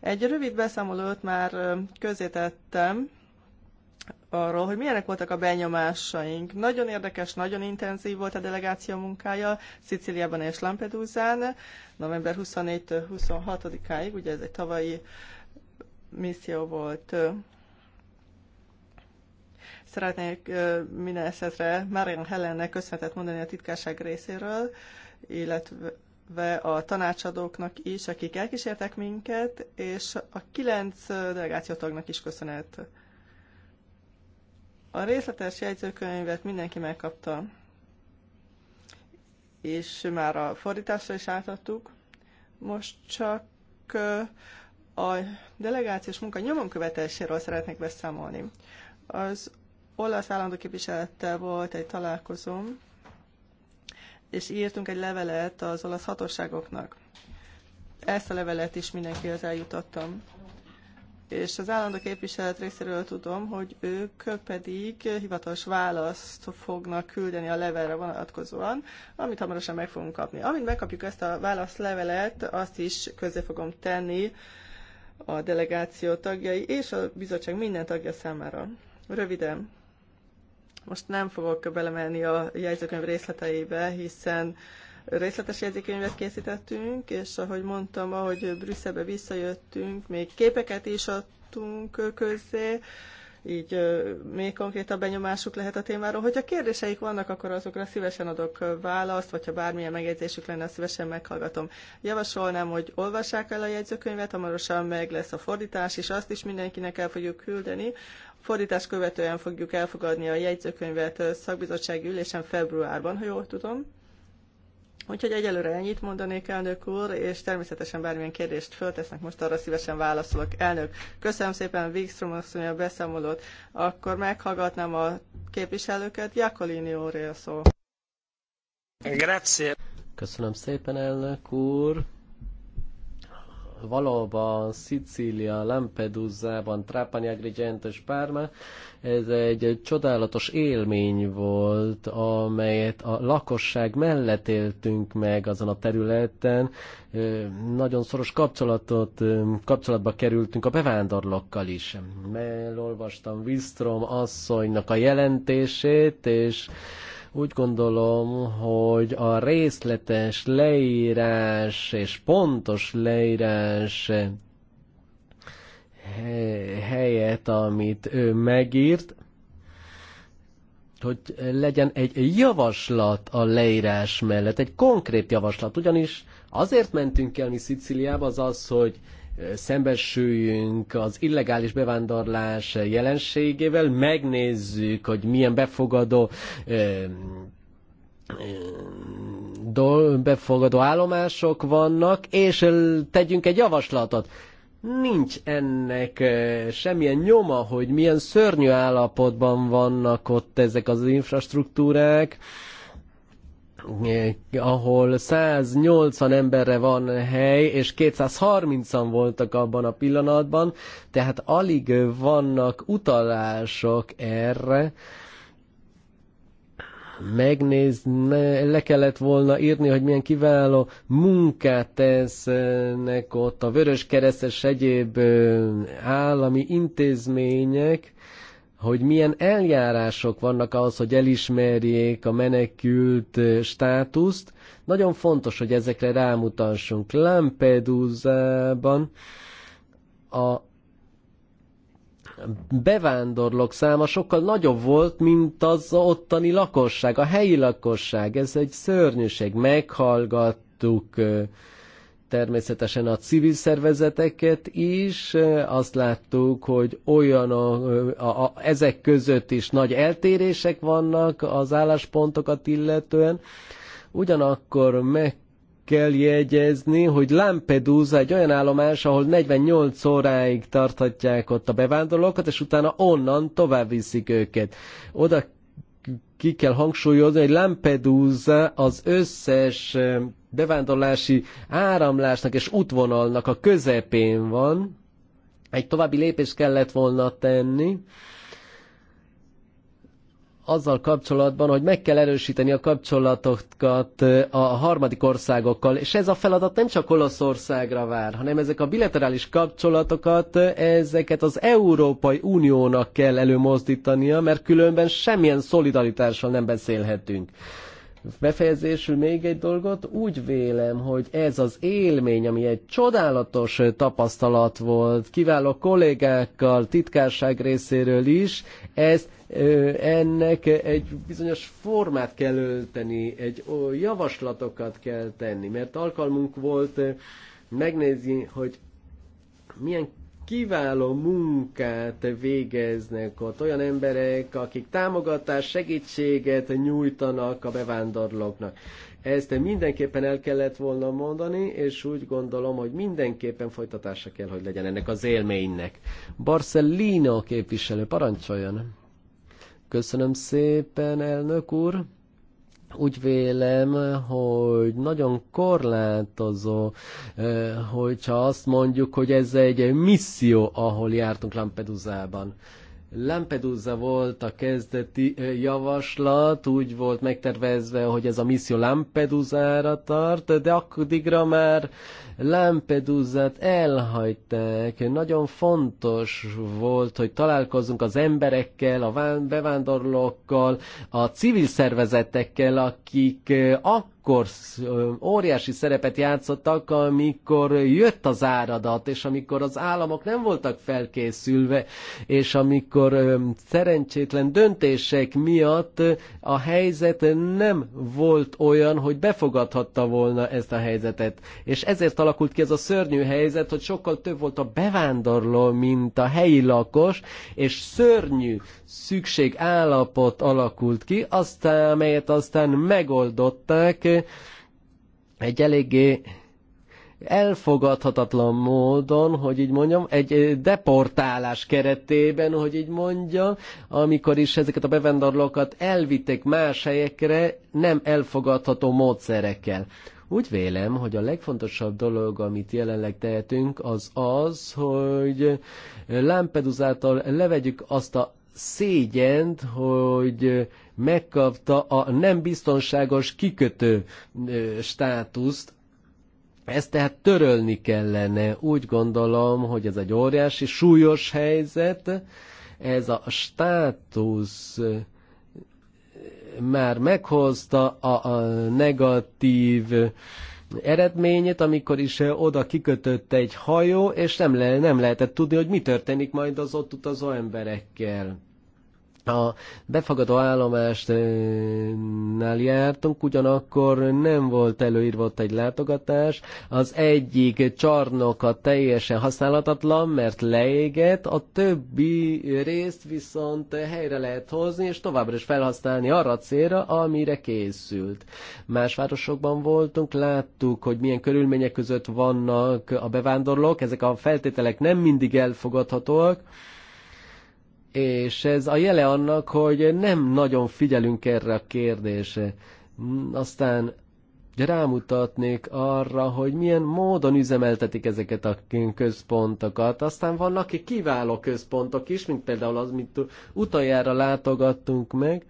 Egy rövid beszámolót már közétettem arról, hogy milyenek voltak a benyomásaink. Nagyon érdekes, nagyon intenzív volt a delegáció munkája Sziciliában és Lampedusán, november 24-26-áig, ugye ez egy tavalyi misszió volt. Szeretnék minden esetre Marian Helennek köszönetet mondani a titkárság részéről, illetve a tanácsadóknak is, akik elkísértek minket, és a kilenc delegációtagnak is köszönet. A részletes jegyzőkönyvet mindenki megkapta, és már a fordításra is átadtuk. Most csak a delegációs munka nyomon követéséről szeretnék beszámolni. Az olasz állandó képviselettel volt egy találkozom, és írtunk egy levelet az olasz hatóságoknak. Ezt a levelet is mindenkihez eljutottam. És az állandó képviselet részéről tudom, hogy ők pedig hivatalos választ fognak küldeni a levelre vonatkozóan, amit hamarosan meg fogunk kapni. Amint megkapjuk ezt a válaszlevelet, azt is közé fogom tenni a delegáció tagjai és a bizottság minden tagja számára. Röviden, most nem fogok belemenni a jegyzőkönyv részleteibe, hiszen részletes jegyzőkönyvet készítettünk, és ahogy mondtam, ahogy Brüsszelbe visszajöttünk, még képeket is adtunk közzé, így még konkrétabb benyomásuk lehet a témáról. Hogyha kérdéseik vannak, akkor azokra szívesen adok választ, vagy ha bármilyen megjegyzésük lenne, szívesen meghallgatom. Javasolnám, hogy olvassák el a jegyzőkönyvet, hamarosan meg lesz a fordítás, és azt is mindenkinek el fogjuk küldeni. Fordítás követően fogjuk elfogadni a jegyzőkönyvet a szakbizottsági ülésen februárban, ha jól tudom. Úgyhogy egyelőre ennyit mondanék, elnök úr, és természetesen bármilyen kérdést föltesznek, most arra szívesen válaszolok. Elnök, köszönöm szépen Wigström asszony a beszámolót. Akkor meghallgatnám a képviselőket. Jakolini úré a szó. Grazie. Köszönöm szépen, elnök úr valóban Szicília, ban Trapani Agrigento és Parma. ez egy csodálatos élmény volt, amelyet a lakosság mellett éltünk meg azon a területen. Nagyon szoros kapcsolatot, kapcsolatba kerültünk a bevándorlókkal is. Elolvastam Wistrom asszonynak a jelentését, és úgy gondolom, hogy a részletes leírás és pontos leírás helyet, amit ő megírt, hogy legyen egy javaslat a leírás mellett, egy konkrét javaslat, ugyanis azért mentünk el mi Sziciliába, az az, hogy szembesüljünk az illegális bevándorlás jelenségével, megnézzük, hogy milyen befogadó befogadó állomások vannak, és tegyünk egy javaslatot. Nincs ennek semmilyen nyoma, hogy milyen szörnyű állapotban vannak ott ezek az infrastruktúrák, ahol 180 emberre van hely, és 230-an voltak abban a pillanatban, tehát alig vannak utalások erre. Megnézni, le kellett volna írni, hogy milyen kiváló munkát tesznek ott a vörös Keresztes egyéb állami intézmények, hogy milyen eljárások vannak ahhoz, hogy elismerjék a menekült státuszt. Nagyon fontos, hogy ezekre rámutassunk. Lampedusa-ban a bevándorlók száma sokkal nagyobb volt, mint az ottani lakosság, a helyi lakosság. Ez egy szörnyűség. Meghallgattuk természetesen a civil szervezeteket is. Azt láttuk, hogy olyan a, a, a, ezek között is nagy eltérések vannak az álláspontokat illetően. Ugyanakkor meg kell jegyezni, hogy Lampedusa egy olyan állomás, ahol 48 óráig tarthatják ott a bevándorlókat, és utána onnan tovább viszik őket. Oda ki kell hangsúlyozni, hogy Lampedusa az összes bevándorlási áramlásnak és útvonalnak a közepén van. Egy további lépést kellett volna tenni, azzal kapcsolatban, hogy meg kell erősíteni a kapcsolatokat a harmadik országokkal, és ez a feladat nem csak Olaszországra vár, hanem ezek a bilaterális kapcsolatokat, ezeket az Európai Uniónak kell előmozdítania, mert különben semmilyen szolidaritással nem beszélhetünk. Befejezésül még egy dolgot, úgy vélem, hogy ez az élmény, ami egy csodálatos tapasztalat volt, kiváló kollégákkal, titkárság részéről is, ezt ennek egy bizonyos formát kell ölteni, egy javaslatokat kell tenni, mert alkalmunk volt megnézni, hogy milyen kiváló munkát végeznek ott olyan emberek, akik támogatást, segítséget nyújtanak a bevándorlóknak. Ezt mindenképpen el kellett volna mondani, és úgy gondolom, hogy mindenképpen folytatása kell, hogy legyen ennek az élménynek. Barcelino képviselő, parancsoljon! Köszönöm szépen, elnök úr! úgy vélem, hogy nagyon korlátozó, eh, hogyha azt mondjuk, hogy ez egy misszió, ahol jártunk Lampedusában. Lampedusa volt a kezdeti eh, javaslat, úgy volt megtervezve, hogy ez a misszió Lampedusára tart, de akkorigra már Lampedusát elhagyták. Nagyon fontos volt, hogy találkozunk az emberekkel, a bevándorlókkal, a civil szervezetekkel, akik eh, a akkor óriási szerepet játszottak, amikor jött az áradat, és amikor az államok nem voltak felkészülve, és amikor szerencsétlen döntések miatt a helyzet nem volt olyan, hogy befogadhatta volna ezt a helyzetet. És ezért alakult ki ez a szörnyű helyzet, hogy sokkal több volt a bevándorló, mint a helyi lakos, és szörnyű szükség állapot alakult ki, aztán, amelyet aztán megoldották, egy eléggé elfogadhatatlan módon, hogy így mondjam, egy deportálás keretében, hogy így mondja, amikor is ezeket a bevendorlókat elvitték más helyekre, nem elfogadható módszerekkel. Úgy vélem, hogy a legfontosabb dolog, amit jelenleg tehetünk, az az, hogy Lampedusától levegyük azt a szégyent, hogy megkapta a nem biztonságos kikötő státuszt, ezt tehát törölni kellene. Úgy gondolom, hogy ez egy óriási súlyos helyzet, ez a státusz már meghozta a, a negatív eredményét, amikor is oda kikötött egy hajó, és nem, le, nem lehetett tudni, hogy mi történik majd az ott utazó emberekkel a befogadó állomásnál jártunk, ugyanakkor nem volt előírva ott egy látogatás. Az egyik csarnoka teljesen használatatlan, mert leégett, a többi részt viszont helyre lehet hozni, és továbbra is felhasználni arra a célra, amire készült. Más városokban voltunk, láttuk, hogy milyen körülmények között vannak a bevándorlók, ezek a feltételek nem mindig elfogadhatóak, és ez a jele annak, hogy nem nagyon figyelünk erre a kérdésre. Aztán rámutatnék arra, hogy milyen módon üzemeltetik ezeket a központokat. Aztán vannak kiváló központok is, mint például az, amit utoljára látogattunk meg.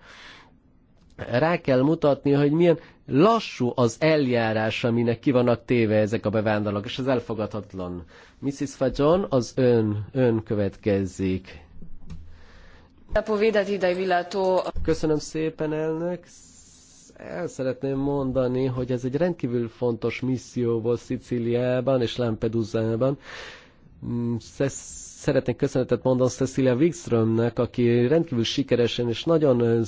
Rá kell mutatni, hogy milyen lassú az eljárás, aminek ki vannak téve ezek a bevándorlók, és ez elfogadhatlan. Mrs. Fajon, az ön, ön következik. Köszönöm szépen, elnök. El szeretném mondani, hogy ez egy rendkívül fontos misszió volt Szicíliában és Lampedusában. Mm, szeretnék köszönetet mondani Cecilia Wikströmnek, aki rendkívül sikeresen és nagyon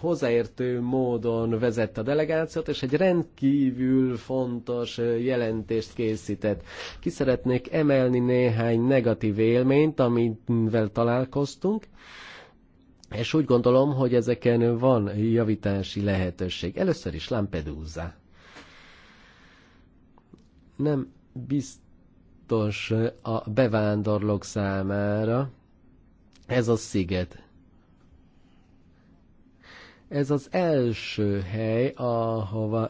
hozzáértő módon vezette a delegációt, és egy rendkívül fontos jelentést készített. Ki szeretnék emelni néhány negatív élményt, amivel találkoztunk. És úgy gondolom, hogy ezeken van javítási lehetőség. Először is Lampedusa. Nem biztos a bevándorlók számára ez a sziget. Ez az első hely, ahova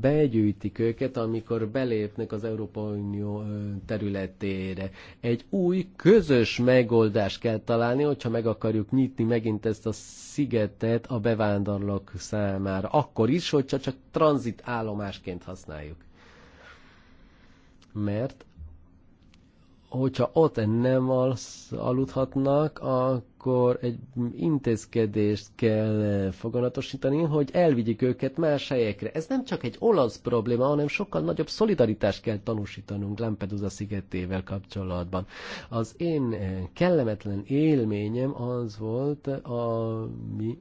begyűjtik őket, amikor belépnek az Európai Unió területére. Egy új közös megoldást kell találni, hogyha meg akarjuk nyitni megint ezt a szigetet a bevándorlók számára. Akkor is, hogyha csak tranzit állomásként használjuk. Mert hogyha ott nem alsz, aludhatnak, akkor akkor egy intézkedést kell foganatosítani, hogy elvigyik őket más helyekre. Ez nem csak egy olasz probléma, hanem sokkal nagyobb szolidaritást kell tanúsítanunk Lampedusa szigetével kapcsolatban. Az én kellemetlen élményem az volt, ami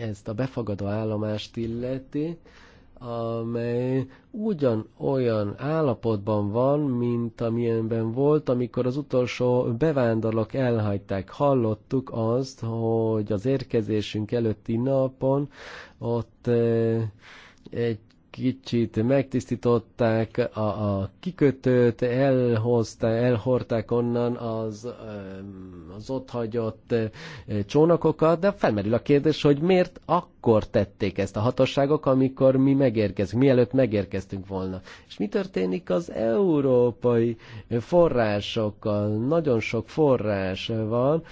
ezt a befogadó állomást illeti, amely ugyanolyan állapotban van, mint amilyenben volt, amikor az utolsó bevándorlók elhagyták. Hallottuk azt, hogy az érkezésünk előtti napon ott eh, egy kicsit megtisztították a, a kikötőt, elhozta, elhordták onnan az, az ott hagyott eh, csónakokat, de felmerül a kérdés, hogy miért akkor tették ezt a hatóságok, amikor mi megérkezünk, mielőtt megérkeztünk volna. És mi történik az európai forrásokkal? Nagyon sok forrás van,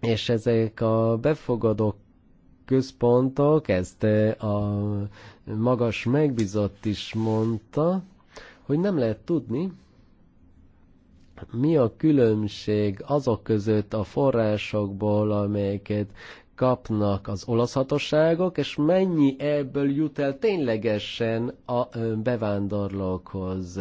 és ezek a befogadó központok, ezt eh, a magas megbízott is mondta, hogy nem lehet tudni, mi a különbség azok között a forrásokból, amelyeket kapnak az olasz hatóságok, és mennyi ebből jut el ténylegesen a bevándorlókhoz.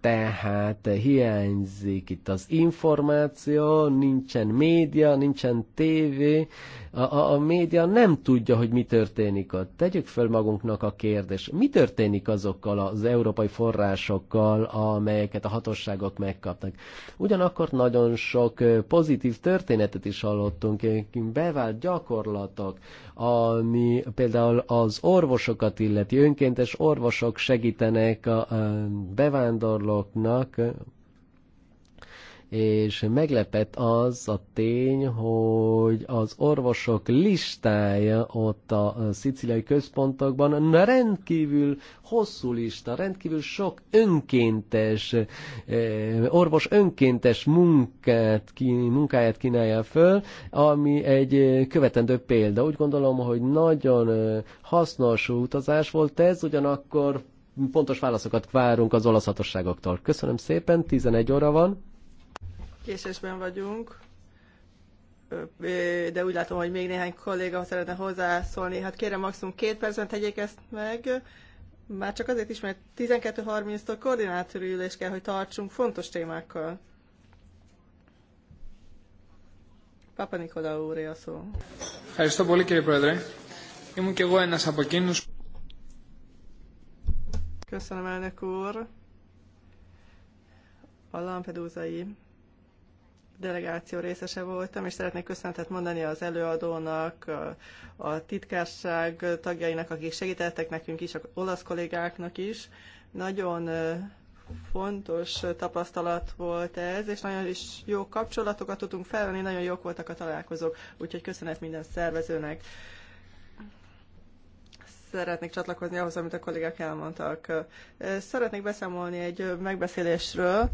Tehát eh, hiányzik itt az információ, nincsen média, nincsen tévé, a, a, a média nem tudja, hogy mi történik ott. Tegyük fel magunknak a kérdés. Mi történik azokkal az európai forrásokkal, amelyeket a hatóságok megkapnak? Ugyanakkor nagyon sok pozitív történetet is hallottunk, bevált gyakorlatok, ami például az orvosokat illeti, önkéntes orvosok segítenek a bevándorlóknak, és meglepett az a tény, hogy az orvosok listája ott a szicilai központokban rendkívül hosszú lista, rendkívül sok önkéntes, e, orvos önkéntes munkát, munkáját kínálja föl, ami egy e, követendő példa. Úgy gondolom, hogy nagyon e, hasznos utazás volt ez, ugyanakkor pontos válaszokat várunk az olasz hatóságoktól. Köszönöm szépen, 11 óra van. Késésben vagyunk, de úgy látom, hogy még néhány kolléga szeretne hozzászólni. Hát kérem, maximum két percben tegyék ezt meg. Már csak azért is, mert 12.30-tól koordinátori ülés kell, hogy tartsunk fontos témákkal. Papa Nikola úr, a szó. Ευχαριστώ πολύ κύριε Πρόεδρε. Ήμουν Köszönöm elnök úr. A Lampedusai delegáció részese voltam, és szeretnék köszönetet mondani az előadónak, a titkárság tagjainak, akik segítettek nekünk is, az olasz kollégáknak is. Nagyon fontos tapasztalat volt ez, és nagyon is jó kapcsolatokat tudtunk felvenni, nagyon jók voltak a találkozók, úgyhogy köszönet minden szervezőnek. Szeretnék csatlakozni ahhoz, amit a kollégák elmondtak. Szeretnék beszámolni egy megbeszélésről,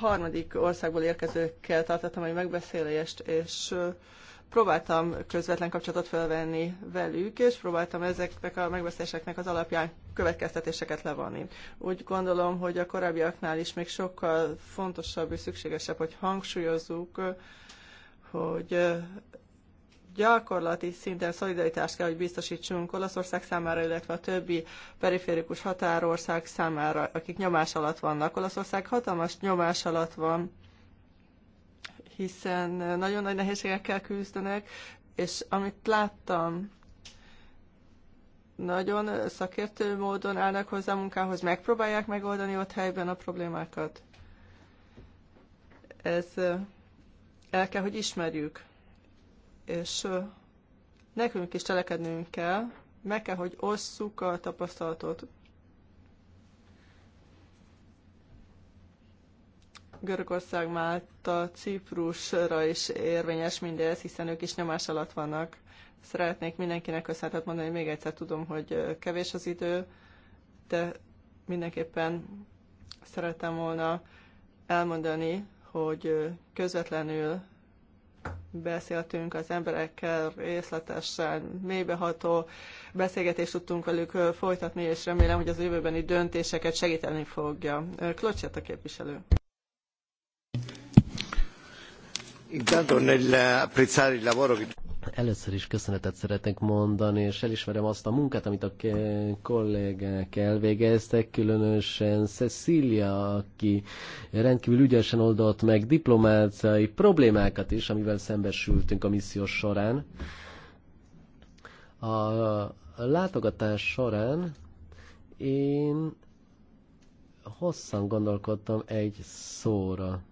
harmadik országból érkezőkkel tartottam egy megbeszélést, és próbáltam közvetlen kapcsolatot felvenni velük, és próbáltam ezeknek a megbeszéléseknek az alapján következtetéseket levonni. Úgy gondolom, hogy a korábbiaknál is még sokkal fontosabb és szükségesebb, hogy hangsúlyozzuk, hogy gyakorlati szinten szolidaritást kell, hogy biztosítsunk Olaszország számára, illetve a többi periférikus határország számára, akik nyomás alatt vannak. Olaszország hatalmas nyomás alatt van, hiszen nagyon nagy nehézségekkel küzdenek, és amit láttam, nagyon szakértő módon állnak hozzá a munkához, megpróbálják megoldani ott helyben a problémákat. Ez eh, el kell, hogy ismerjük és nekünk is cselekednünk kell, meg kell, hogy osszuk a tapasztalatot. Görögország, Málta, Ciprusra is érvényes mindez, hiszen ők is nyomás alatt vannak. Szeretnék mindenkinek köszönetet mondani, még egyszer tudom, hogy kevés az idő, de mindenképpen szeretem volna elmondani, hogy közvetlenül beszéltünk az emberekkel részletesen, mélybeható beszélgetést tudtunk velük folytatni, és remélem, hogy az jövőbeni döntéseket segíteni fogja. Klocsát a képviselő. Intanto nel apprezzare il lavoro che Először is köszönetet szeretnék mondani, és elismerem azt a munkát, amit a kollégák elvégeztek, különösen Cecilia, aki rendkívül ügyesen oldott meg diplomáciai problémákat is, amivel szembesültünk a missziós során. A látogatás során én hosszan gondolkodtam egy szóra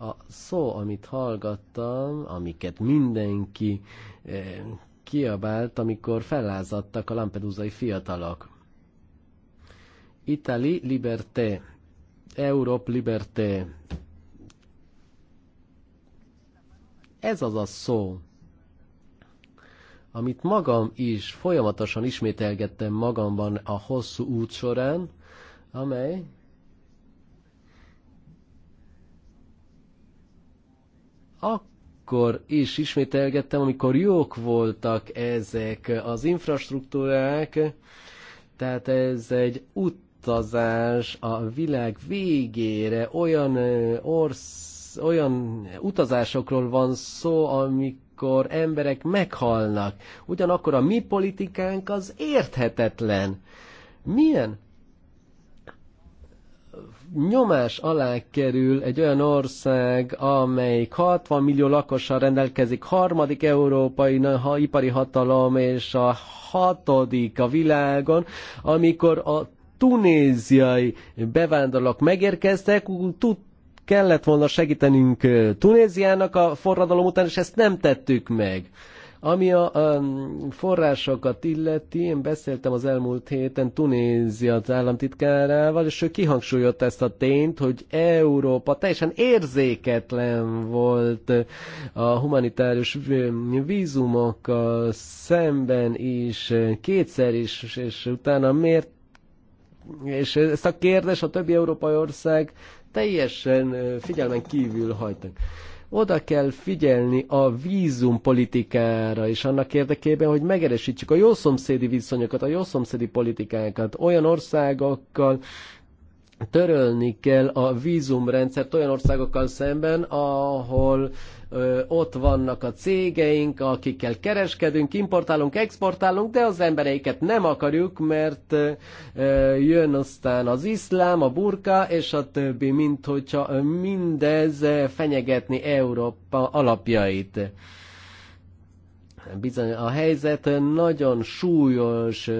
a szó, amit hallgattam, amiket mindenki eh, kiabált, amikor fellázadtak a lampedúzai fiatalok. Itali liberté, Európ liberté. Ez az a szó, amit magam is folyamatosan ismételgettem magamban a hosszú út során, amely akkor is ismételgettem, amikor jók voltak ezek az infrastruktúrák, tehát ez egy utazás a világ végére, olyan orsz, olyan utazásokról van szó, amik amikor emberek meghalnak. Ugyanakkor a mi politikánk az érthetetlen. Milyen nyomás alá kerül egy olyan ország, amelyik 60 millió lakossal rendelkezik, harmadik európai ha, ipari hatalom és a hatodik a világon, amikor a tunéziai bevándorlók megérkeztek, tud, kellett volna segítenünk Tunéziának a forradalom után, és ezt nem tettük meg. Ami a um, forrásokat illeti, én beszéltem az elmúlt héten Tunézia az államtitkárával, és ő kihangsúlyozta ezt a tényt, hogy Európa teljesen érzéketlen volt a humanitárius vízumokkal szemben is, kétszer is, és utána miért és ezt a kérdést a többi európai ország teljesen figyelmen kívül hagytak. Oda kell figyelni a vízumpolitikára, és annak érdekében, hogy megeresítsük a szomszédi viszonyokat, a szomszédi politikákat olyan országokkal, törölni kell a vízumrendszert olyan országokkal szemben, ahol ö, ott vannak a cégeink, akikkel kereskedünk, importálunk, exportálunk, de az embereiket nem akarjuk, mert ö, jön aztán az iszlám, a burka és a többi, mint hogyha mindez fenyegetni Európa alapjait. Bizony, a helyzet nagyon súlyos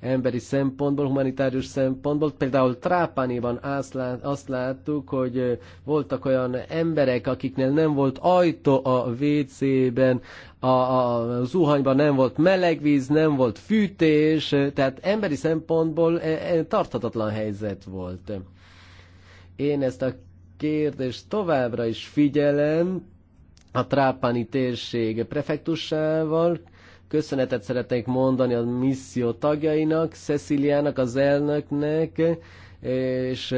emberi szempontból, humanitárius szempontból. Például Trápániban azt, lát, azt láttuk, hogy voltak olyan emberek, akiknél nem volt ajtó a WC-ben, a, a zuhanyban nem volt melegvíz, nem volt fűtés, tehát emberi szempontból e, e, tarthatatlan helyzet volt. Én ezt a kérdést továbbra is figyelem, a Trápáni térség prefektusával. Köszönetet szeretnék mondani a misszió tagjainak, Ceciliának, az elnöknek, és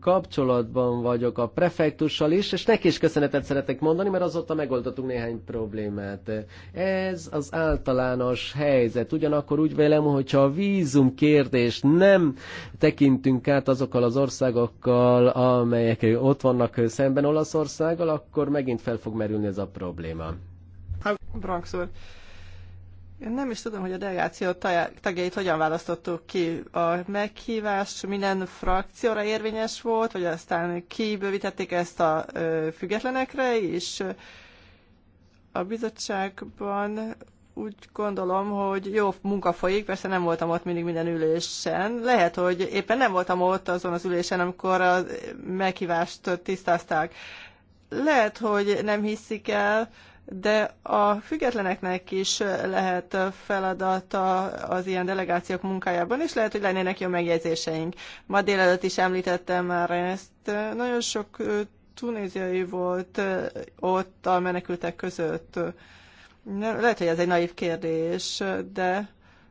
kapcsolatban vagyok a prefektussal is, és neki is köszönetet szeretek mondani, mert azóta megoldottunk néhány problémát. Ez az általános helyzet. Ugyanakkor úgy vélem, hogyha a vízum kérdést nem tekintünk át azokkal az országokkal, amelyek ott vannak szemben Olaszországgal, akkor megint fel fog merülni ez a probléma. Bronx úr. Én nem is tudom, hogy a delegáció tagjait hogyan választottuk ki. A meghívás minden frakcióra érvényes volt, vagy aztán kibővítették ezt a függetlenekre is. A bizottságban úgy gondolom, hogy jó munka folyik, persze nem voltam ott mindig minden ülésen. Lehet, hogy éppen nem voltam ott azon az ülésen, amikor a meghívást tisztázták. Lehet, hogy nem hiszik el, de a függetleneknek is lehet feladata az ilyen delegációk munkájában, és lehet, hogy lennének jó megjegyzéseink. Ma délelőtt is említettem már ezt. Nagyon sok tunéziai volt ott a menekültek között. Lehet, hogy ez egy naív kérdés, de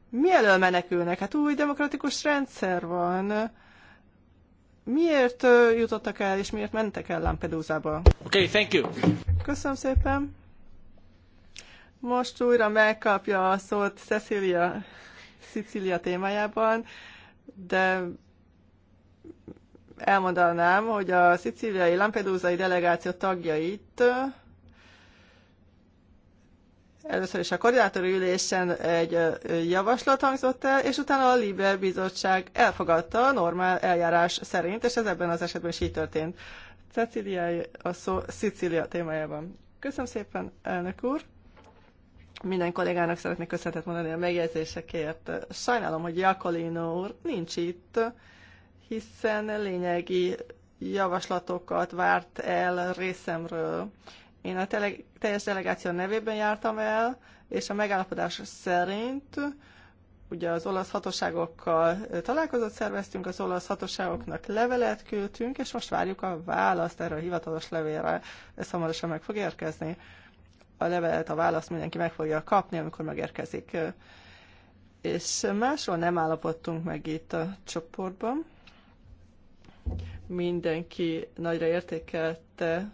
mielől menekülnek? Hát új demokratikus rendszer van. Miért jutottak el, és miért mentek el Lampedusa-ba? Oké, okay, thank you. Köszönöm szépen. Most újra megkapja a szót Cecilia, Szicília témájában, de elmondanám, hogy a szicíliai Lampedusai delegáció tagjait először is a koordinátori ülésen egy javaslat hangzott el, és utána a Libe bizottság elfogadta a normál eljárás szerint, és ez ebben az esetben is így történt. Cecília a szó Szicília témájában. Köszönöm szépen, elnök úr! Minden kollégának szeretnék köszönetet mondani a megjegyzésekért. Sajnálom, hogy Jakolino úr nincs itt, hiszen lényegi javaslatokat várt el részemről. Én a tele- teljes delegáció nevében jártam el, és a megállapodás szerint ugye az olasz hatóságokkal találkozott szerveztünk, az olasz hatóságoknak levelet küldtünk, és most várjuk a választ erre a hivatalos levélre. Ez hamarosan meg fog érkezni a levelet, a választ mindenki meg fogja kapni, amikor megérkezik. És másról nem állapodtunk meg itt a csoportban. Mindenki nagyra értékelte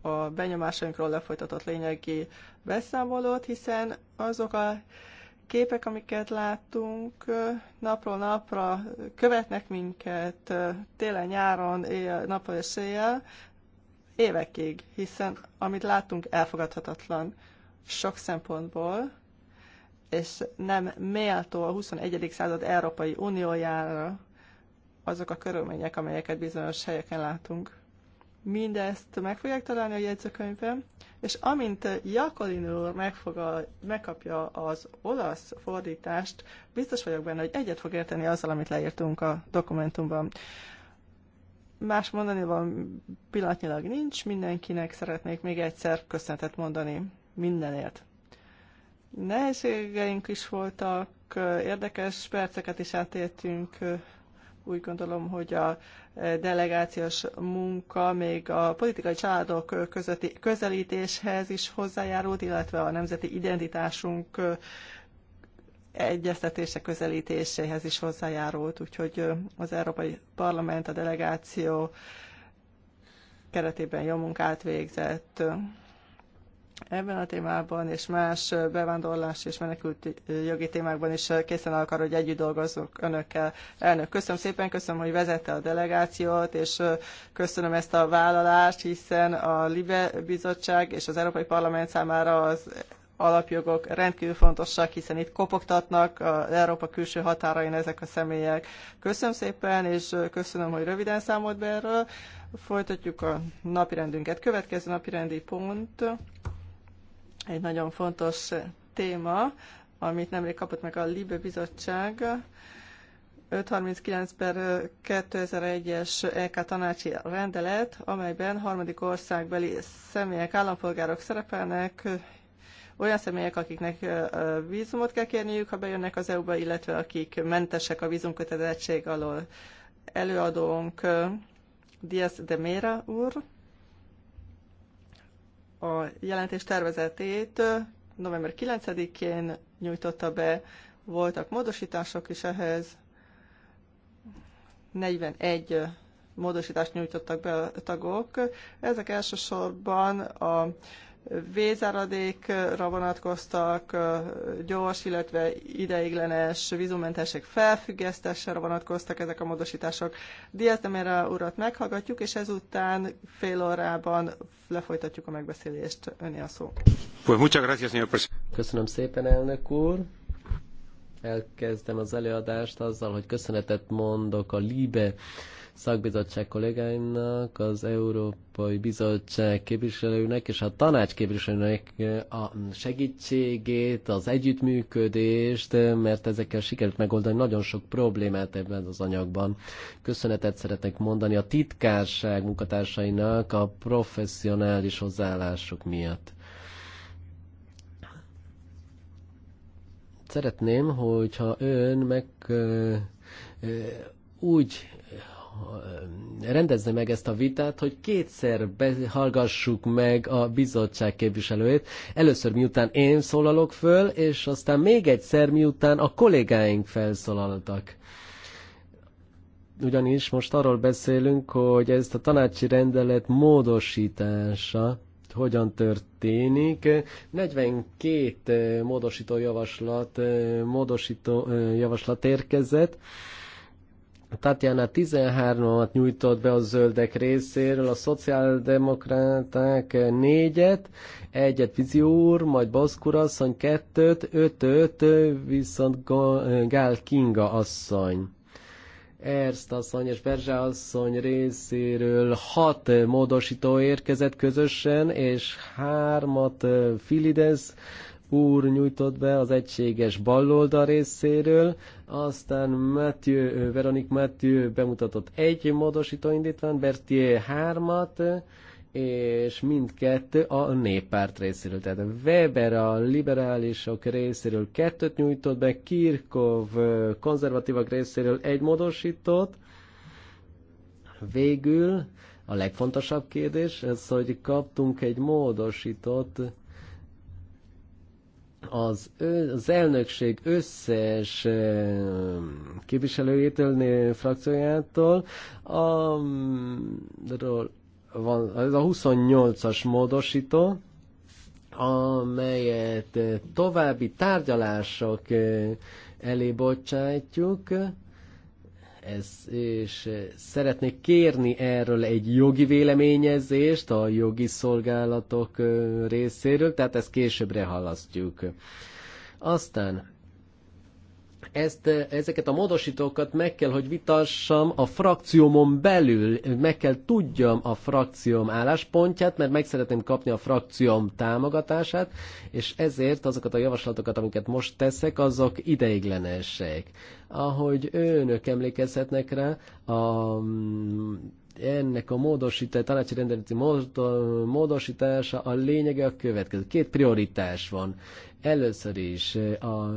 a benyomásainkról lefolytatott lényegi beszámolót, hiszen azok a képek, amiket láttunk, napról napra követnek minket télen, nyáron, éjjel, napon és éjjel, évekig, hiszen amit látunk elfogadhatatlan sok szempontból, és nem méltó a 21. század Európai Uniójára azok a körülmények, amelyeket bizonyos helyeken látunk. Mindezt meg fogják találni a jegyzőkönyvben, és amint Jakolin úr megfoga, megkapja az olasz fordítást, biztos vagyok benne, hogy egyet fog érteni azzal, amit leírtunk a dokumentumban. Más mondani van pillanatnyilag nincs, mindenkinek szeretnék még egyszer köszönetet mondani mindenért. Nehézségeink is voltak, érdekes perceket is átéltünk, úgy gondolom, hogy a delegációs munka még a politikai családok közötti közelítéshez is hozzájárult, illetve a nemzeti identitásunk egyeztetése közelítéséhez is hozzájárult, úgyhogy az Európai Parlament, a delegáció keretében jó munkát végzett. Ebben a témában és más bevándorlás és menekült jogi témákban is készen akar, arra, hogy együtt dolgozzok önökkel. Elnök, köszönöm szépen, köszönöm, hogy vezette a delegációt, és köszönöm ezt a vállalást, hiszen a LIBE bizottság és az Európai Parlament számára az alapjogok rendkívül fontosak, hiszen itt kopogtatnak az Európa külső határain ezek a személyek. Köszönöm szépen, és köszönöm, hogy röviden számolt be erről. Folytatjuk a napirendünket. Következő napirendi pont egy nagyon fontos téma, amit nemrég kapott meg a Libe Bizottság. 539 per 2001-es EK tanácsi rendelet, amelyben harmadik országbeli személyek, állampolgárok szerepelnek olyan személyek, akiknek vízumot kell kérniük, ha bejönnek az EU-ba, illetve akik mentesek a vízumkötelezettség alól. Előadónk Diaz de Mera úr a jelentés tervezetét november 9-én nyújtotta be, voltak módosítások is ehhez, 41 módosítást nyújtottak be a tagok. Ezek elsősorban a Vézáradékra vonatkoztak, gyors, illetve ideiglenes vízumentesség felfüggesztésre vonatkoztak ezek a módosítások. Diazdemére urat meghallgatjuk, és ezután fél órában lefolytatjuk a megbeszélést. Öné a szó. Köszönöm szépen, elnök úr elkezdem az előadást azzal, hogy köszönetet mondok a Libe szakbizottság kollégáimnak, az Európai Bizottság képviselőnek és a tanács képviselőnek a segítségét, az együttműködést, mert ezekkel sikerült megoldani nagyon sok problémát ebben az anyagban. Köszönetet szeretnék mondani a titkárság munkatársainak a professzionális hozzáállások miatt. szeretném, hogyha ön meg ö, ö, úgy rendezze meg ezt a vitát, hogy kétszer hallgassuk meg a bizottság képviselőjét. Először miután én szólalok föl, és aztán még egyszer miután a kollégáink felszólaltak ugyanis most arról beszélünk, hogy ezt a tanácsi rendelet módosítása hogyan történik. 42 eh, módosító javaslat, eh, módosító eh, javaslat érkezett. Tatjana 13-at nyújtott be a zöldek részéről, a szociáldemokraták négyet, egyet Fizi úr, majd Boszkur asszony kettőt, ötöt, viszont Gál Kinga asszony. Erzt asszony és Perzsa asszony részéről hat módosító érkezett közösen, és hármat eh, Filides úr nyújtott be az egységes baloldal részéről, aztán Matthew, Veronik Matthew bemutatott egy módosító indítványt, Bertie hármat, és mindkettő a néppárt részéről. Tehát Weber a liberálisok részéről kettőt nyújtott be, Kirkov konzervatívak részéről egy módosított. Végül a legfontosabb kérdés, ez, hogy kaptunk egy módosított az, ö, az elnökség összes képviselőjétől, frakciójától arról van, ez a 28-as módosító, amelyet további tárgyalások elé bocsátjuk ez, és eh, szeretnék kérni erről egy jogi véleményezést a jogi szolgálatok eh, részéről, tehát ezt későbbre halasztjuk. Aztán ezt, ezeket a módosítókat meg kell, hogy vitassam a frakciómon belül, meg kell tudjam a frakcióm álláspontját, mert meg szeretném kapni a frakcióm támogatását, és ezért azokat a javaslatokat, amiket most teszek, azok ideiglenesek. Ahogy önök emlékezhetnek rá, a ennek a módosítás, tanácsi rendeleti módosítása a lényege a következő. Két prioritás van. Először is a,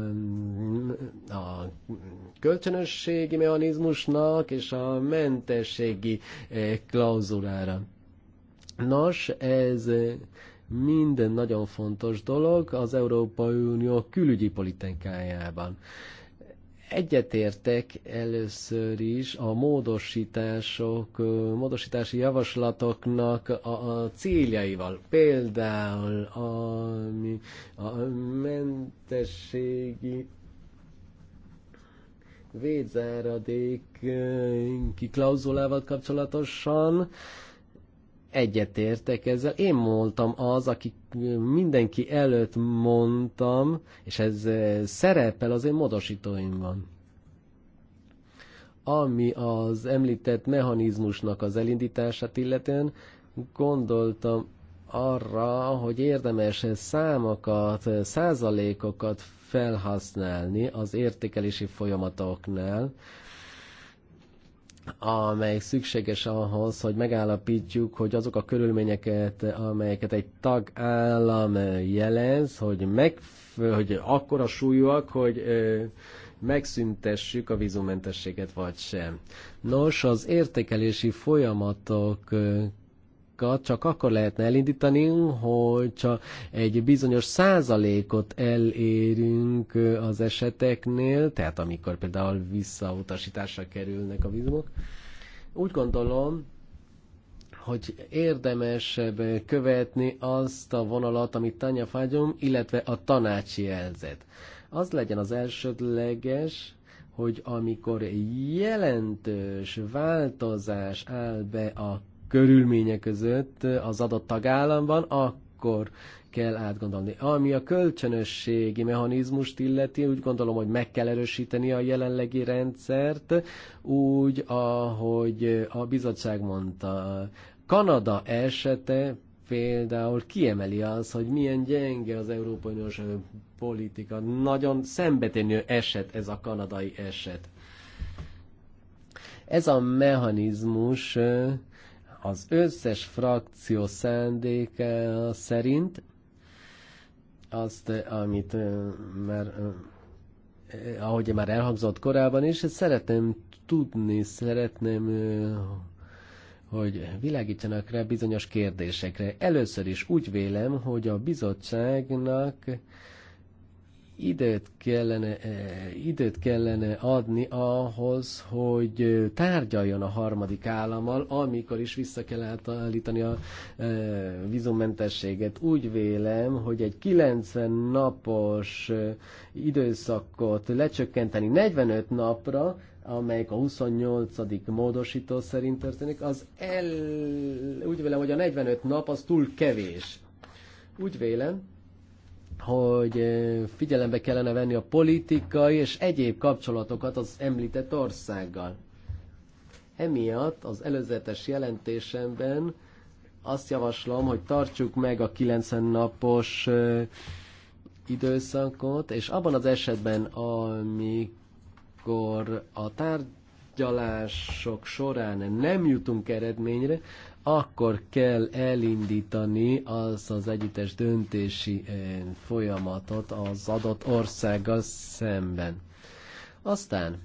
a kölcsönösségi mechanizmusnak és a mentességi klauzulára. Nos, ez minden nagyon fontos dolog az Európai Unió külügyi politikájában. Egyetértek először is a módosítások, módosítási javaslatoknak a, a céljaival. Például ami a mentességi védzáradék kiklauzulával kapcsolatosan, egyetértek ezzel. Én voltam az, aki mindenki előtt mondtam, és ez eh, szerepel az én módosítóimban. Ami az említett mechanizmusnak az elindítását illetően, gondoltam arra, hogy érdemes számokat, százalékokat felhasználni az értékelési folyamatoknál, amely szükséges ahhoz, hogy megállapítjuk, hogy azok a körülményeket, amelyeket egy tagállam jelez, hogy, meg, hogy akkora súlyúak, hogy megszüntessük a vízumentességet vagy sem. Nos, az értékelési folyamatok csak akkor lehetne elindítani, hogyha egy bizonyos százalékot elérünk az eseteknél, tehát amikor például visszautasításra kerülnek a vízumok. Úgy gondolom, hogy érdemesebb követni azt a vonalat, amit Tanya fágyom, illetve a tanácsi jelzet. Az legyen az elsődleges, hogy amikor jelentős változás áll be a körülmények között az adott tagállamban, akkor kell átgondolni. Ami a kölcsönösségi mechanizmust illeti, úgy gondolom, hogy meg kell erősíteni a jelenlegi rendszert, úgy, ahogy a bizottság mondta. Kanada esete például kiemeli az, hogy milyen gyenge az Európai Uniós politika. Nagyon szembetenő eset ez a kanadai eset. Ez a mechanizmus az összes frakció szándéka szerint azt, amit már eh, ahogy már elhangzott korábban is, szeretném tudni, szeretném hogy világítsanak rá bizonyos kérdésekre. Először is úgy vélem, hogy a bizottságnak időt kellene, eh, időt kellene adni ahhoz, hogy eh, tárgyaljon a harmadik állammal, amikor is vissza kell állítani a eh, vízummentességet. Úgy vélem, hogy egy 90 napos időszakot lecsökkenteni 45 napra, amelyik a 28. módosító szerint történik, az el, úgy vélem, hogy a 45 nap az túl kevés. Úgy vélem, hogy figyelembe kellene venni a politikai és egyéb kapcsolatokat az említett országgal. Emiatt az előzetes jelentésemben azt javaslom, hogy tartsuk meg a 90 napos időszakot, és abban az esetben, amikor a tárgyalások során nem jutunk eredményre, akkor kell elindítani az az együttes döntési eh, folyamatot az adott országgal szemben. Aztán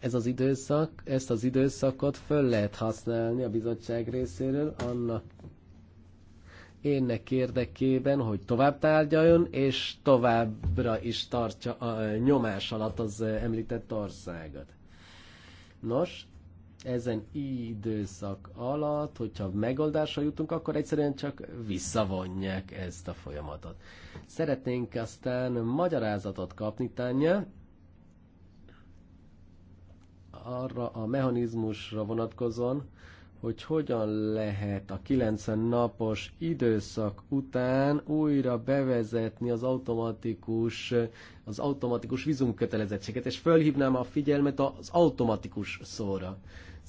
ez az időszak, ezt az időszakot föl lehet használni a bizottság részéről annak énnek érdekében, hogy tovább tárgyaljon, és továbbra is tartsa a nyomás alatt az eh, említett országot. Nos, ezen időszak alatt, hogyha megoldásra jutunk, akkor egyszerűen csak visszavonják ezt a folyamatot. Szeretnénk aztán magyarázatot kapni, Tánja, arra a mechanizmusra vonatkozóan, hogy hogyan lehet a 90 napos időszak után újra bevezetni az automatikus, az automatikus vízumkötelezettséget, és fölhívnám a figyelmet az automatikus szóra.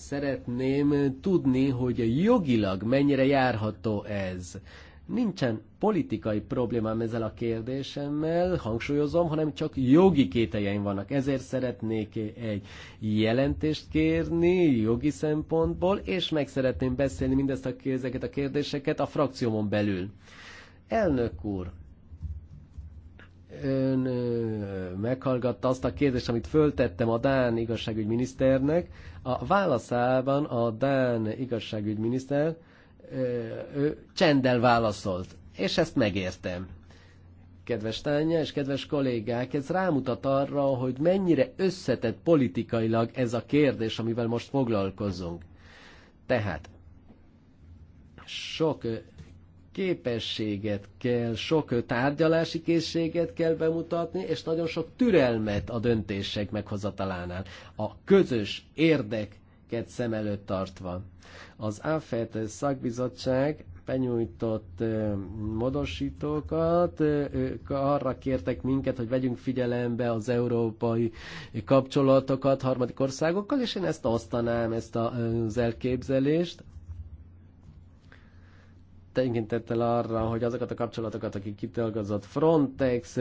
Szeretném tudni, hogy jogilag mennyire járható ez. Nincsen politikai problémám ezzel a kérdésemmel, hangsúlyozom, hanem csak jogi kételjeim vannak. Ezért szeretnék egy jelentést kérni jogi szempontból, és meg szeretném beszélni mindezt a, ezeket a kérdéseket a frakciómon belül. Elnök úr, ön meghallgatta azt a kérdést, amit föltettem a Dán igazságügyminiszternek. A válaszában a Dán igazságügyminiszter ő csendel válaszolt, és ezt megértem. Kedves Tánya és kedves kollégák, ez rámutat arra, hogy mennyire összetett politikailag ez a kérdés, amivel most foglalkozunk. Tehát sok képességet kell, sok tárgyalási készséget kell bemutatni, és nagyon sok türelmet a döntések meghozatalánál. A közös érdeket szem előtt tartva. Az AFET szakbizottság benyújtott modosítókat, ők arra kértek minket, hogy vegyünk figyelembe az európai kapcsolatokat harmadik országokkal, és én ezt osztanám, ezt az elképzelést, tekintettel arra, hogy azokat a kapcsolatokat, akik kitagazott Frontex,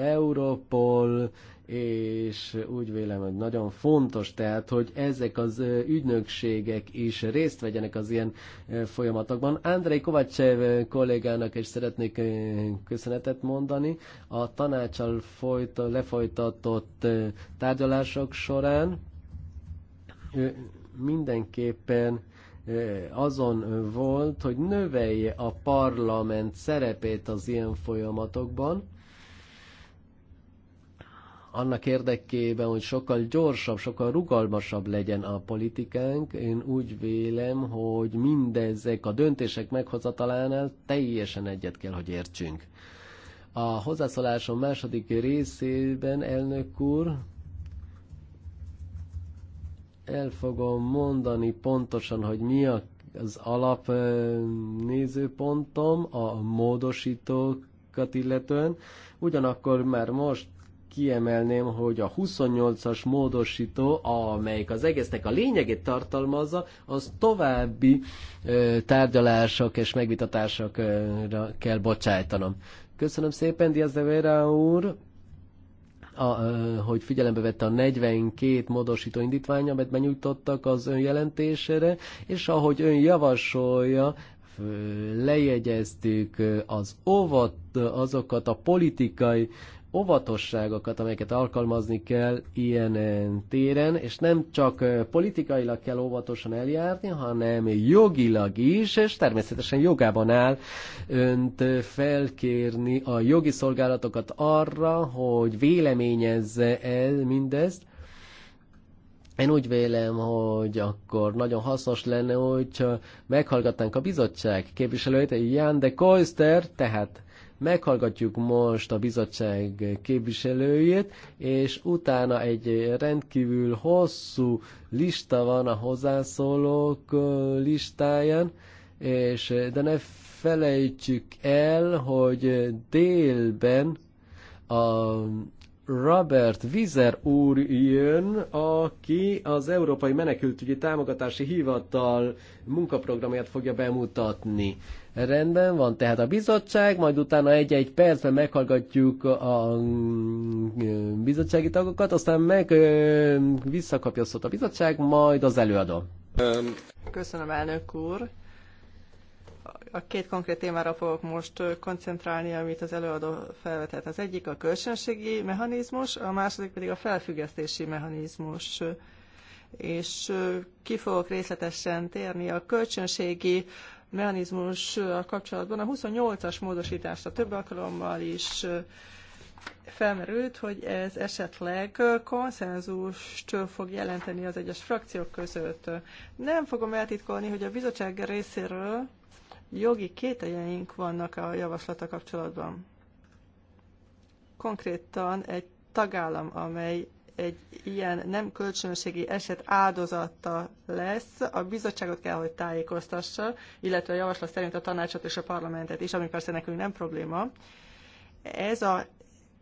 Europol, és úgy vélem, hogy nagyon fontos, tehát, hogy ezek az ügynökségek is részt vegyenek az ilyen eh, folyamatokban. Andrei Kovácsev kollégának is szeretnék eh, köszönetet mondani a tanácsal folyt, lefolytatott eh, tárgyalások során. Ő mindenképpen azon volt, hogy növelje a parlament szerepét az ilyen folyamatokban, annak érdekében, hogy sokkal gyorsabb, sokkal rugalmasabb legyen a politikánk, én úgy vélem, hogy mindezek a döntések meghozatalánál teljesen egyet kell, hogy értsünk. A hozzászólásom második részében, elnök úr, el fogom mondani pontosan, hogy mi a az alap nézőpontom a módosítókat illetően. Ugyanakkor már most kiemelném, hogy a 28-as módosító, amelyik az egésznek a lényegét tartalmazza, az további ö, tárgyalások és megvitatásokra kell bocsájtanom. Köszönöm szépen, Diaz de Vera úr! a, hogy figyelembe vette a 42 módosító indítvány, amit benyújtottak az ön jelentésére, és ahogy ön javasolja, lejegyeztük az óvat, azokat a politikai óvatosságokat, amelyeket alkalmazni kell ilyen eh, téren, és nem csak eh, politikailag kell óvatosan eljárni, hanem jogilag is, és természetesen jogában áll önt eh, felkérni a jogi szolgálatokat arra, hogy véleményezze el mindezt, én úgy vélem, hogy akkor nagyon hasznos lenne, hogyha meghallgatnánk a bizottság képviselőjét, Jan de Koister, tehát Meghallgatjuk most a bizottság képviselőjét, és utána egy rendkívül hosszú lista van a hozzászólók listáján, és de ne felejtsük el, hogy délben a Robert Vizer úr jön, aki az Európai Menekültügyi Támogatási Hivatal munkaprogramját fogja bemutatni. Rendben van, tehát a bizottság, majd utána egy-egy percben meghallgatjuk a bizottsági tagokat, aztán meg visszakapja szót a bizottság, majd az előadó. Köszönöm, elnök úr. A két konkrét témára fogok most koncentrálni, amit az előadó felvetett. Az egyik a kölcsönségi mechanizmus, a második pedig a felfüggesztési mechanizmus és ki fogok részletesen térni a kölcsönségi mechanizmus a kapcsolatban a 28-as a több alkalommal is felmerült, hogy ez esetleg konszenzust fog jelenteni az egyes frakciók között. Nem fogom eltitkolni, hogy a bizottság részéről jogi kételjeink vannak a javaslata kapcsolatban. Konkrétan egy tagállam, amely egy ilyen nem kölcsönösségi eset áldozata lesz, a bizottságot kell, hogy tájékoztassa, illetve a javaslat szerint a tanácsot és a parlamentet is, ami persze nekünk nem probléma. Ez a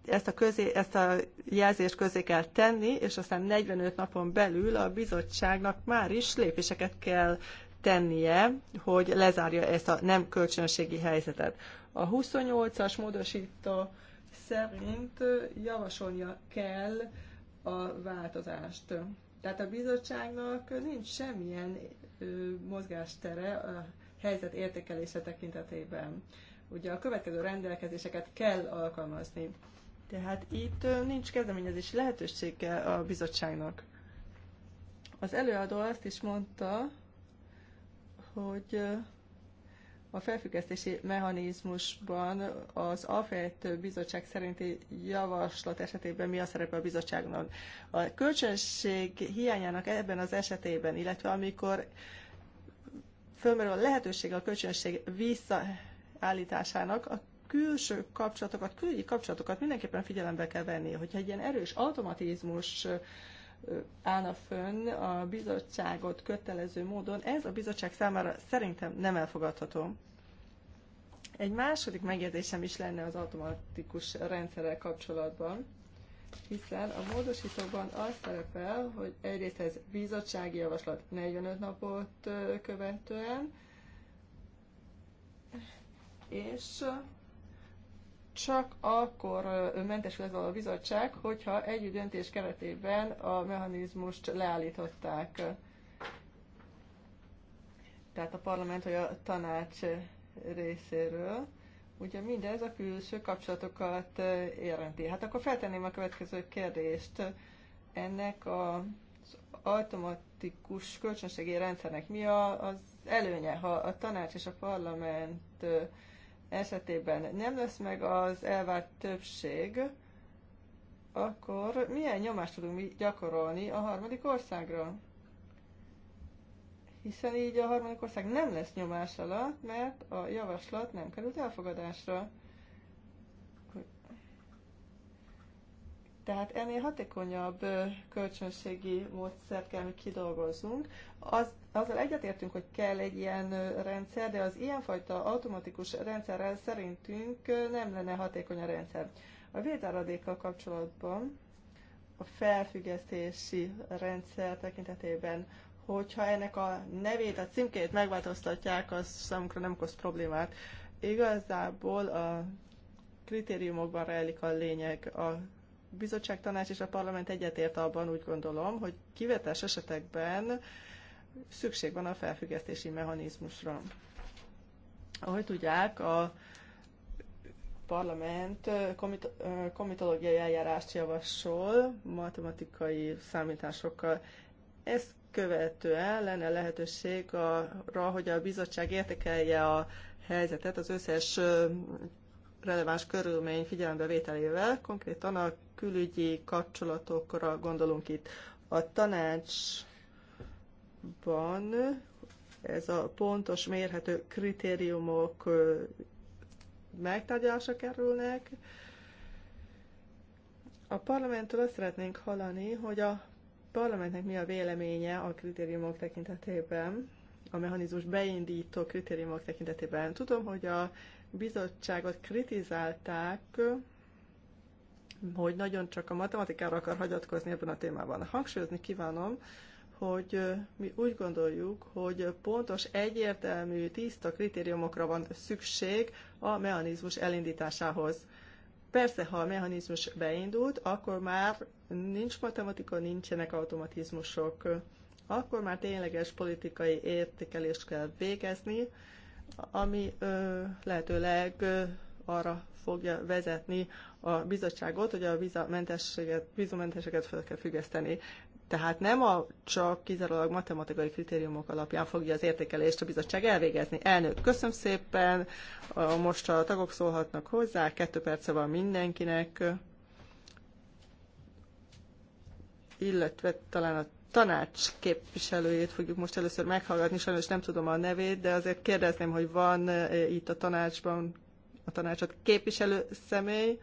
ezt a, közé, ezt a jelzést közé kell tenni, és aztán 45 napon belül a bizottságnak már is lépéseket kell tennie, hogy lezárja ezt a nem kölcsönösségi helyzetet. A 28-as módosító szerint javasolnia kell a változást. Tehát a bizottságnak nincs semmilyen mozgástere a helyzet értékelése tekintetében. Ugye a következő rendelkezéseket kell alkalmazni. Tehát itt nincs kezdeményezés lehetősége a bizottságnak. Az előadó azt is mondta, hogy a felfüggesztési mechanizmusban az AFET bizottság szerinti javaslat esetében mi a szerepe a bizottságnak? A kölcsönség hiányának ebben az esetében, illetve amikor fölmerül a lehetőség a kölcsönség visszaállításának, a külső kapcsolatokat, külügyi kapcsolatokat mindenképpen figyelembe kell venni. Hogyha egy ilyen erős automatizmus állna fönn a bizottságot kötelező módon, ez a bizottság számára szerintem nem elfogadható. Egy második megjegyzésem is lenne az automatikus rendszerrel kapcsolatban, hiszen a módosítóban az szerepel, hogy egyrészt ez bizottsági javaslat 45 napot követően, és csak akkor mentesül ez a bizottság, hogyha együtt döntés keretében a mechanizmust leállították. Tehát a parlament vagy a tanács részéről. Ugye mindez a külső kapcsolatokat érinti. Hát akkor feltenném a következő kérdést. Ennek az automatikus kölcsönségi rendszernek mi az előnye, ha a tanács és a parlament esetében nem lesz meg az elvárt többség, akkor milyen nyomást tudunk mi gyakorolni a harmadik országra? Hiszen így a harmadik ország nem lesz nyomás alatt, mert a javaslat nem került elfogadásra. Tehát ennél hatékonyabb kölcsönségi módszert kell, hogy kidolgozzunk. Az, azzal egyetértünk, hogy kell egy ilyen rendszer, de az ilyenfajta automatikus rendszerrel szerintünk nem lenne hatékony a rendszer. A védáradékkal kapcsolatban a felfüggesztési rendszer tekintetében, hogyha ennek a nevét, a címkét megváltoztatják, az számunkra nem okoz problémát. Igazából a kritériumokban rejlik a lényeg, a bizottság, tanács és a parlament egyetért abban, úgy gondolom, hogy kivetes esetekben szükség van a felfüggesztési mechanizmusra. Ahogy tudják, a parlament komit- komitológiai eljárást javasol matematikai számításokkal. Ezt követően lenne lehetőség arra, hogy a bizottság értékelje a helyzetet az összes releváns körülmény figyelembevételével, konkrétan a külügyi kapcsolatokra gondolunk itt. A tanácsban ez a pontos, mérhető kritériumok megtárgyalása kerülnek. A parlamenttől azt szeretnénk hallani, hogy a parlamentnek mi a véleménye a kritériumok tekintetében, a mechanizmus beindító kritériumok tekintetében. Tudom, hogy a bizottságot kritizálták, hogy nagyon csak a matematikára akar hagyatkozni ebben a témában. Hangsúlyozni kívánom, hogy mi úgy gondoljuk, hogy pontos, egyértelmű, tiszta kritériumokra van szükség a mechanizmus elindításához. Persze, ha a mechanizmus beindult, akkor már nincs matematika, nincsenek automatizmusok. Akkor már tényleges politikai értékelést kell végezni, ami ö, lehetőleg ö, arra fogja vezetni a bizottságot, hogy a vízumentességet fel kell függeszteni. Tehát nem a csak kizárólag matematikai kritériumok alapján fogja az értékelést a bizottság elvégezni. Elnök, köszönöm szépen, most a tagok szólhatnak hozzá, kettő perce van mindenkinek, illetve talán a tanács képviselőjét fogjuk most először meghallgatni, sajnos nem tudom a nevét, de azért kérdezném, hogy van e, itt a tanácsban a tanácsot képviselő személy,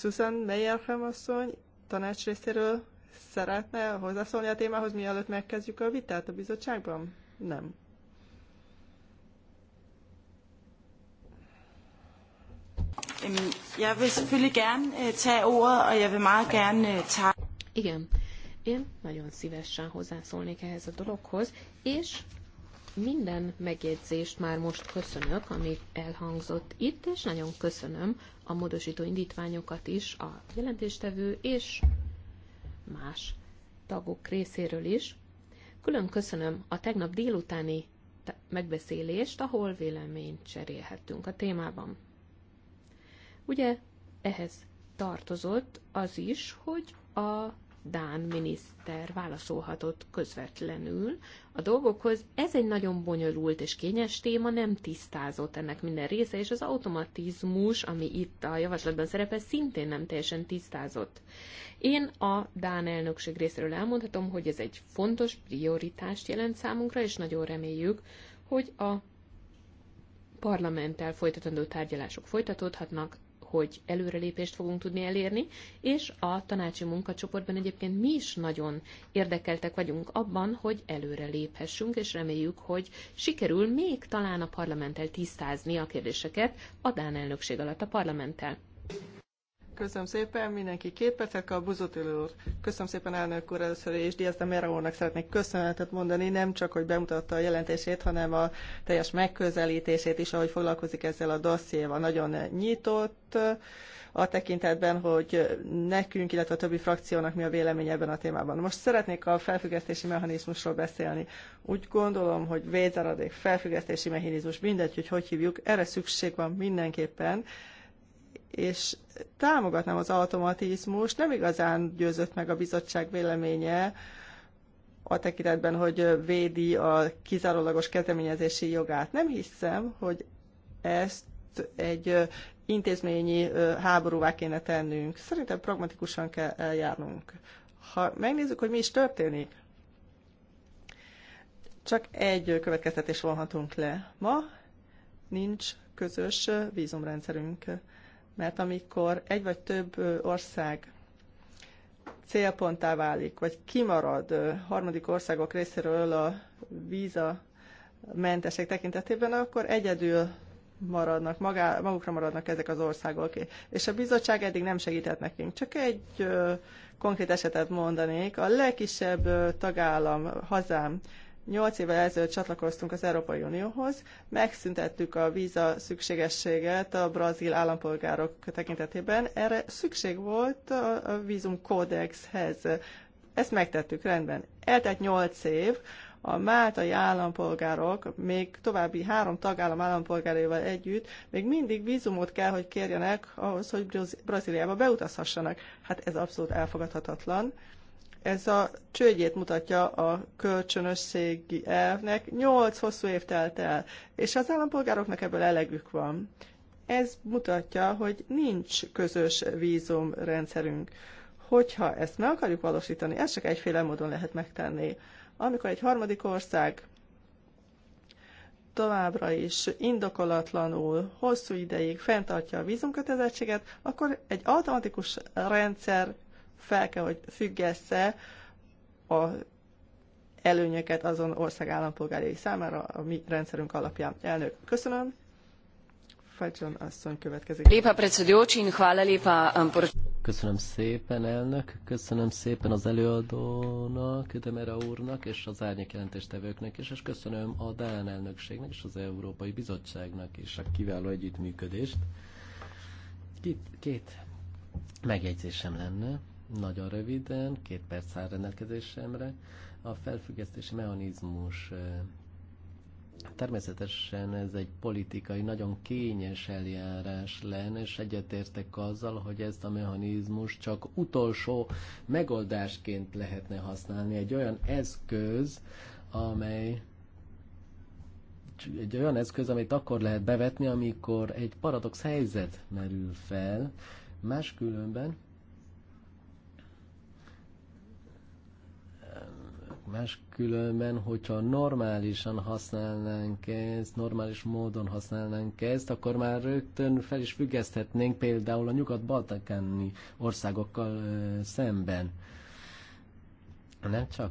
Susan Meyerham asszony tanács részéről szeretne hozzászólni a témához, mielőtt megkezdjük a vitát a bizottságban? Nem. Jeg vil selvfølgelig gerne eh, tage ordet, og jeg vil meget gerne eh, tage... Igen, én nagyon szívesen hozzászólnék ehhez a dologhoz, és minden megjegyzést már most köszönök, ami elhangzott itt, és nagyon köszönöm a módosító indítványokat is a jelentéstevő és más tagok részéről is. Külön köszönöm a tegnap délutáni megbeszélést, ahol véleményt cserélhettünk a témában. Ugye ehhez tartozott az is, hogy a Dán miniszter válaszolhatott közvetlenül a dolgokhoz. Ez egy nagyon bonyolult és kényes téma, nem tisztázott ennek minden része, és az automatizmus, ami itt a javaslatban szerepel, szintén nem teljesen tisztázott. Én a Dán elnökség részéről elmondhatom, hogy ez egy fontos prioritást jelent számunkra, és nagyon reméljük, hogy a parlamenttel folytatandó tárgyalások folytatódhatnak hogy előrelépést fogunk tudni elérni, és a tanácsi munkacsoportban egyébként mi is nagyon érdekeltek vagyunk abban, hogy előreléphessünk, és reméljük, hogy sikerül még talán a parlamenttel tisztázni a kérdéseket a Dán elnökség alatt a parlamenttel. Köszönöm szépen, mindenki két percet kap, Buzotil úr. Köszönöm szépen elnök úr először, és Díaz de Mera úrnak szeretnék köszönetet mondani, nem csak, hogy bemutatta a jelentését, hanem a teljes megközelítését is, ahogy foglalkozik ezzel a dossziéval. Nagyon nyitott a tekintetben, hogy nekünk, illetve a többi frakciónak mi a vélemény ebben a témában. Most szeretnék a felfüggesztési mechanizmusról beszélni. Úgy gondolom, hogy védzaradék, felfüggesztési mechanizmus, mindegy, hogy hogy hívjuk, erre szükség van mindenképpen, és támogatnám az automatizmus. Nem igazán győzött meg a bizottság véleménye a tekintetben, hogy védi a kizárólagos kezdeményezési jogát. Nem hiszem, hogy ezt egy intézményi háborúvá kéne tennünk. Szerintem pragmatikusan kell eljárnunk. Ha megnézzük, hogy mi is történik, csak egy következtetés vonhatunk le. Ma nincs közös vízumrendszerünk mert amikor egy vagy több ország célponttá válik, vagy kimarad harmadik országok részéről a víza mentesek tekintetében, akkor egyedül maradnak, magá, magukra maradnak ezek az országok. És a bizottság eddig nem segített nekünk. Csak egy ö, konkrét esetet mondanék. A legkisebb ö, tagállam, hazám Nyolc évvel ezelőtt csatlakoztunk az Európai Unióhoz, megszüntettük a víza szükségességet a brazil állampolgárok tekintetében. Erre szükség volt a vízum kódexhez. Ezt megtettük, rendben. Eltelt nyolc év, a máltai állampolgárok még további három tagállam állampolgáraival együtt még mindig vízumot kell, hogy kérjenek ahhoz, hogy Brazíliába beutazhassanak. Hát ez abszolút elfogadhatatlan. Ez a csődjét mutatja a kölcsönösségi elvnek. Nyolc hosszú év telt el, és az állampolgároknak ebből elegük van. Ez mutatja, hogy nincs közös vízumrendszerünk. Hogyha ezt meg akarjuk valósítani, ezt csak egyféle módon lehet megtenni. Amikor egy harmadik ország továbbra is indokolatlanul hosszú ideig fenntartja a vízumkötelezettséget, akkor egy automatikus rendszer fel kell, hogy függesse a előnyöket azon ország állampolgárai számára a mi rendszerünk alapján. Elnök, köszönöm. Fajcson asszony következik. Lépa precedőcsin, hvala lépa. Köszönöm szépen, elnök. Köszönöm szépen az előadónak, Demera úrnak és az árnyék jelentéstevőknek is, és köszönöm a Dán elnökségnek és az Európai Bizottságnak is a kiváló együttműködést. Két, két megjegyzésem lenne. Nagyon röviden, két perc áll rendelkezésemre. A felfüggesztési mechanizmus Természetesen ez egy politikai, nagyon kényes eljárás lenne, és egyetértek azzal, hogy ezt a mechanizmus csak utolsó megoldásként lehetne használni. Egy olyan eszköz, amely egy olyan eszköz, amit akkor lehet bevetni, amikor egy paradox helyzet merül fel, máskülönben Máskülönben, hogyha normálisan használnánk ezt, normális módon használnánk ezt, akkor már rögtön fel is függeszthetnénk például a nyugat-baltakáni országokkal ö, szemben. Nem csak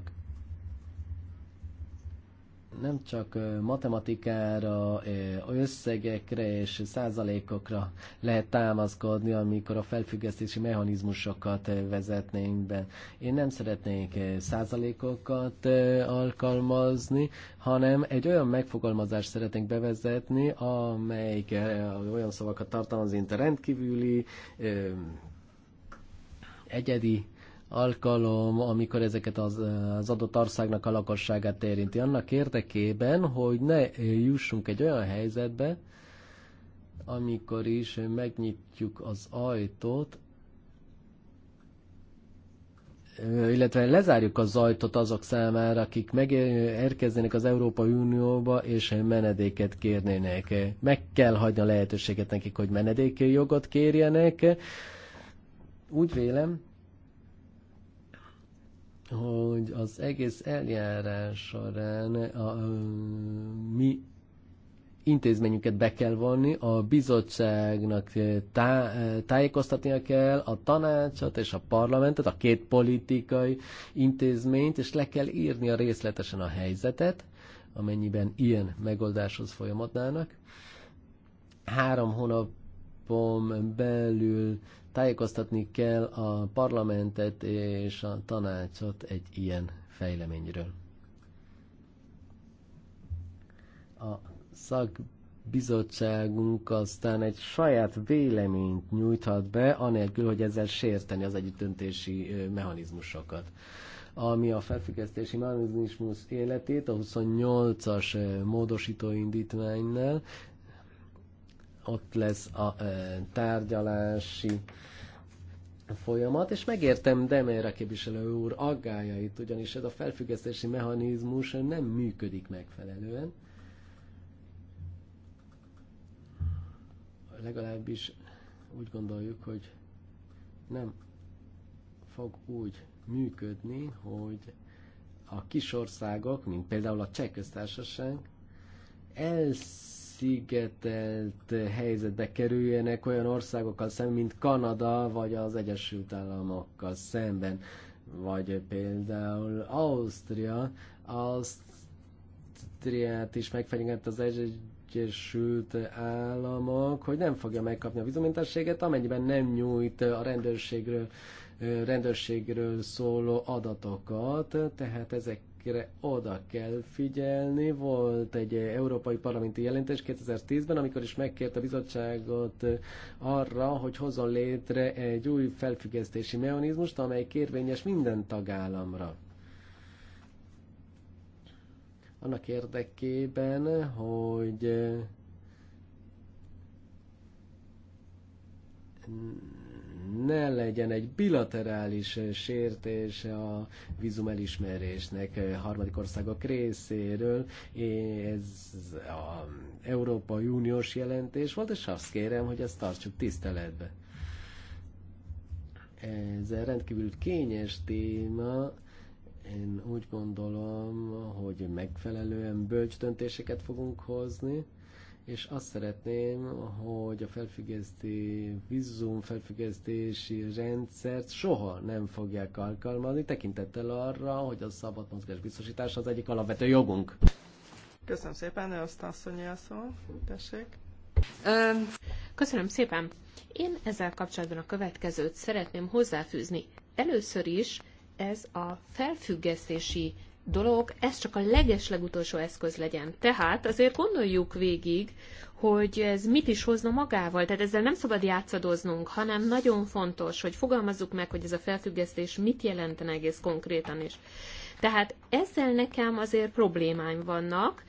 nem csak matematikára, összegekre és százalékokra lehet támaszkodni, amikor a felfüggesztési mechanizmusokat vezetnénk be. Én nem szeretnék százalékokat alkalmazni, hanem egy olyan megfogalmazást szeretnénk bevezetni, amelyik olyan szavakat tartalmaz, mint a rendkívüli, egyedi, alkalom, amikor ezeket az, az adott országnak a lakosságát érinti. Annak érdekében, hogy ne jussunk egy olyan helyzetbe, amikor is megnyitjuk az ajtót, illetve lezárjuk az ajtót azok számára, akik megérkeznének az Európai Unióba és menedéket kérnének. Meg kell hagyni a lehetőséget nekik, hogy menedéki jogot kérjenek. Úgy vélem, hogy az egész eljárás során a, a, mi intézményünket be kell vonni, a bizottságnak tá, tájékoztatnia kell a tanácsot és a parlamentet, a két politikai intézményt, és le kell írnia részletesen a helyzetet, amennyiben ilyen megoldáshoz folyamodnának. Három hónap belül tájékoztatni kell a parlamentet és a tanácsot egy ilyen fejleményről. A szakbizottságunk aztán egy saját véleményt nyújthat be, anélkül, hogy ezzel sérteni az együttöntési mechanizmusokat ami a felfüggesztési mechanizmus életét a 28-as módosító indítványnál ott lesz a tárgyalási folyamat, és megértem Demerre képviselő úr aggájait, ugyanis ez a felfüggesztési mechanizmus nem működik megfelelően. Legalábbis úgy gondoljuk, hogy nem fog úgy működni, hogy a kis országok, mint például a Cseh köztársaság, elsz szigetelt helyzetbe kerüljenek olyan országokkal szemben, mint Kanada vagy az Egyesült Államokkal szemben, vagy például Ausztria. Ausztriát is megfenyegett az Egyesült Államok, hogy nem fogja megkapni a vízumentességet, amennyiben nem nyújt a rendőrségről rendőrségről szóló adatokat, tehát ezek ezekre oda kell figyelni. Volt egy európai parlamenti jelentés 2010-ben, amikor is megkérte a bizottságot eh, arra, hogy hozzon létre egy új felfüggesztési mechanizmust, amely kérvényes minden tagállamra. Annak érdekében, hogy eh, ne legyen egy bilaterális sértés a vízum elismerésnek harmadik országok részéről. Ez a Európai Uniós jelentés volt, és azt kérem, hogy ezt tartsuk tiszteletbe. Ez rendkívül kényes téma, én úgy gondolom, hogy megfelelően bölcs döntéseket fogunk hozni és azt szeretném, hogy a felfüggesztő vízum felfüggesztési rendszert soha nem fogják alkalmazni, tekintettel arra, hogy a szabad mozgás biztosítása az egyik alapvető jogunk. Köszönöm szépen, ő azt asszonyi a szó. Tessék. Köszönöm szépen. Én ezzel kapcsolatban a következőt szeretném hozzáfűzni. Először is ez a felfüggesztési dolog, ez csak a legeslegutolsó eszköz legyen. Tehát azért gondoljuk végig, hogy ez mit is hozna magával. Tehát ezzel nem szabad játszadoznunk, hanem nagyon fontos, hogy fogalmazzuk meg, hogy ez a felfüggesztés mit jelentene egész konkrétan is. Tehát ezzel nekem azért problémáim vannak,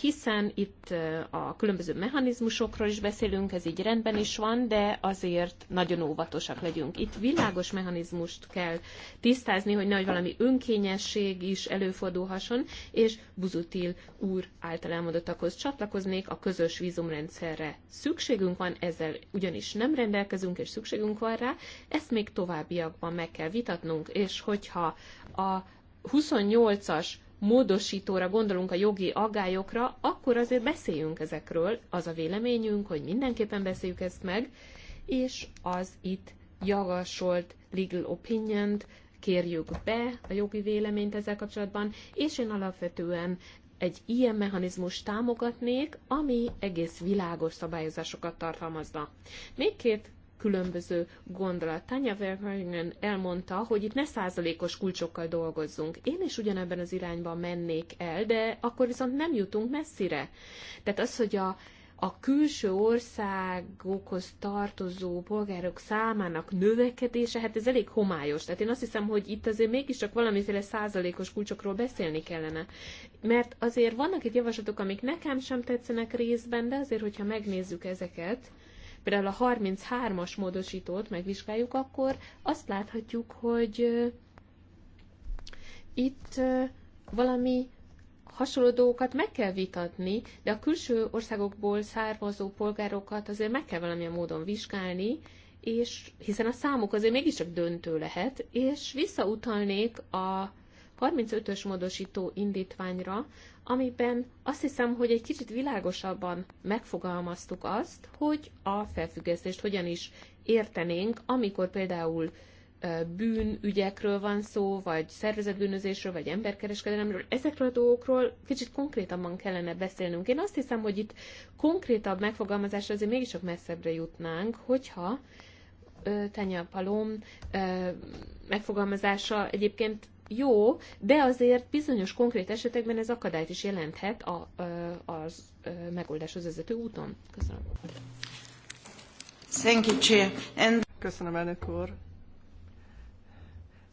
hiszen itt a különböző mechanizmusokról is beszélünk, ez így rendben is van, de azért nagyon óvatosak legyünk. Itt világos mechanizmust kell tisztázni, hogy nehogy valami önkényesség is előfordulhasson, és Buzutil úr által elmondottakhoz csatlakoznék, a közös vízumrendszerre szükségünk van, ezzel ugyanis nem rendelkezünk, és szükségünk van rá, ezt még továbbiakban meg kell vitatnunk, és hogyha a 28-as módosítóra gondolunk a jogi aggályokra, akkor azért beszéljünk ezekről. Az a véleményünk, hogy mindenképpen beszéljük ezt meg, és az itt javasolt legal opinion kérjük be a jogi véleményt ezzel kapcsolatban, és én alapvetően egy ilyen mechanizmust támogatnék, ami egész világos szabályozásokat tartalmazna. Még két különböző gondolat. Tanya Verhoeven elmondta, hogy itt ne százalékos kulcsokkal dolgozzunk. Én is ugyanebben az irányba mennék el, de akkor viszont nem jutunk messzire. Tehát az, hogy a a külső országokhoz tartozó polgárok számának növekedése, hát ez elég homályos. Tehát én azt hiszem, hogy itt azért mégiscsak valamiféle százalékos kulcsokról beszélni kellene. Mert azért vannak itt javaslatok, amik nekem sem tetszenek részben, de azért, hogyha megnézzük ezeket, például a 33-as módosítót megvizsgáljuk, akkor azt láthatjuk, hogy itt valami hasonló dolgokat meg kell vitatni, de a külső országokból származó polgárokat azért meg kell valamilyen módon vizsgálni, és hiszen a számuk azért mégiscsak döntő lehet, és visszautalnék a 35-ös módosító indítványra, amiben azt hiszem, hogy egy kicsit világosabban megfogalmaztuk azt, hogy a felfüggesztést hogyan is értenénk, amikor például bűnügyekről van szó, vagy szervezetbűnözésről, vagy emberkereskedelemről, ezekről a dolgokról kicsit konkrétabban kellene beszélnünk. Én azt hiszem, hogy itt konkrétabb megfogalmazásra azért mégiscsak messzebbre jutnánk, hogyha Tanya Palom megfogalmazása egyébként jó, de azért bizonyos konkrét esetekben ez akadályt is jelenthet a, az megoldáshoz vezető úton. Köszönöm. Thank you, Chair. And... Köszönöm, elnök úr.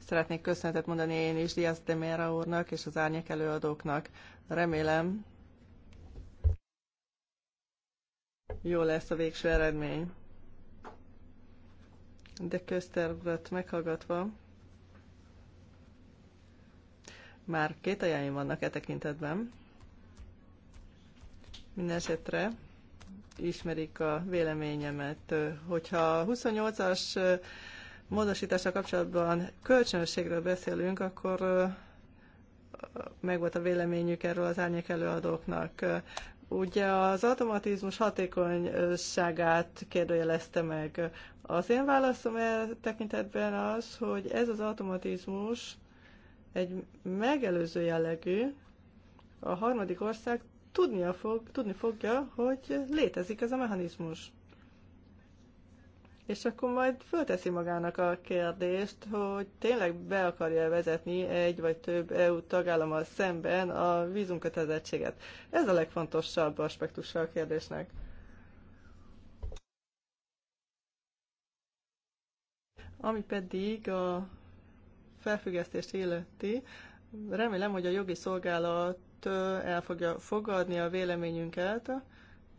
Szeretnék köszönetet mondani én is Diaz de Mera úrnak és az árnyék előadóknak. Remélem, jó lesz a végső eredmény. De köztervet meghallgatva, már két ajánlom vannak e tekintetben. Minden esetre ismerik a véleményemet. Hogyha 28-as módosítással kapcsolatban kölcsönösségről beszélünk, akkor megvolt a véleményük erről az árnyék előadóknak. Ugye az automatizmus hatékonyságát kérdőjelezte meg. Az én válaszom el tekintetben az, hogy ez az automatizmus egy megelőző jellegű, a harmadik ország tudnia fog, tudni fogja, hogy létezik ez a mechanizmus. És akkor majd fölteszi magának a kérdést, hogy tényleg be akarja vezetni egy vagy több EU tagállammal szemben a vízumkötelezettséget. Ez a legfontosabb aspektusa a kérdésnek. Ami pedig a felfüggesztést illeti, remélem, hogy a jogi szolgálat el fogja fogadni a véleményünket,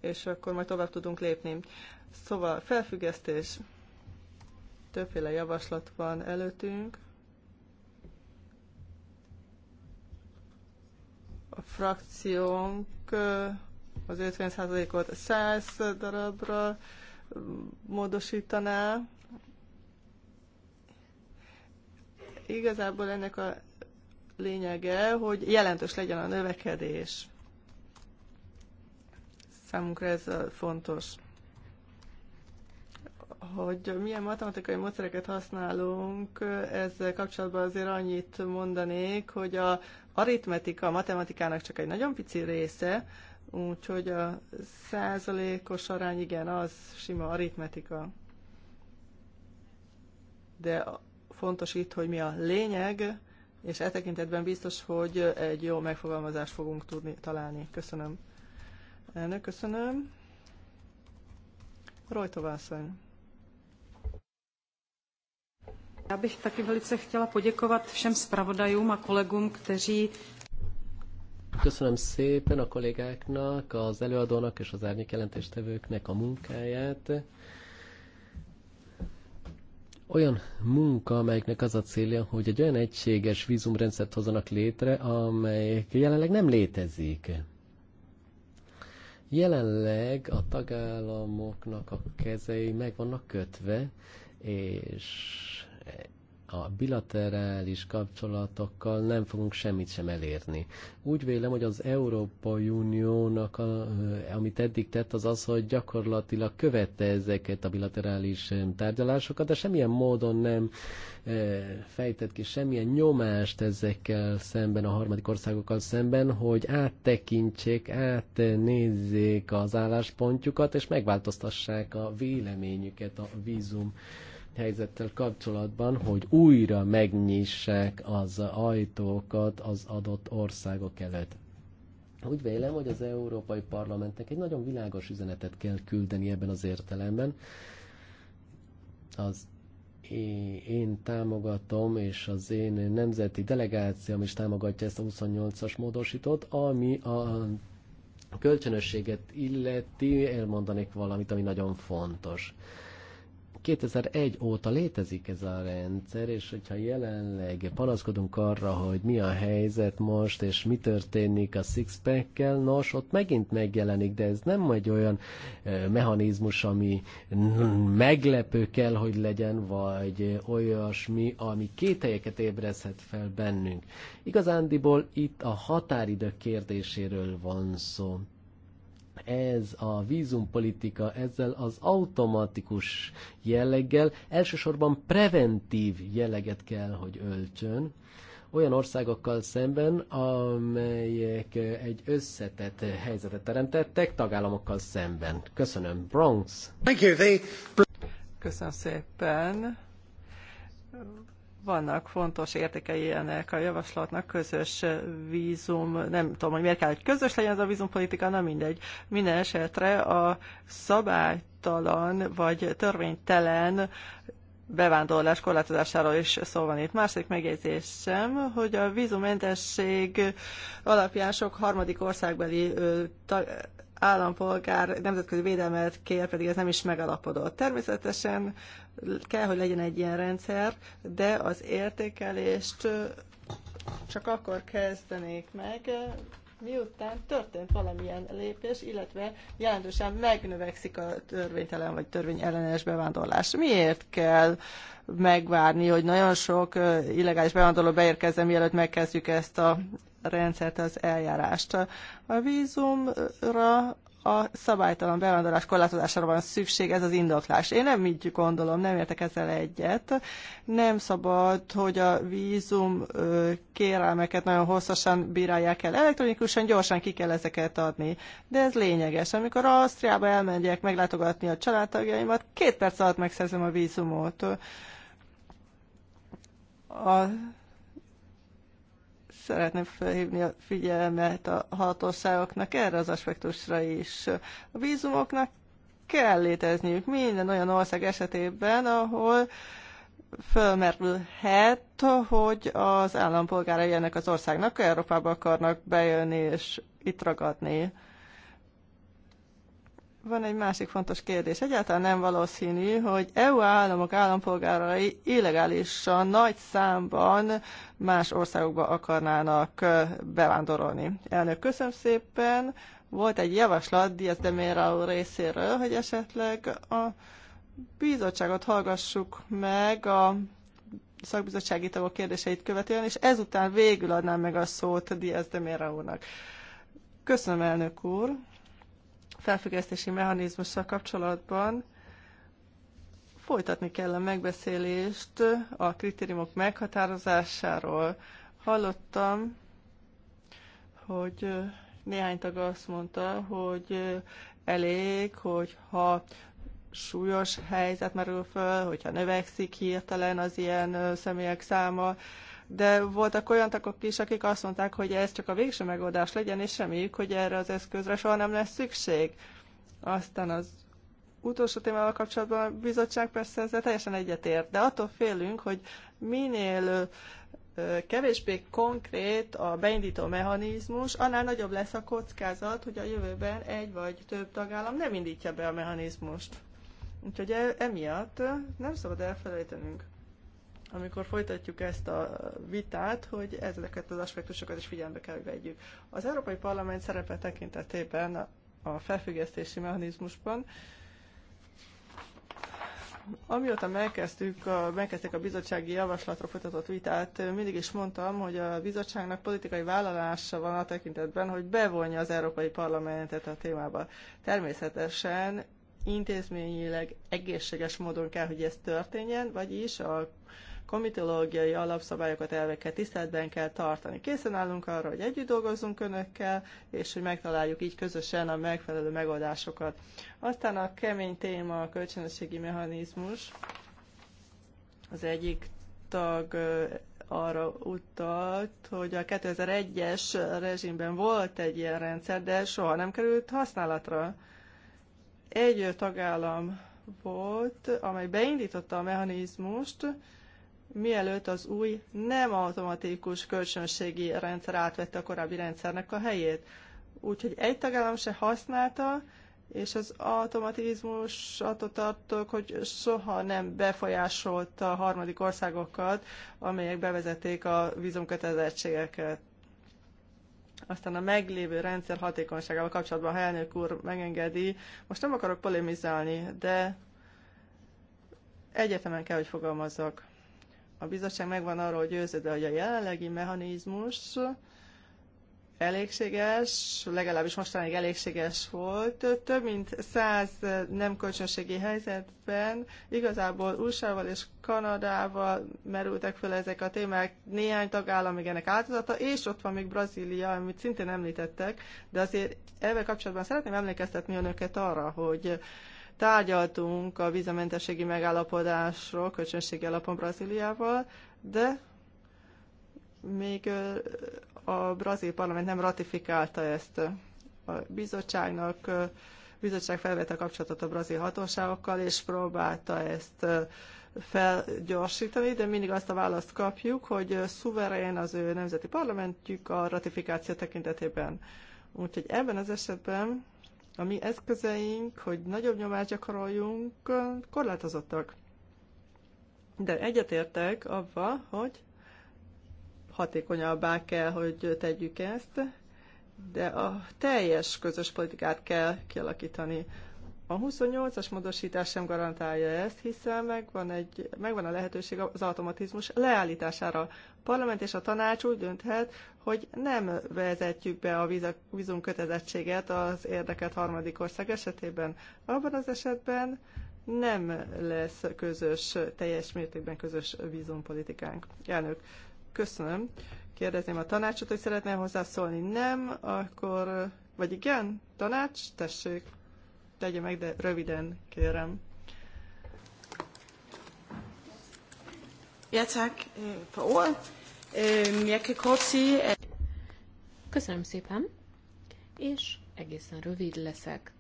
és akkor majd tovább tudunk lépni. Szóval felfüggesztés, többféle javaslat van előttünk. A frakciónk az 50%-ot 100 darabra módosítaná, Igazából ennek a lényege, hogy jelentős legyen a növekedés. Számunkra ez fontos. Hogy milyen matematikai módszereket használunk, ezzel kapcsolatban azért annyit mondanék, hogy a aritmetika a matematikának csak egy nagyon pici része, úgyhogy a százalékos arány igen, az sima aritmetika. De Fontos itt, hogy mi a lényeg, és e tekintetben biztos, hogy egy jó megfogalmazást fogunk tudni találni. Köszönöm. Elnök, köszönöm. Rojtovászony. Já bych taky velice chtěla poděkovat všem zpravodajům a kolegům, kteří Köszönöm szépen a kollégáknak, az előadónak és az árnyék jelentéstevőknek a munkáját olyan munka, amelyiknek az a célja, hogy egy olyan egységes vízumrendszert hozzanak létre, amely jelenleg nem létezik. Jelenleg a tagállamoknak a kezei meg vannak kötve, és a bilaterális kapcsolatokkal nem fogunk semmit sem elérni. Úgy vélem, hogy az Európai Uniónak, a, amit eddig tett, az az, hogy gyakorlatilag követte ezeket a bilaterális tárgyalásokat, de semmilyen módon nem fejtett ki semmilyen nyomást ezekkel szemben, a harmadik országokkal szemben, hogy áttekintsék, átnézzék az álláspontjukat, és megváltoztassák a véleményüket a vízum helyzettel kapcsolatban, hogy újra megnyissák az ajtókat az adott országok előtt. Úgy vélem, hogy az Európai Parlamentnek egy nagyon világos üzenetet kell küldeni ebben az értelemben. Az én támogatom, és az én nemzeti delegációm is támogatja ezt a 28-as módosítót, ami a kölcsönösséget illeti, elmondanék valamit, ami nagyon fontos. 2001 óta létezik ez a rendszer, és hogyha jelenleg panaszkodunk arra, hogy mi a helyzet most, és mi történik a Sixpack-kel, nos, ott megint megjelenik, de ez nem egy olyan mechanizmus, ami meglepő kell, hogy legyen, vagy olyasmi, ami kételyeket ébrezhet fel bennünk. Igazándiból itt a határidő kérdéséről van szó ez a vízumpolitika ezzel az automatikus jelleggel elsősorban preventív jelleget kell, hogy öltsön, olyan országokkal szemben, amelyek egy összetett helyzetet teremtettek tagállamokkal szemben. Köszönöm, Bronx. Köszönöm szépen vannak fontos értékei ennek a javaslatnak, közös vízum, nem tudom, hogy miért kell, hogy közös legyen az a vízumpolitika, nem mindegy. Minden esetre a szabálytalan vagy törvénytelen bevándorlás korlátozásáról is szó van itt. Másik megjegyzésem, hogy a vízumentesség alapján sok harmadik országbeli állampolgár nemzetközi védelmet kér, pedig ez nem is megalapodott. Természetesen kell, hogy legyen egy ilyen rendszer, de az értékelést csak akkor kezdenék meg, miután történt valamilyen lépés, illetve jelentősen megnövekszik a törvénytelen vagy törvényellenes bevándorlás. Miért kell megvárni, hogy nagyon sok illegális bevándorló beérkezzen, mielőtt megkezdjük ezt a rendszert, az eljárást? A vízumra a szabálytalan bevándorlás korlátozására van szükség, ez az indoklás. Én nem így gondolom, nem értek ezzel egyet. Nem szabad, hogy a vízum kérelmeket nagyon hosszasan bírálják el elektronikusan, gyorsan ki kell ezeket adni. De ez lényeges. Amikor Ausztriába elmegyek meglátogatni a családtagjaimat, két perc alatt megszerzem a vízumot. A szeretném felhívni a figyelmet a hatóságoknak erre az aspektusra is. A vízumoknak kell létezniük minden olyan ország esetében, ahol fölmerülhet, hogy az állampolgárai ennek az országnak Európába akarnak bejönni és itt ragadni. Van egy másik fontos kérdés. Egyáltalán nem valószínű, hogy EU államok állampolgárai illegálisan nagy számban más országokba akarnának bevándorolni. Elnök, köszönöm szépen. Volt egy javaslat Diaz de Mérau részéről, hogy esetleg a bizottságot hallgassuk meg a szakbizottsági tagok kérdéseit követően, és ezután végül adnám meg a szót Diaz de Mérau nak Köszönöm, elnök úr felfüggesztési mechanizmussal kapcsolatban folytatni kell a megbeszélést a kritériumok meghatározásáról. Hallottam, hogy néhány tag azt mondta, hogy elég, hogyha súlyos helyzet merül föl, hogyha növekszik hirtelen az ilyen személyek száma, de voltak olyan takok is, akik azt mondták, hogy ez csak a végső megoldás legyen, és reméljük, hogy erre az eszközre soha nem lesz szükség. Aztán az utolsó témával kapcsolatban a bizottság persze ezzel teljesen egyetért, de attól félünk, hogy minél kevésbé konkrét a beindító mechanizmus, annál nagyobb lesz a kockázat, hogy a jövőben egy vagy több tagállam nem indítja be a mechanizmust. Úgyhogy e, emiatt nem szabad elfelejtenünk amikor folytatjuk ezt a vitát, hogy ezeket az aspektusokat is figyelembe kell, hogy vegyük. Az Európai Parlament szerepe tekintetében a felfüggesztési mechanizmusban Amióta megkezdtük a, a bizottsági javaslatra folytatott vitát, mindig is mondtam, hogy a bizottságnak politikai vállalása van a tekintetben, hogy bevonja az Európai Parlamentet a témába. Természetesen intézményileg egészséges módon kell, hogy ez történjen, vagyis a komitológiai alapszabályokat, elveket tiszteletben kell tartani. Készen állunk arra, hogy együtt dolgozzunk önökkel, és hogy megtaláljuk így közösen a megfelelő megoldásokat. Aztán a kemény téma a kölcsönösségi mechanizmus. Az egyik tag arra utalt, hogy a 2001-es rezsimben volt egy ilyen rendszer, de soha nem került használatra. Egy tagállam volt, amely beindította a mechanizmust, mielőtt az új nem automatikus kölcsönségi rendszer átvette a korábbi rendszernek a helyét. Úgyhogy egy tagállam se használta, és az automatizmus attól tartok, hogy soha nem befolyásolta a harmadik országokat, amelyek bevezették a vízumkötelezettségeket. Aztán a meglévő rendszer hatékonyságával kapcsolatban, ha elnök úr megengedi, most nem akarok polémizálni, de egyetemen kell, hogy fogalmazzak. A bizottság megvan arról győződve, hogy a jelenlegi mechanizmus elégséges, legalábbis mostanáig elégséges volt. Több mint száz nem kölcsönségi helyzetben igazából USA-val és Kanadával merültek fel ezek a témák, néhány tagállam még ennek áldozata, és ott van még Brazília, amit szintén említettek, de azért ebben kapcsolatban szeretném emlékeztetni önöket arra, hogy tárgyaltunk a vízamentességi megállapodásról, kölcsönségi alapon Brazíliával, de még a brazil parlament nem ratifikálta ezt a bizottságnak. A bizottság felvette a kapcsolatot a brazil hatóságokkal, és próbálta ezt felgyorsítani, de mindig azt a választ kapjuk, hogy szuverén az ő nemzeti parlamentjük a ratifikáció tekintetében. Úgyhogy ebben az esetben a mi eszközeink, hogy nagyobb nyomást gyakoroljunk, korlátozottak. De egyetértek abba, hogy hatékonyabbá kell, hogy tegyük ezt, de a teljes közös politikát kell kialakítani. A 28-as módosítás sem garantálja ezt, hiszen megvan, egy, megvan a lehetőség az automatizmus leállítására. A parlament és a tanács úgy dönthet, hogy nem vezetjük be a vízum kötelezettséget az érdekelt harmadik ország esetében. Abban az esetben nem lesz közös, teljes mértékben közös vízumpolitikánk. Elnök, köszönöm. Kérdezném a tanácsot, hogy szeretne hozzászólni. Nem, akkor, vagy igen, tanács, tessék tegye meg, de röviden kérem. Ja, tak eh, for ordet. Jeg kan kort sige, at... Köszönöm szépen, és egészen rövid leszek.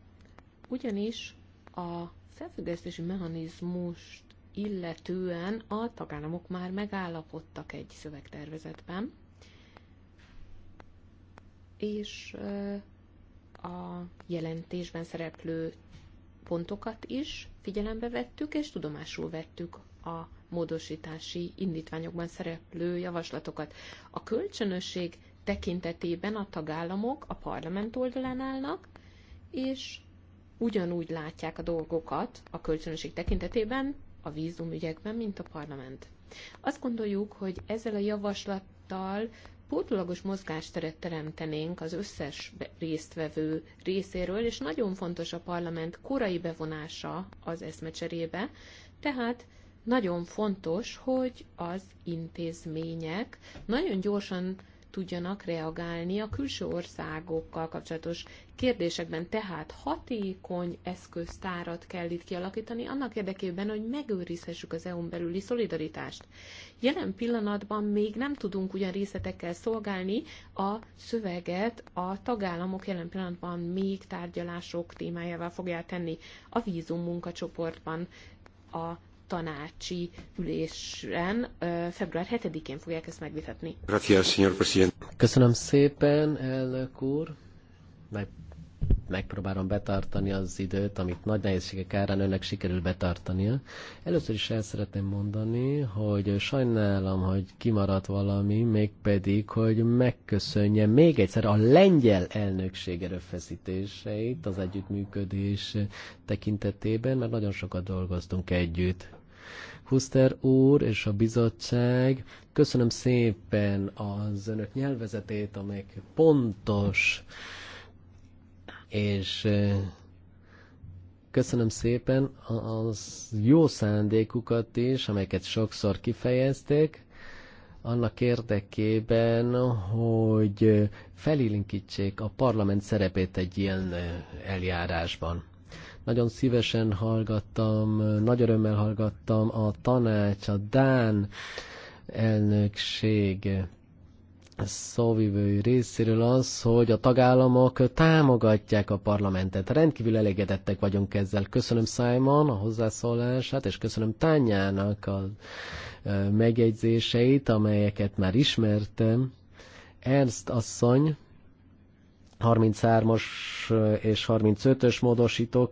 Ugyanis a felfüggesztési mechanizmust illetően a tagállamok már megállapodtak egy szövegtervezetben, és a jelentésben szereplő pontokat is figyelembe vettük, és tudomásul vettük a módosítási indítványokban szereplő javaslatokat. A kölcsönösség tekintetében a tagállamok a parlament oldalán állnak, és ugyanúgy látják a dolgokat a kölcsönösség tekintetében a vízumügyekben, mint a parlament. Azt gondoljuk, hogy ezzel a javaslattal pótlagos mozgásteret teremtenénk az összes résztvevő részéről, és nagyon fontos a parlament korai bevonása az eszmecserébe, tehát nagyon fontos, hogy az intézmények nagyon gyorsan tudjanak reagálni a külső országokkal kapcsolatos kérdésekben. Tehát hatékony eszköztárat kell itt kialakítani annak érdekében, hogy megőrizhessük az EU-n belüli szolidaritást. Jelen pillanatban még nem tudunk ugyan részletekkel szolgálni a szöveget, a tagállamok jelen pillanatban még tárgyalások témájával fogják tenni a vízum munkacsoportban a tanácsi ülésen február 7-én fogják ezt megvitatni. Köszönöm szépen, elnök úr. Meg, megpróbálom betartani az időt, amit nagy nehézségek árán önnek sikerül betartania. Először is el szeretném mondani, hogy sajnálom, hogy kimaradt valami, mégpedig, hogy megköszönjem még egyszer a lengyel elnökség erőfeszítéseit az együttműködés tekintetében, mert nagyon sokat dolgoztunk együtt Huszter úr és a bizottság. Köszönöm szépen az önök nyelvezetét, amelyek pontos, és eh, köszönöm szépen az jó szándékukat is, amelyeket sokszor kifejezték, annak érdekében, hogy eh, felélinkítsék a parlament szerepét egy ilyen eh, eljárásban. Nagyon szívesen hallgattam, nagy örömmel hallgattam a tanács, a Dán elnökség szóvivői részéről az, hogy a tagállamok támogatják a parlamentet. Rendkívül elégedettek vagyunk ezzel. Köszönöm Simon a hozzászólását, és köszönöm Tányának a megjegyzéseit, amelyeket már ismertem. Ernst asszony, 33-as és 35-ös módosítók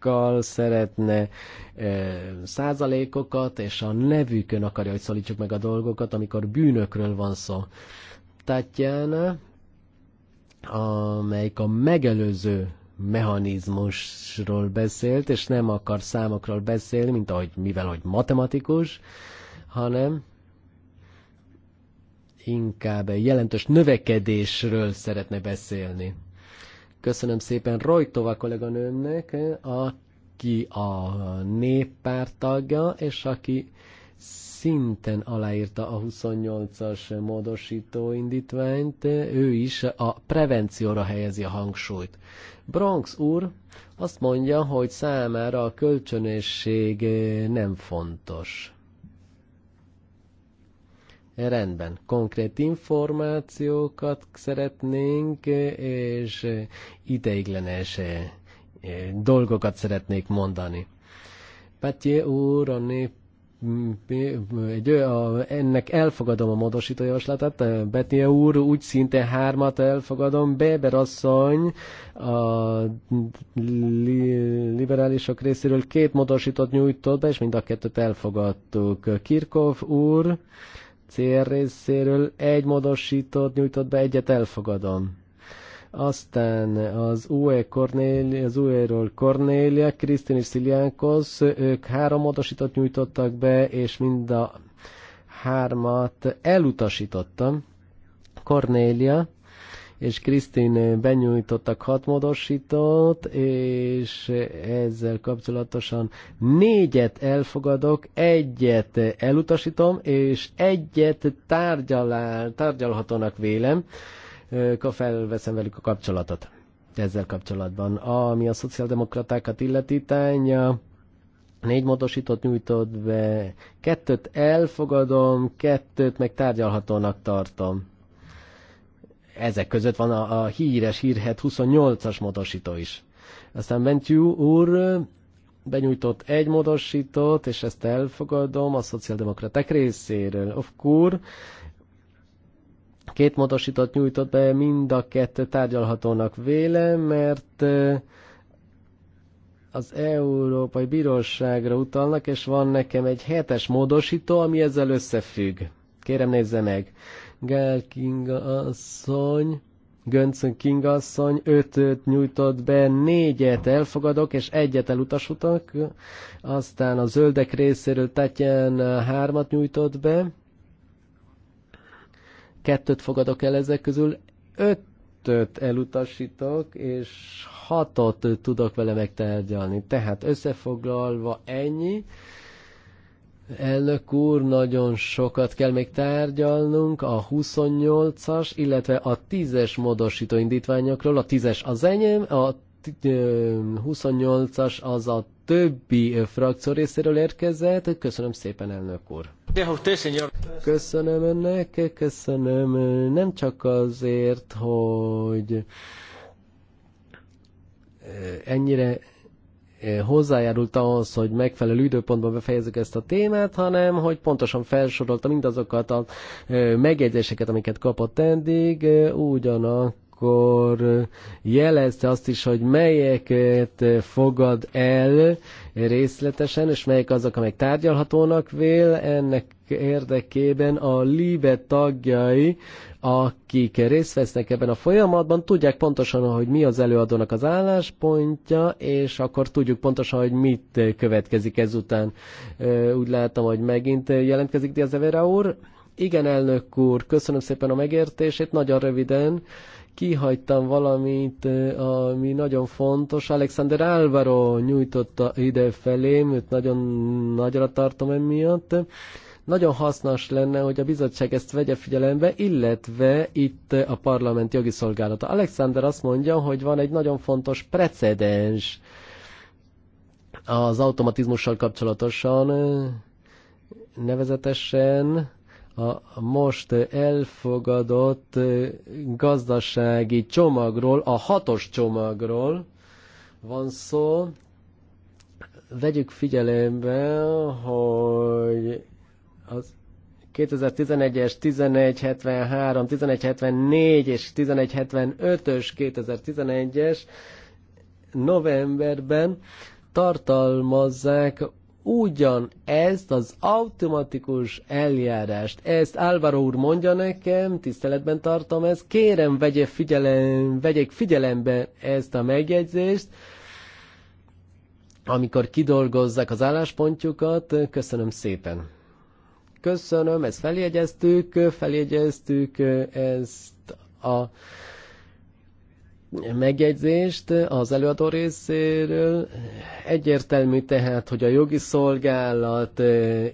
százalékkal szeretne e, százalékokat, és a nevükön akarja, hogy szólítsuk meg a dolgokat, amikor bűnökről van szó. Tatjana, amelyik a megelőző mechanizmusról beszélt, és nem akar számokról beszélni, mint ahogy, mivel hogy matematikus, hanem inkább jelentős növekedésről szeretne beszélni. Köszönöm szépen Rojtova kolléganőmnek, aki a néppárt tagja, és aki szinten aláírta a 28-as módosító indítványt, ő is a prevencióra helyezi a hangsúlyt. Bronx úr azt mondja, hogy számára a kölcsönösség nem fontos. Rendben, konkrét információkat szeretnénk, és ideiglenes eh, dolgokat szeretnék mondani. Petje úr, a nép a, ennek elfogadom a módosító javaslatát, Betnie úr, úgy szinte hármat elfogadom, Beber asszony a li, liberálisok részéről két módosítót nyújtott be, és mind a kettőt elfogadtuk. Kirkov úr, cél részéről egy módosítót nyújtott be, egyet elfogadom. Aztán az UE Cornélia, az UE-ról Cornélia, Krisztin és Sziliánkosz, ők három módosítót nyújtottak be, és mind a hármat elutasítottam. Cornélia és Krisztin eh, benyújtottak hat módosítót, és ezzel kapcsolatosan négyet elfogadok, egyet elutasítom, és egyet tárgyalál, tárgyalhatónak vélem, eh, felveszem velük a kapcsolatot ezzel kapcsolatban. Ami a szociáldemokratákat illeti, tánya, négy módosítót nyújtott be, kettőt elfogadom, kettőt meg tárgyalhatónak tartom ezek között van a, a híres, hírhet 28-as módosító is. Aztán Bentyú úr benyújtott egy módosítót, és ezt elfogadom a szociáldemokraták részéről. Of course, két módosítót nyújtott be, mind a kettő tárgyalhatónak vélem, mert az Európai Bíróságra utalnak, és van nekem egy hetes módosító, ami ezzel összefügg. Kérem nézze meg. Gál Kinga asszony, Göncön Kinga asszony, ötöt nyújtott be, négyet elfogadok, és egyet elutasítok. Aztán a zöldek részéről Tatján hármat nyújtott be, kettőt fogadok el ezek közül, ötöt elutasítok, és hatot tudok vele megtárgyalni. Tehát összefoglalva ennyi. Elnök úr, nagyon sokat kell még tárgyalnunk a 28-as, illetve a 10-es módosító indítványokról. A 10-es az enyém, a 28-as az a többi frakció részéről érkezett. Köszönöm szépen, elnök úr. Köszönöm önnek, köszönöm nem csak azért, hogy ennyire Eh, hozzájárult ahhoz, hogy megfelelő időpontban befejezzük ezt a témát, hanem hogy pontosan felsorolta mindazokat a eh, megjegyzéseket, amiket kapott eddig, eh, ugyanakkor jelezte azt is, hogy melyeket fogad el részletesen, és melyek azok, amelyek tárgyalhatónak vél. Ennek érdekében a LIBE tagjai akik részt vesznek ebben a folyamatban, tudják pontosan, hogy mi az előadónak az álláspontja, és akkor tudjuk pontosan, hogy mit következik ezután. Úgy látom, hogy megint jelentkezik Diaz Evera úr. Igen, elnök úr, köszönöm szépen a megértését, nagyon röviden kihagytam valamit, ami nagyon fontos. Alexander Álvaro nyújtotta ide felém, őt nagyon nagyra tartom emiatt. Nagyon hasznos lenne, hogy a bizottság ezt vegye figyelembe, illetve itt a parlament jogi szolgálata. Alexander azt mondja, hogy van egy nagyon fontos precedens az automatizmussal kapcsolatosan, nevezetesen a most elfogadott gazdasági csomagról, a hatos csomagról van szó. Vegyük figyelembe, hogy az 2011-es 1173, 1174 és 1175-ös 2011-es novemberben tartalmazzák ugyan ezt az automatikus eljárást. Ezt Álvaro úr mondja nekem, tiszteletben tartom ezt, kérem vegye figyelem, vegyék figyelembe ezt a megjegyzést, amikor kidolgozzák az álláspontjukat. Köszönöm szépen! Köszönöm, ezt feljegyeztük, feljegyeztük ezt a megjegyzést az előadó részéről. Egyértelmű tehát, hogy a jogi szolgálat eh,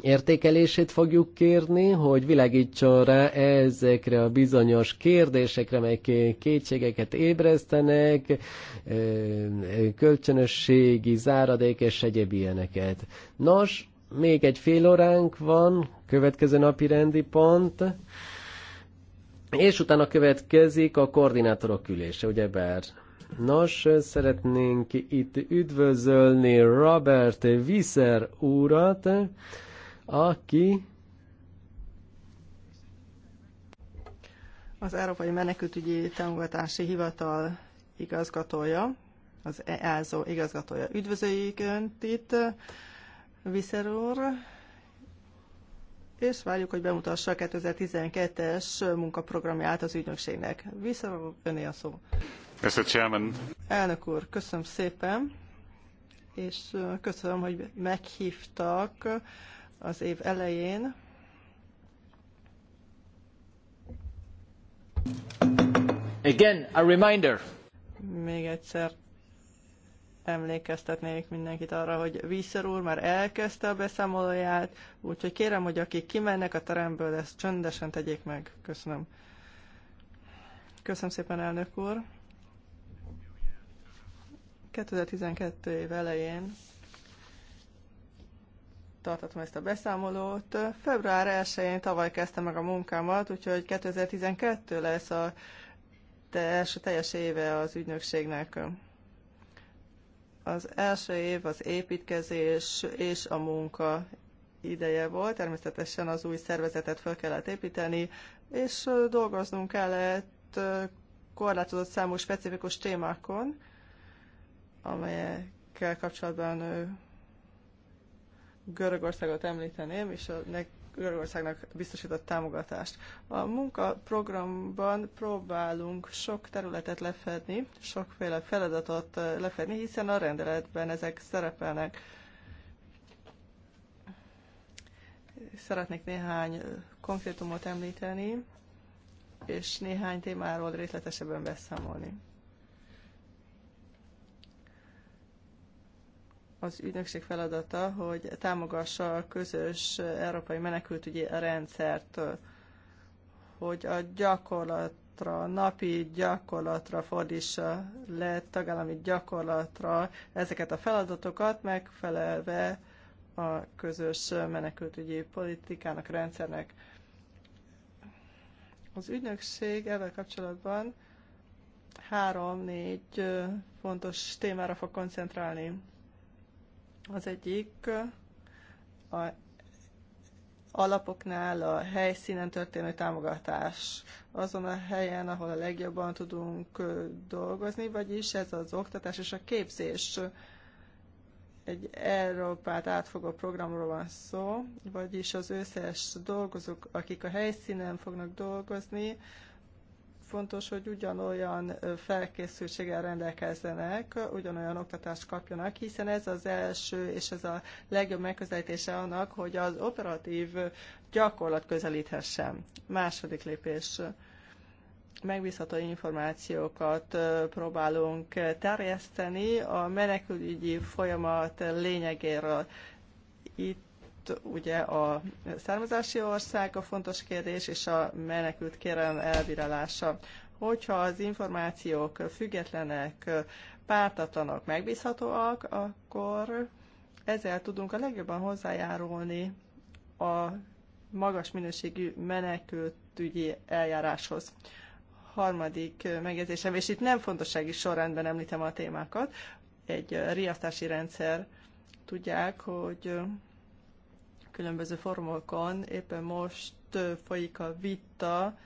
értékelését fogjuk kérni, hogy világítson rá ezekre a bizonyos kérdésekre, melyek kétségeket ébresztenek, eh, kölcsönösségi, záradék és egyéb ilyeneket. Nos, még egy fél óránk van, következő napi rendi pont, és utána következik a koordinátorok ülése, ugyebár. Nos, szeretnénk itt üdvözölni Robert Visser úrat, aki az Európai Menekültügyi Támogatási Hivatal igazgatója, az EASO igazgatója. Üdvözöljük Önt itt, Viszer úr, és várjuk, hogy bemutassa a 2012-es munkaprogramját az ügynökségnek. Viszer úr, öné a szó. Mr. Chairman. Elnök úr, köszönöm szépen, és köszönöm, hogy meghívtak az év elején. Again, a reminder. Még egyszer emlékeztetnék mindenkit arra, hogy Víszer úr már elkezdte a beszámolóját, úgyhogy kérem, hogy akik kimennek a teremből, ezt csöndesen tegyék meg. Köszönöm. Köszönöm szépen, elnök úr. 2012 év elején tartottam ezt a beszámolót. Február 1-én tavaly kezdtem meg a munkámat, úgyhogy 2012 lesz a te első teljes éve az ügynökségnek. Az első év az építkezés és a munka ideje volt, természetesen az új szervezetet fel kellett építeni, és dolgoznunk kellett korlátozott számú specifikus témákon, amelyekkel kapcsolatban Görögországot említeném, és a Görögországnak biztosított támogatást. A munkaprogramban próbálunk sok területet lefedni, sokféle feladatot eh, lefedni, hiszen a rendeletben ezek szerepelnek. Szeretnék néhány eh, konkrétumot említeni, és néhány témáról részletesebben beszámolni. az ügynökség feladata, hogy támogassa a közös európai menekültügyi rendszert, hogy a gyakorlatra, napi gyakorlatra fordítsa le tagállami gyakorlatra ezeket a feladatokat, megfelelve a közös menekültügyi politikának, rendszernek. Az ügynökség ezzel kapcsolatban három-négy fontos témára fog koncentrálni az egyik a alapoknál a helyszínen történő támogatás azon a helyen, ahol a legjobban tudunk dolgozni, vagyis ez az oktatás és a képzés. Egy Európát átfogó programról van szó, vagyis az összes dolgozók, akik a helyszínen fognak dolgozni, fontos, hogy ugyanolyan felkészültséggel rendelkezzenek, ugyanolyan oktatást kapjanak, hiszen ez az első és ez a legjobb megközelítése annak, hogy az operatív gyakorlat közelíthessen. Második lépés megbízható információkat próbálunk terjeszteni a menekülügyi folyamat lényegéről. Itt ugye a származási ország a fontos kérdés, és a menekült kérelem elbírálása. Hogyha az információk függetlenek, pártatlanok, megbízhatóak, akkor ezzel tudunk a legjobban hozzájárulni a magas minőségű menekültügyi eljáráshoz. Harmadik megjegyzésem, és itt nem fontossági sorrendben említem a témákat, egy riasztási rendszer tudják, hogy különböző formokon. Éppen most folyik a vita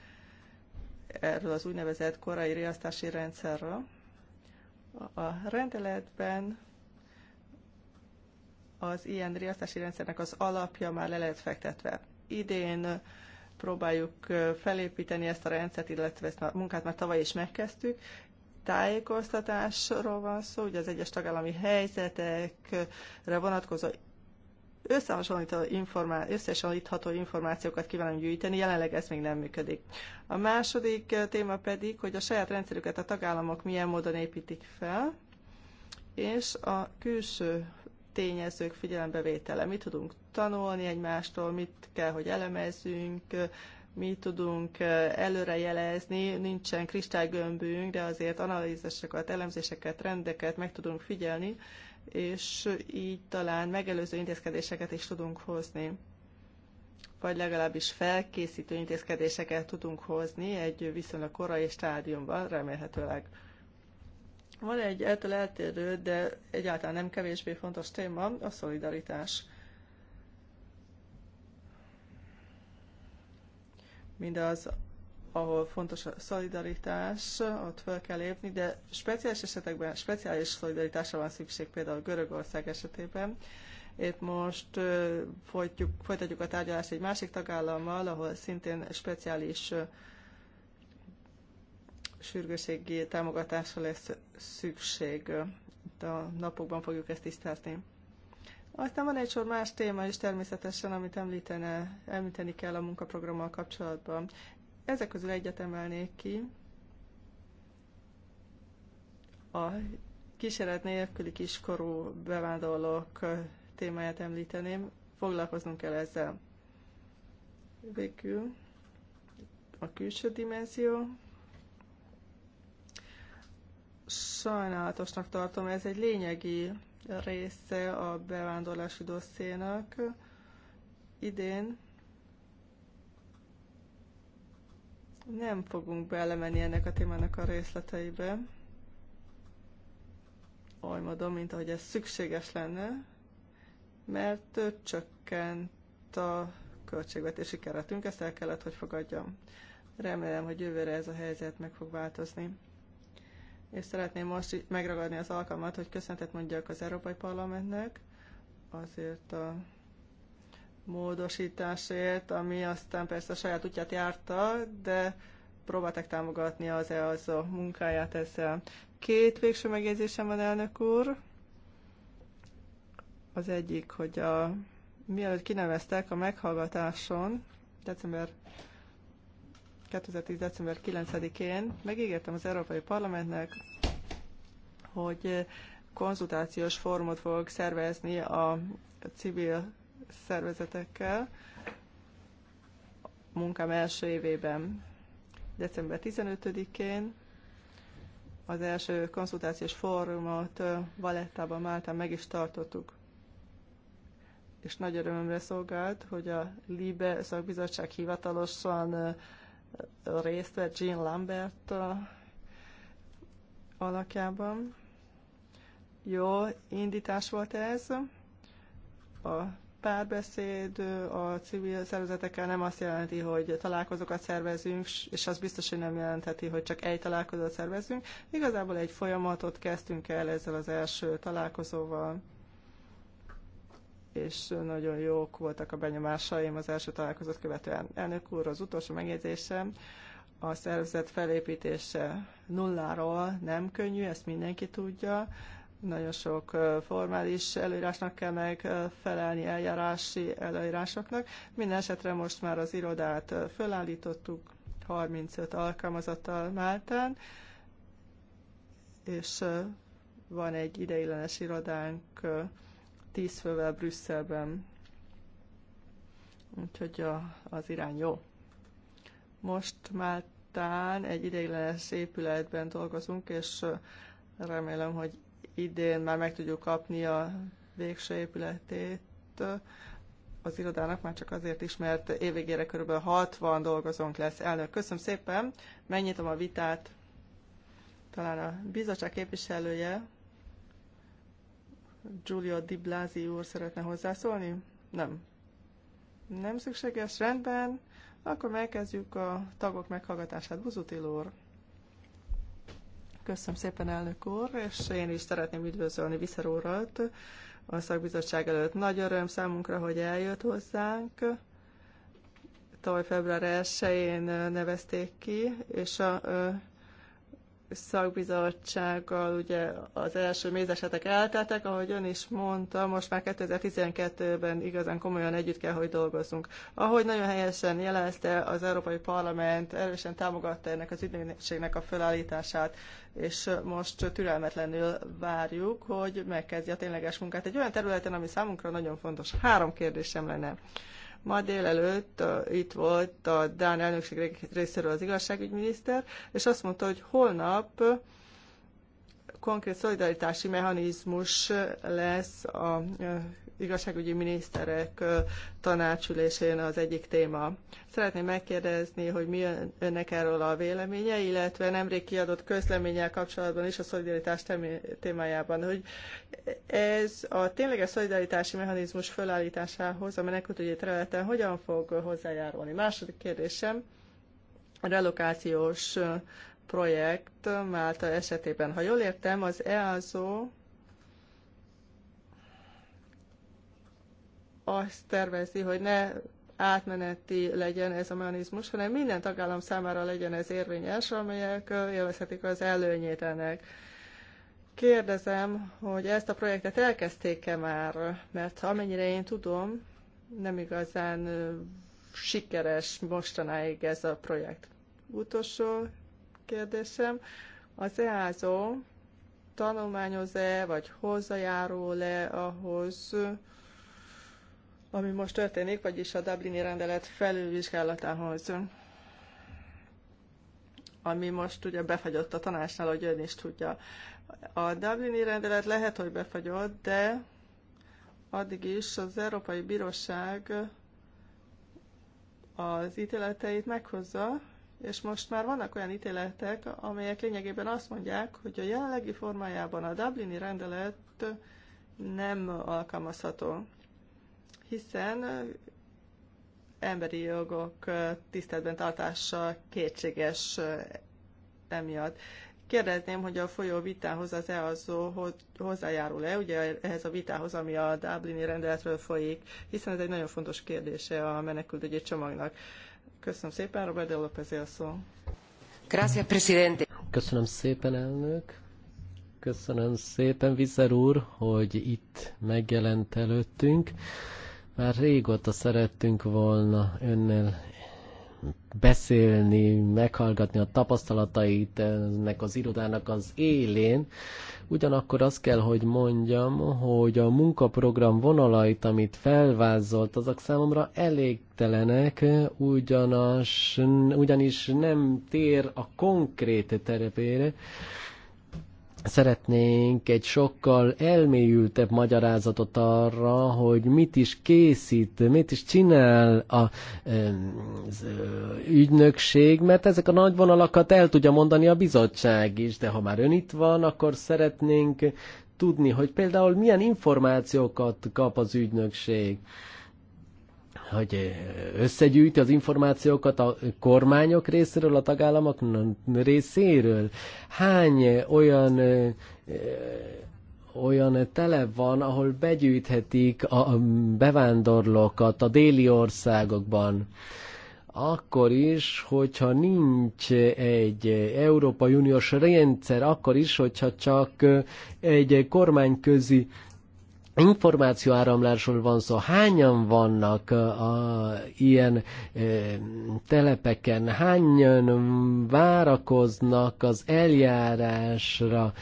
erről az úgynevezett korai riasztási rendszerről. A rendeletben az ilyen riasztási rendszernek az alapja már le lehet fektetve. Idén próbáljuk felépíteni ezt a rendszert, illetve ezt a munkát már tavaly is megkezdtük. Tájékoztatásról van szó, ugye az egyes tagállami helyzetekre vonatkozó összehasonlítható, információkat kívánunk gyűjteni, jelenleg ez még nem működik. A második eh, téma pedig, hogy a saját rendszerüket a tagállamok milyen módon építik fel, és a külső tényezők figyelembevétele. Mit tudunk tanulni egymástól, mit kell, hogy elemezzünk, mi tudunk eh, előrejelezni, nincsen kristálygömbünk, de azért analízeseket, elemzéseket, rendeket meg tudunk figyelni, és így talán megelőző intézkedéseket is tudunk hozni, vagy legalábbis felkészítő intézkedéseket tudunk hozni egy viszonylag korai stádiumban, remélhetőleg. Van egy ettől eltérő, de egyáltalán nem kevésbé fontos téma, a szolidaritás. Mindaz, ahol fontos a szolidaritás, ott fel kell lépni, de speciális esetekben speciális szolidaritásra van szükség, például Görögország esetében. Itt most folytjuk, folytatjuk a tárgyalást egy másik tagállammal, ahol szintén speciális sürgőségi támogatásra lesz szükség. Itt a napokban fogjuk ezt tisztázni. Aztán van egy sor más téma is természetesen, amit említene, említeni kell a munkaprogrammal kapcsolatban. Ezek közül egyet emelnék ki, a kísérlet nélküli kiskorú bevándorlók témáját említeném, foglalkoznunk kell ezzel. Végül a külső dimenzió. Sajnálatosnak tartom, ez egy lényegi része a bevándorlási dossziénak. Idén Nem fogunk belemenni ennek a témának a részleteibe, oly módon, mint ahogy ez szükséges lenne, mert csökkent a költségvetési keretünk, ezt el kellett, hogy fogadjam. Remélem, hogy jövőre ez a helyzet meg fog változni. És szeretném most megragadni az alkalmat, hogy köszöntet mondjak az Európai Parlamentnek, azért a módosításért, ami aztán persze a saját útját járta, de próbáltak támogatni az az a munkáját ezzel. Két végső megjegyzésem van, elnök úr. Az egyik, hogy a, mielőtt kineveztek a meghallgatáson, december 2010. december 9-én megígértem az Európai Parlamentnek, hogy konzultációs formot fogok szervezni a civil szervezetekkel munkám első évében. December 15-én az első konzultációs fórumot Valettában, Máltán meg is tartottuk. És nagy örömömre szolgált, hogy a LIBE szakbizottság hivatalosan részt vett Jean Lambert alakjában. Jó indítás volt ez. A párbeszéd a civil szervezetekkel nem azt jelenti, hogy találkozókat szervezünk, és az biztos, hogy nem jelentheti, hogy csak egy találkozót szervezünk. Igazából egy folyamatot kezdtünk el ezzel az első találkozóval, és nagyon jók voltak a benyomásaim az első találkozót követően. Elnök úr, az utolsó megjegyzésem, a szervezet felépítése nulláról nem könnyű, ezt mindenki tudja, nagyon sok formális előírásnak kell megfelelni, eljárási előírásoknak. Minden esetre most már az irodát fölállítottuk, 35 alkalmazattal Máltán, és van egy ideiglenes irodánk 10 fővel Brüsszelben. Úgyhogy a, az irány jó. Most Máltán egy ideiglenes épületben dolgozunk, és remélem, hogy idén már meg tudjuk kapni a végső épületét az irodának, már csak azért is, mert évvégére kb. 60 dolgozónk lesz. Elnök, köszönöm szépen, megnyitom a vitát. Talán a bizottság képviselője, Giulio Di Blasi úr szeretne hozzászólni? Nem. Nem szükséges, rendben. Akkor megkezdjük a tagok meghallgatását. Buzutil úr. Köszönöm szépen, elnök úr, és én is szeretném üdvözölni Viszer úrat a szakbizottság előtt. Nagy öröm számunkra, hogy eljött hozzánk. Tavaly február 1-én nevezték ki, és a, a szakbizottsággal ugye az első mézesetek elteltek, ahogy ön is mondta, most már 2012-ben igazán komolyan együtt kell, hogy dolgozzunk. Ahogy nagyon helyesen jelezte, az Európai Parlament erősen támogatta ennek az ügynökségnek a felállítását, és most türelmetlenül várjuk, hogy megkezdje a tényleges munkát egy olyan területen, ami számunkra nagyon fontos. Három kérdésem lenne. Ma délelőtt itt volt a Dán elnökség részéről az igazságügyminiszter, és azt mondta, hogy holnap konkrét szolidaritási mechanizmus lesz a igazságügyi miniszterek tanácsülésén az egyik téma. Szeretném megkérdezni, hogy mi önnek erről a véleménye, illetve nemrég kiadott közleménnyel kapcsolatban is a szolidaritás témájában, hogy ez a tényleges szolidaritási mechanizmus fölállításához a menekültügyi területen hogyan fog hozzájárulni. Második kérdésem, a relokációs projekt Málta esetében. Ha jól értem, az EASO azt tervezi, hogy ne átmeneti legyen ez a mechanizmus, hanem minden tagállam számára legyen ez érvényes, amelyek élvezhetik az előnyét ennek. Kérdezem, hogy ezt a projektet elkezdték-e már, mert amennyire én tudom, nem igazán sikeres mostanáig ez a projekt. Utolsó kérdésem, az EASO tanulmányoz-e, vagy hozzájárul-e ahhoz, ami most történik, vagyis a Dublini rendelet felülvizsgálatához ami most ugye befagyott a tanácsnál, hogy ön is tudja. A Dublini rendelet lehet, hogy befagyott, de addig is az Európai Bíróság az ítéleteit meghozza, és most már vannak olyan ítéletek, amelyek lényegében azt mondják, hogy a jelenlegi formájában a Dublini rendelet nem alkalmazható hiszen emberi jogok tiszteletben tartása kétséges emiatt. Kérdezném, hogy a folyó vitához az EASZO hozzájárul-e, ugye ehhez a vitához, ami a Dublini rendeletről folyik, hiszen ez egy nagyon fontos kérdése a menekültügyi csomagnak. Köszönöm szépen, Robert de López a szó. Gracias, presidente. Köszönöm szépen, elnök. Köszönöm szépen, Vizer úr, hogy itt megjelent előttünk. Már régóta szerettünk volna önnel beszélni, meghallgatni a tapasztalatait ennek az irodának az élén. Ugyanakkor azt kell, hogy mondjam, hogy a munkaprogram vonalait, amit felvázolt, azok számomra elégtelenek, ugyanis nem tér a konkrét terepére, szeretnénk egy sokkal elmélyültebb magyarázatot arra, hogy mit is készít, mit is csinál a az ügynökség, mert ezek a nagy vonalakat el tudja mondani a bizottság is, de ha már ön itt van, akkor szeretnénk tudni, hogy például milyen információkat kap az ügynökség hogy összegyűjti az információkat a kormányok részéről, a tagállamok részéről. Hány olyan olyan tele van, ahol begyűjthetik a bevándorlókat a déli országokban. Akkor is, hogyha nincs egy Európai Uniós rendszer, akkor is, hogyha csak egy kormányközi információáramlásról van szó, hányan vannak a, a, ilyen e, telepeken, hányan várakoznak az eljárásra,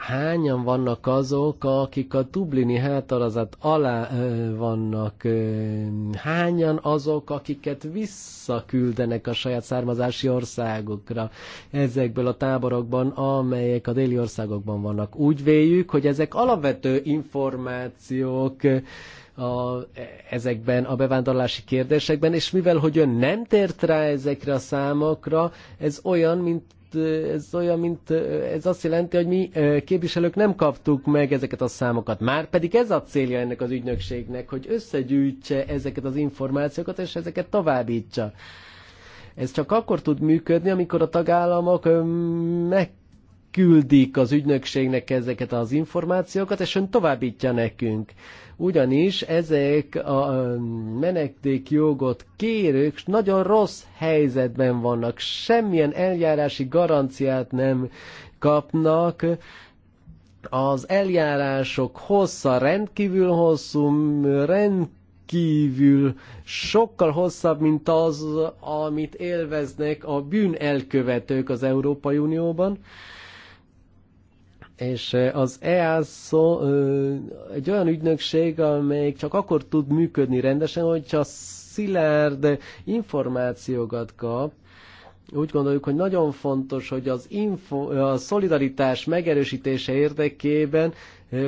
hányan vannak azok, akik a Dublini hátalazat alá ö, vannak, ö, hányan azok, akiket visszaküldenek a saját származási országokra ezekből a táborokban, amelyek a déli országokban vannak. Úgy véljük, hogy ezek alapvető információk, a, ezekben a bevándorlási kérdésekben, és mivel hogy ön nem tért rá ezekre a számokra, ez olyan, mint ez olyan, mint ez azt jelenti, hogy mi képviselők nem kaptuk meg ezeket a számokat. Már pedig ez a célja ennek az ügynökségnek, hogy összegyűjtse ezeket az információkat, és ezeket továbbítsa. Ez csak akkor tud működni, amikor a tagállamok meg küldik az ügynökségnek ezeket az információkat, és ön továbbítja nekünk. Ugyanis ezek a menekdékjogot kérők nagyon rossz helyzetben vannak, semmilyen eljárási garanciát nem kapnak, az eljárások hossza rendkívül hosszú, rendkívül kívül sokkal hosszabb, mint az, amit élveznek a bűnelkövetők az Európai Unióban és az EASZO egy olyan ügynökség, amelyik csak akkor tud működni rendesen, hogyha szilárd információkat kap, úgy gondoljuk, hogy nagyon fontos, hogy az info, a szolidaritás megerősítése érdekében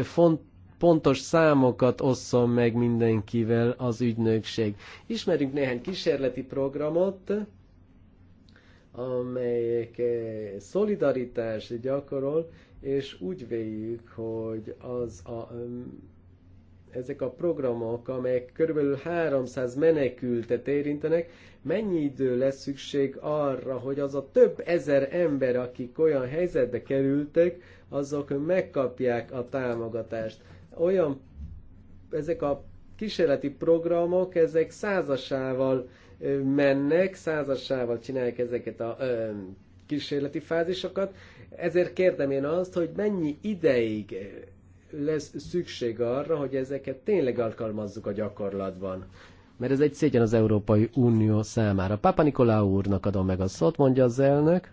font, pontos számokat osszon meg mindenkivel az ügynökség. Ismerünk néhány kísérleti programot, amelyek szolidaritás gyakorol, és úgy véljük, hogy az a, ezek a programok, amelyek körülbelül 300 menekültet érintenek, mennyi idő lesz szükség arra, hogy az a több ezer ember, akik olyan helyzetbe kerültek, azok megkapják a támogatást. Olyan, ezek a kísérleti programok, ezek százasával mennek, százasával csinálják ezeket a ö, kísérleti fázisokat, ezért kérdem én azt, hogy mennyi ideig lesz szükség arra, hogy ezeket tényleg alkalmazzuk a gyakorlatban. Mert ez egy szégyen az Európai Unió számára. Pápa Nikolau úrnak adom meg a szót, mondja az elnök.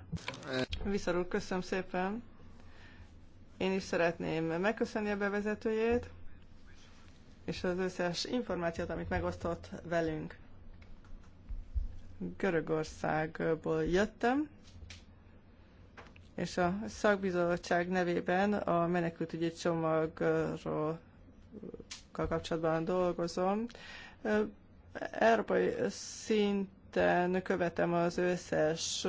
Viszarul, köszönöm szépen. Én is szeretném megköszönni a bevezetőjét, és az összes információt, amit megosztott velünk. Görögországból jöttem, és a szakbizottság nevében a menekültügyi csomagról kapcsolatban dolgozom. Európai szinten követem az összes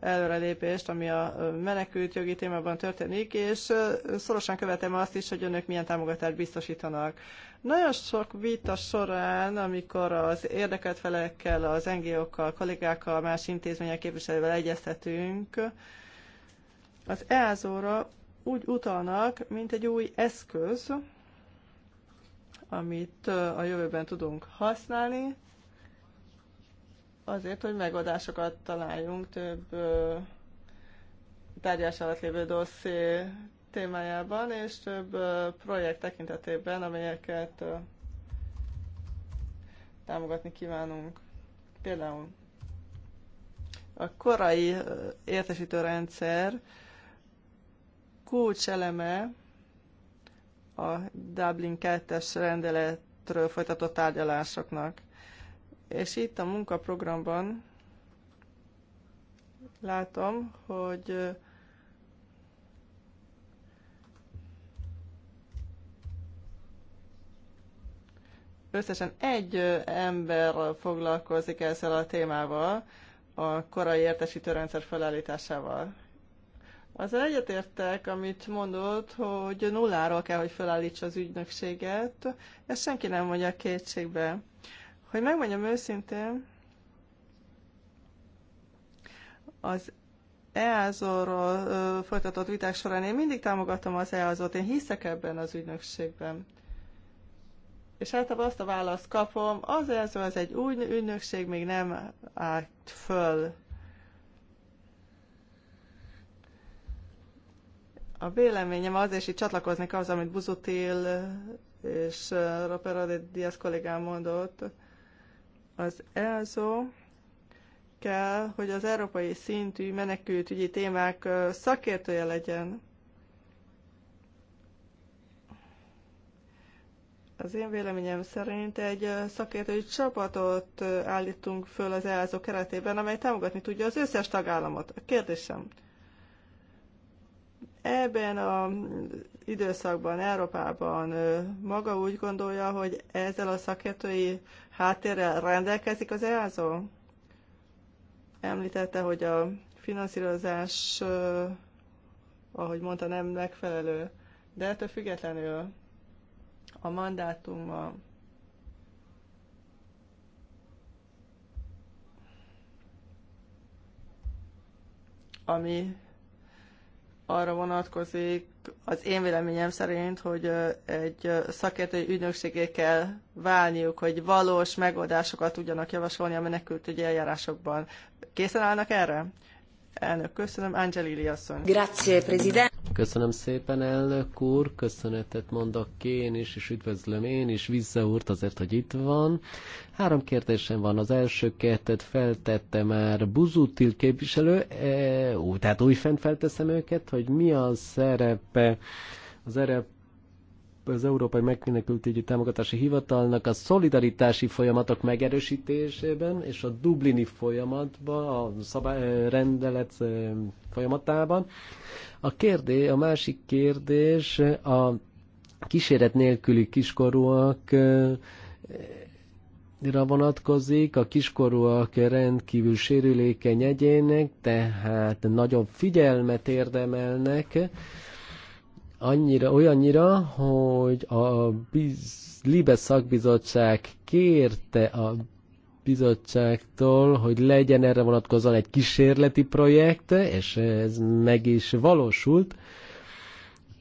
előrelépést, ami a menekült jogi témában történik, és szorosan követem azt is, hogy önök milyen támogatást biztosítanak. Nagyon sok vita során, amikor az érdekelt felekkel, az NGO-kkal, kollégákkal, más intézmények képviselővel egyeztetünk, az EASO-ra úgy utalnak, mint egy új eszköz, amit a jövőben tudunk használni, azért, hogy megoldásokat találjunk több tárgyás alatt lévő dosszé témájában, és több projekt tekintetében, amelyeket támogatni kívánunk. Például a korai értesítőrendszer rendszer kulcseleme a Dublin 2-es rendeletről folytatott tárgyalásoknak. És itt a munkaprogramban látom, hogy összesen egy ember foglalkozik ezzel a témával, a korai értesítőrendszer felállításával. Azzal egyetértek, amit mondott, hogy nulláról kell, hogy felállítsa az ügynökséget. ez senki nem mondja kétségbe. Hogy megmondjam őszintén, az EASO-ról folytatott viták során én mindig támogatom az EASO-t, én hiszek ebben az ügynökségben. És általában azt a választ kapom, az EASO az egy új ügynökség, még nem állt föl. A véleményem az, és itt csatlakoznék az, amit Buzutil és Ropero de Diaz kollégám mondott, az ELZO kell, hogy az európai szintű menekültügyi témák szakértője legyen. Az én véleményem szerint egy szakértői csapatot állítunk föl az ELZO keretében, amely támogatni tudja az összes tagállamot. A kérdésem, Ebben az időszakban Európában maga úgy gondolja, hogy ezzel a szakértői háttérrel rendelkezik az EASO? Említette, hogy a finanszírozás, ahogy mondta, nem megfelelő, de ettől függetlenül a mandátuma ami arra vonatkozik, az én véleményem szerint, hogy egy szakértői ügynökségé kell válniuk, hogy valós megoldásokat tudjanak javasolni a menekültügyi eljárásokban. Készen állnak erre? Elnök, köszönöm. Angelili asszony. Grazie, president. Köszönöm szépen, elnök úr. Köszönetet mondok én is, és üdvözlöm én is Vissza úrt azért, hogy itt van. Három kérdésem van. Az első kettet feltette már Buzutil képviselő. E, ú, tehát újfent felteszem őket, hogy mi a szerepe az erep az Európai Megmenekültügyi Támogatási Hivatalnak a szolidaritási folyamatok megerősítésében és a Dublini folyamatban, a szabály, rendelet folyamatában. A kérdé, a másik kérdés a kíséret nélküli kiskorúak vonatkozik, a kiskorúak rendkívül sérülékeny egyének, tehát nagyobb figyelmet érdemelnek, annyira, olyannyira, hogy a biz, Libe szakbizottság kérte a bizottságtól, hogy legyen erre vonatkozóan egy kísérleti projekt, és ez meg is valósult.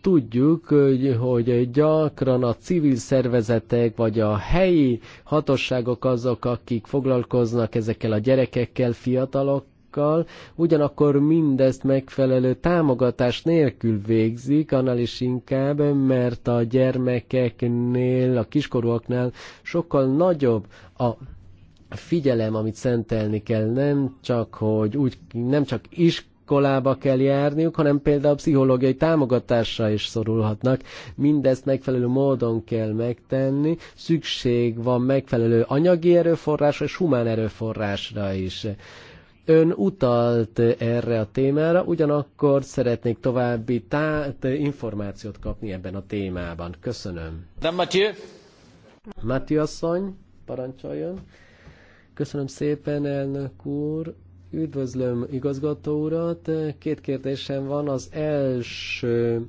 Tudjuk, hogy, hogy gyakran a civil szervezetek vagy a helyi hatosságok azok, akik foglalkoznak ezekkel a gyerekekkel, fiatalok, munkájukkal, ugyanakkor mindezt megfelelő támogatás nélkül végzik, annál is inkább, mert a gyermekeknél, a kiskorúaknál sokkal nagyobb a figyelem, amit szentelni kell, nem csak, hogy úgy, nem csak is iskolába kell járniuk, hanem például pszichológiai támogatásra is szorulhatnak. Mindezt megfelelő módon kell megtenni. Szükség van megfelelő anyagi erőforrásra és humán erőforrásra is. Ön utalt erre a témára, ugyanakkor szeretnék további tát, információt kapni ebben a témában. Köszönöm. Nem, Mathieu. Mathieu asszony, parancsoljon. Köszönöm szépen, elnök úr. Üdvözlöm igazgató urat. Két kérdésem van. Az első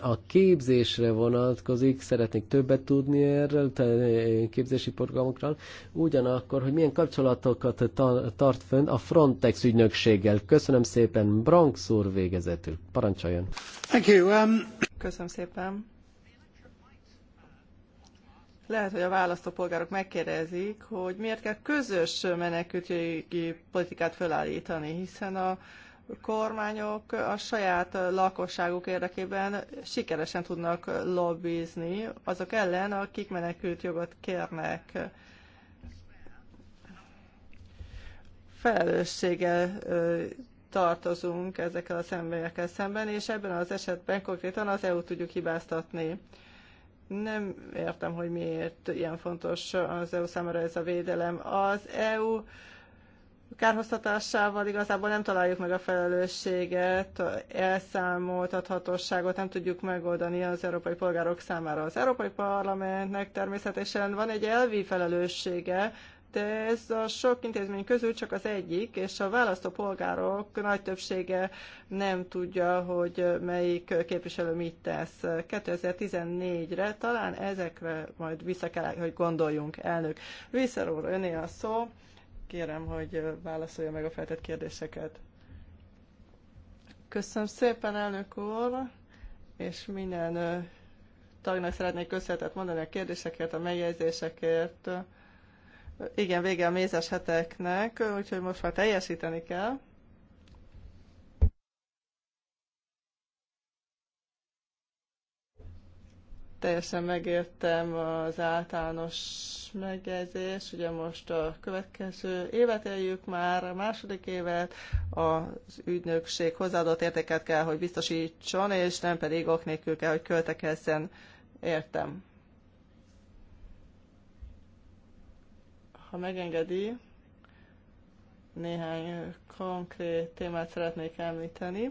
a képzésre vonatkozik, szeretnék többet tudni erről, eh, képzési programokról, ugyanakkor, hogy milyen kapcsolatokat tart fönn a Frontex ügynökséggel. Köszönöm szépen, Bronx úr végezetül. Parancsoljon. Thank you. Um... Köszönöm szépen. Lehet, hogy a választópolgárok megkérdezik, hogy miért kell közös menekültjogi politikát felállítani, hiszen a kormányok a saját lakosságuk érdekében sikeresen tudnak lobbizni azok ellen, akik menekült jogot kérnek. Felelősséggel tartozunk ezekkel a személyekkel szemben, és ebben az esetben konkrétan az EU tudjuk hibáztatni. Nem értem, hogy miért ilyen fontos az EU számára ez a védelem. Az EU kárhoztatásával igazából nem találjuk meg a felelősséget, elszámoltathatóságot nem tudjuk megoldani az európai polgárok számára. Az Európai Parlamentnek természetesen van egy elvi felelőssége, de ez a sok intézmény közül csak az egyik, és a választópolgárok nagy többsége nem tudja, hogy melyik képviselő mit tesz. 2014-re talán ezekre majd vissza kell, hogy gondoljunk, elnök. Visszaróra, öné a szó kérem, hogy válaszolja meg a feltett kérdéseket. Köszönöm szépen, elnök úr, és minden tagnak szeretnék köszönetet mondani a kérdéseket, a megjegyzésekért. Igen, vége a mézes heteknek, úgyhogy most már teljesíteni kell. Teljesen megértem az általános megjegyzés. Ugye most a következő évet éljük már, a második évet. Az ügynökség hozzáadott értéket kell, hogy biztosítson, és nem pedig ok nélkül kell, hogy költekezzen. Értem. Ha megengedi, néhány konkrét témát szeretnék említeni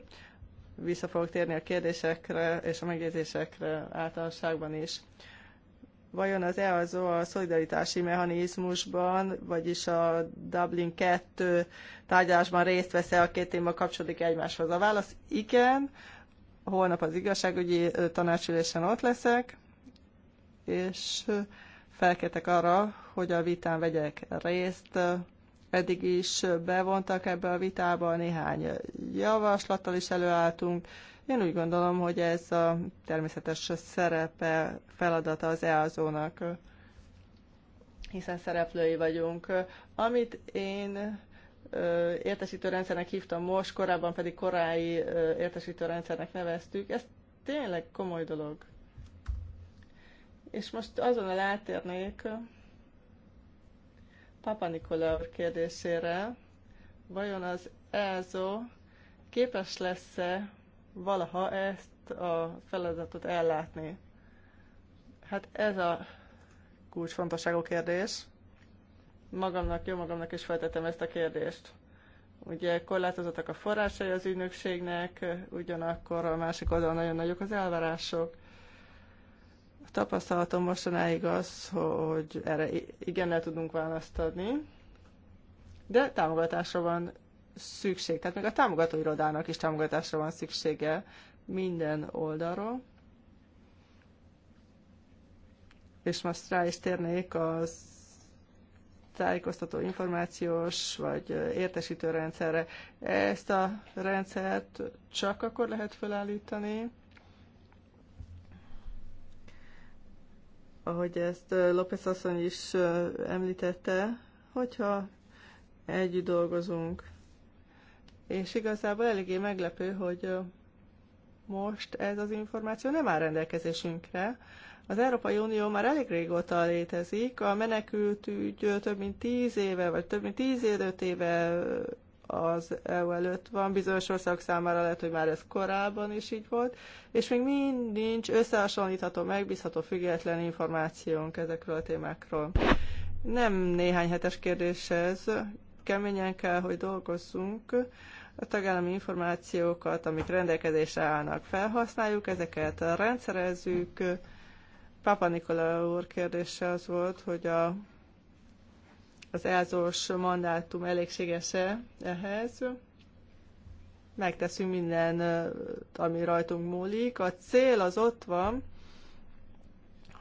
vissza fogok térni a kérdésekre és a megjegyzésekre általánosságban is. Vajon az EASO a szolidaritási mechanizmusban, vagyis a Dublin 2 tárgyalásban részt vesz-e a két téma kapcsolódik egymáshoz? A válasz igen, holnap az igazságügyi tanácsülésen ott leszek, és felkértek arra, hogy a vitán vegyek részt, eddig is bevontak ebbe a vitába, néhány javaslattal is előálltunk. Én úgy gondolom, hogy ez a természetes szerepe, feladata az eazo nak hiszen szereplői vagyunk. Amit én értesítőrendszernek hívtam most, korábban pedig korái értesítőrendszernek neveztük, ez tényleg komoly dolog. És most azonnal átérnék Papa Nikola úr kérdésére, vajon az ELZO képes lesz-e valaha ezt a feladatot ellátni? Hát ez a kulcsfontosságú kérdés. Magamnak, jó magamnak is feltettem ezt a kérdést. Ugye korlátozottak a forrásai az ügynökségnek, ugyanakkor a másik oldalon nagyon nagyok az elvárások tapasztalatom mostanáig az, hogy erre igen le tudunk választ adni, de támogatásra van szükség. Tehát még a támogatóirodának is támogatásra van szüksége minden oldalról. És most rá is térnék az tájékoztató információs vagy értesítő rendszerre. Ezt a rendszert csak akkor lehet felállítani, ahogy ezt López asszony is említette, hogyha együtt dolgozunk. És igazából eléggé meglepő, hogy most ez az információ nem áll rendelkezésünkre. Az Európai Unió már elég régóta létezik, a menekültügy több mint tíz éve, vagy több mint tíz éve az EU előtt van, bizonyos országok számára lehet, hogy már ez korábban is így volt, és még mind nincs összehasonlítható, megbízható, független információnk ezekről a témákról. Nem néhány hetes kérdés ez, keményen kell, hogy dolgozzunk, a tagállami információkat, amik rendelkezésre állnak, felhasználjuk, ezeket rendszerezzük. Papa Nikola úr kérdése az volt, hogy a az elzós mandátum elégséges-e ehhez. Megteszünk minden, ami rajtunk múlik. A cél az ott van,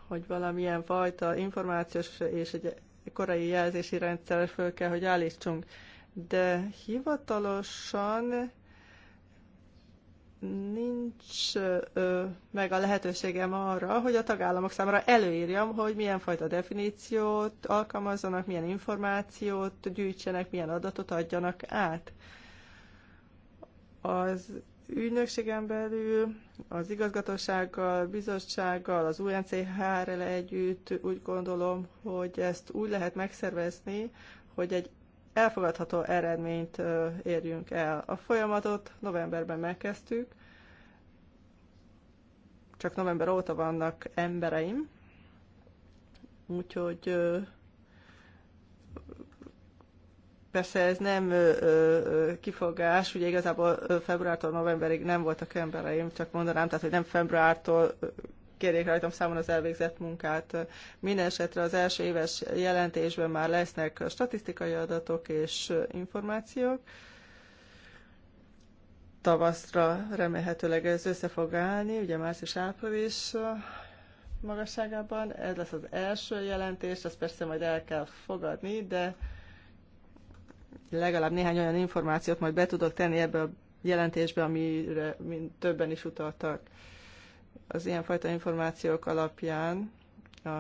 hogy valamilyen fajta információs és egy korai jelzési rendszer föl kell, hogy állítsunk. De hivatalosan nincs ö, meg a lehetőségem arra, hogy a tagállamok számára előírjam, hogy milyen fajta definíciót alkalmazzanak, milyen információt gyűjtsenek, milyen adatot adjanak át. Az ügynökségen belül az igazgatósággal, bizottsággal, az UNCHR-rel együtt úgy gondolom, hogy ezt úgy lehet megszervezni, hogy egy elfogadható eredményt érjünk el. A folyamatot novemberben megkezdtük, csak november óta vannak embereim, úgyhogy persze ez nem kifogás, ugye igazából februártól novemberig nem voltak embereim, csak mondanám, tehát hogy nem februártól kérjék rajtam számon az elvégzett munkát. Minden esetre az első éves jelentésben már lesznek statisztikai adatok és információk. Tavaszra remélhetőleg ez össze fog állni, ugye március-április magasságában. Ez lesz az első jelentés, ezt persze majd el kell fogadni, de legalább néhány olyan információt majd be tudok tenni ebbe a jelentésbe, amire mint többen is utaltak az ilyenfajta információk alapján a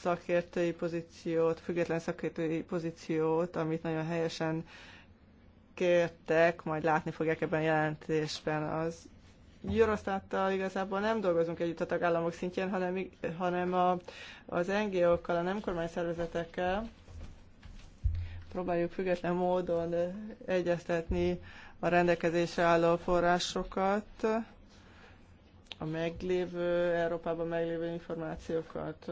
szakértői pozíciót, független szakértői pozíciót, amit nagyon helyesen kértek, majd látni fogják ebben a jelentésben az Eurostattal igazából nem dolgozunk együtt a tagállamok szintjén, hanem, hanem a, az NGO-kkal, a nem szervezetekkel próbáljuk független módon egyeztetni a rendelkezésre álló forrásokat, a meglévő, Európában meglévő információkat.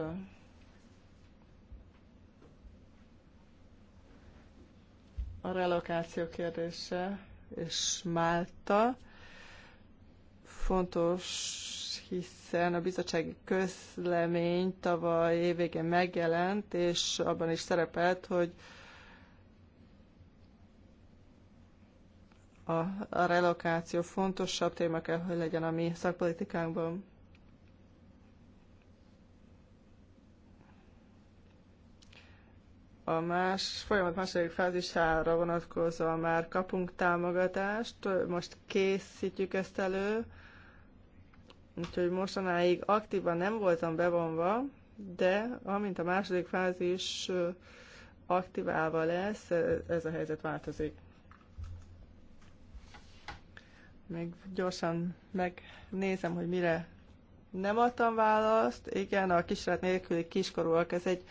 A relokáció kérdése és Málta fontos, hiszen a bizottsági közlemény tavaly évvégén megjelent, és abban is szerepelt, hogy a, a relokáció fontosabb téma kell, hogy legyen a mi szakpolitikánkban. A más folyamat második fázisára vonatkozóan már kapunk támogatást, most készítjük ezt elő, úgyhogy mostanáig aktívan nem voltam bevonva, de amint a második fázis aktiválva lesz, ez a helyzet változik. Még gyorsan megnézem, hogy mire nem adtam választ. Igen, a kisrát nélküli kiskorúak, ez egy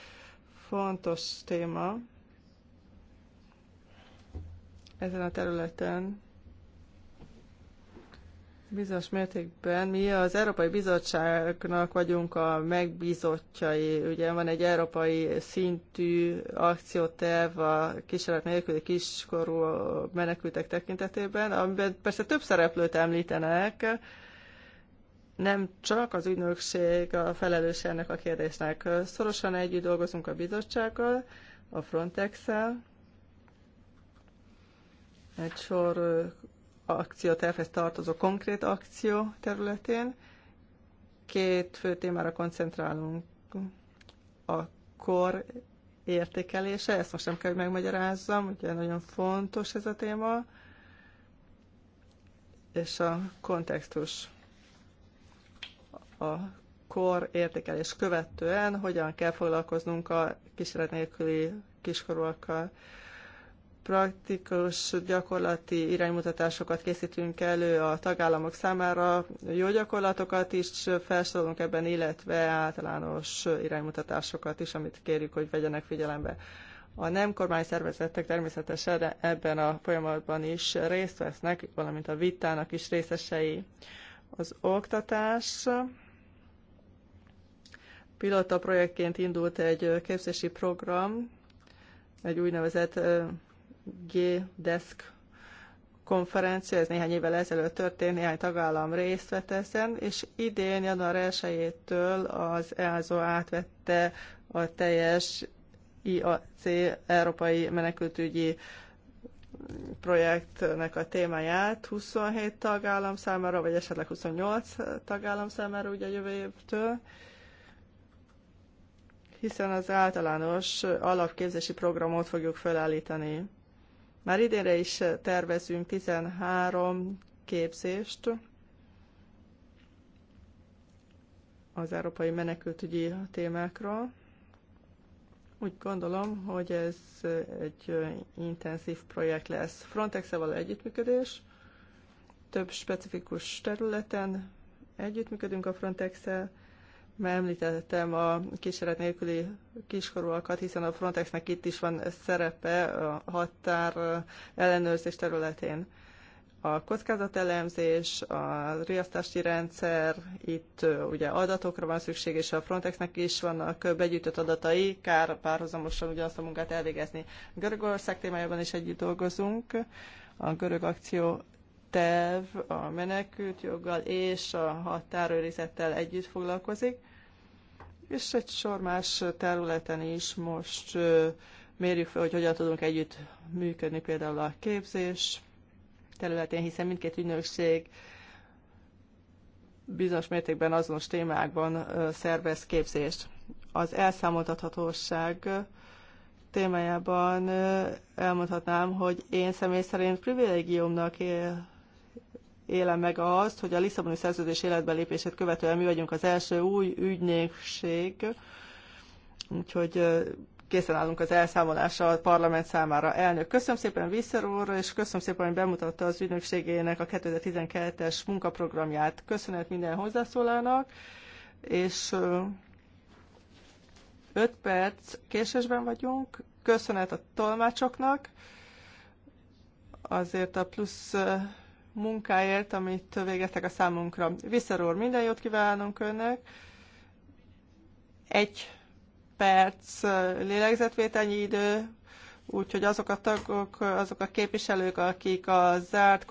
fontos téma ezen a területen. Bizonyos mértékben mi az Európai Bizottságnak vagyunk a megbízottjai. Ugye van egy európai szintű akcióterv a kísérlet nélküli kiskorú menekültek tekintetében, amiben persze több szereplőt említenek, nem csak az ügynökség a felelős ennek a kérdésnek. Szorosan együtt dolgozunk a bizottsággal, a Frontex-el, egy sor akciótervhez tartozó konkrét akció területén. Két fő témára koncentrálunk. A kor értékelése, ezt most nem kell, hogy megmagyarázzam, ugye nagyon fontos ez a téma, és a kontextus. A kor értékelés követően hogyan kell foglalkoznunk a kísérlet nélküli kiskorúakkal praktikus gyakorlati iránymutatásokat készítünk elő a tagállamok számára, jó gyakorlatokat is felsorolunk ebben, illetve általános iránymutatásokat is, amit kérjük, hogy vegyenek figyelembe. A nem kormány szervezetek természetesen ebben a folyamatban is részt vesznek, valamint a vitának is részesei. Az oktatás pilota projektként indult egy képzési program, egy úgynevezett G-Desk konferencia, ez néhány évvel ezelőtt történt, néhány tagállam részt vett ezen, és idén, január 1 az EASO átvette a teljes IAC Európai Menekültügyi projektnek a témáját 27 tagállam számára, vagy esetleg 28 tagállam számára ugye jövő évtől, hiszen az általános alapképzési programot fogjuk felállítani. Már idénre is tervezünk 13 képzést az európai menekültügyi témákról. Úgy gondolom, hogy ez egy intenzív projekt lesz. Frontex-e való együttműködés, több specifikus területen együttműködünk a Frontex-el, már említettem a kísérlet nélküli kiskorúakat, hiszen a Frontexnek itt is van szerepe a határ ellenőrzés területén. A kockázatelemzés, a riasztási rendszer, itt ugye adatokra van szükség, és a Frontexnek is vannak begyűjtött adatai, kár párhuzamosan ugyanazt a munkát elvégezni. Görögország témájában is együtt dolgozunk, a görög akció terv a menekült joggal és a határőrizettel együtt foglalkozik, és egy sor más területen is most mérjük fel, hogy hogyan tudunk együtt működni, például a képzés területén, hiszen mindkét ügynökség bizonyos mértékben azonos témákban szervez képzést. Az elszámoltathatóság témájában elmondhatnám, hogy én személy szerint privilégiumnak élem meg azt, hogy a Lisszaboni szerződés életbe lépését követően mi vagyunk az első új ügynökség, úgyhogy készen állunk az elszámolásra a parlament számára. Elnök, köszönöm szépen Visser úrra, és köszönöm szépen, hogy bemutatta az ügynökségének a 2012-es munkaprogramját. Köszönet minden hozzászólának, és 5 perc késésben vagyunk. Köszönet a tolmácsoknak, azért a plusz munkáért, amit végeztek a számunkra. Visszaról minden jót kívánunk önnek. Egy perc lélegzetvételnyi idő, úgyhogy azok a tagok, azok a képviselők, akik a zárt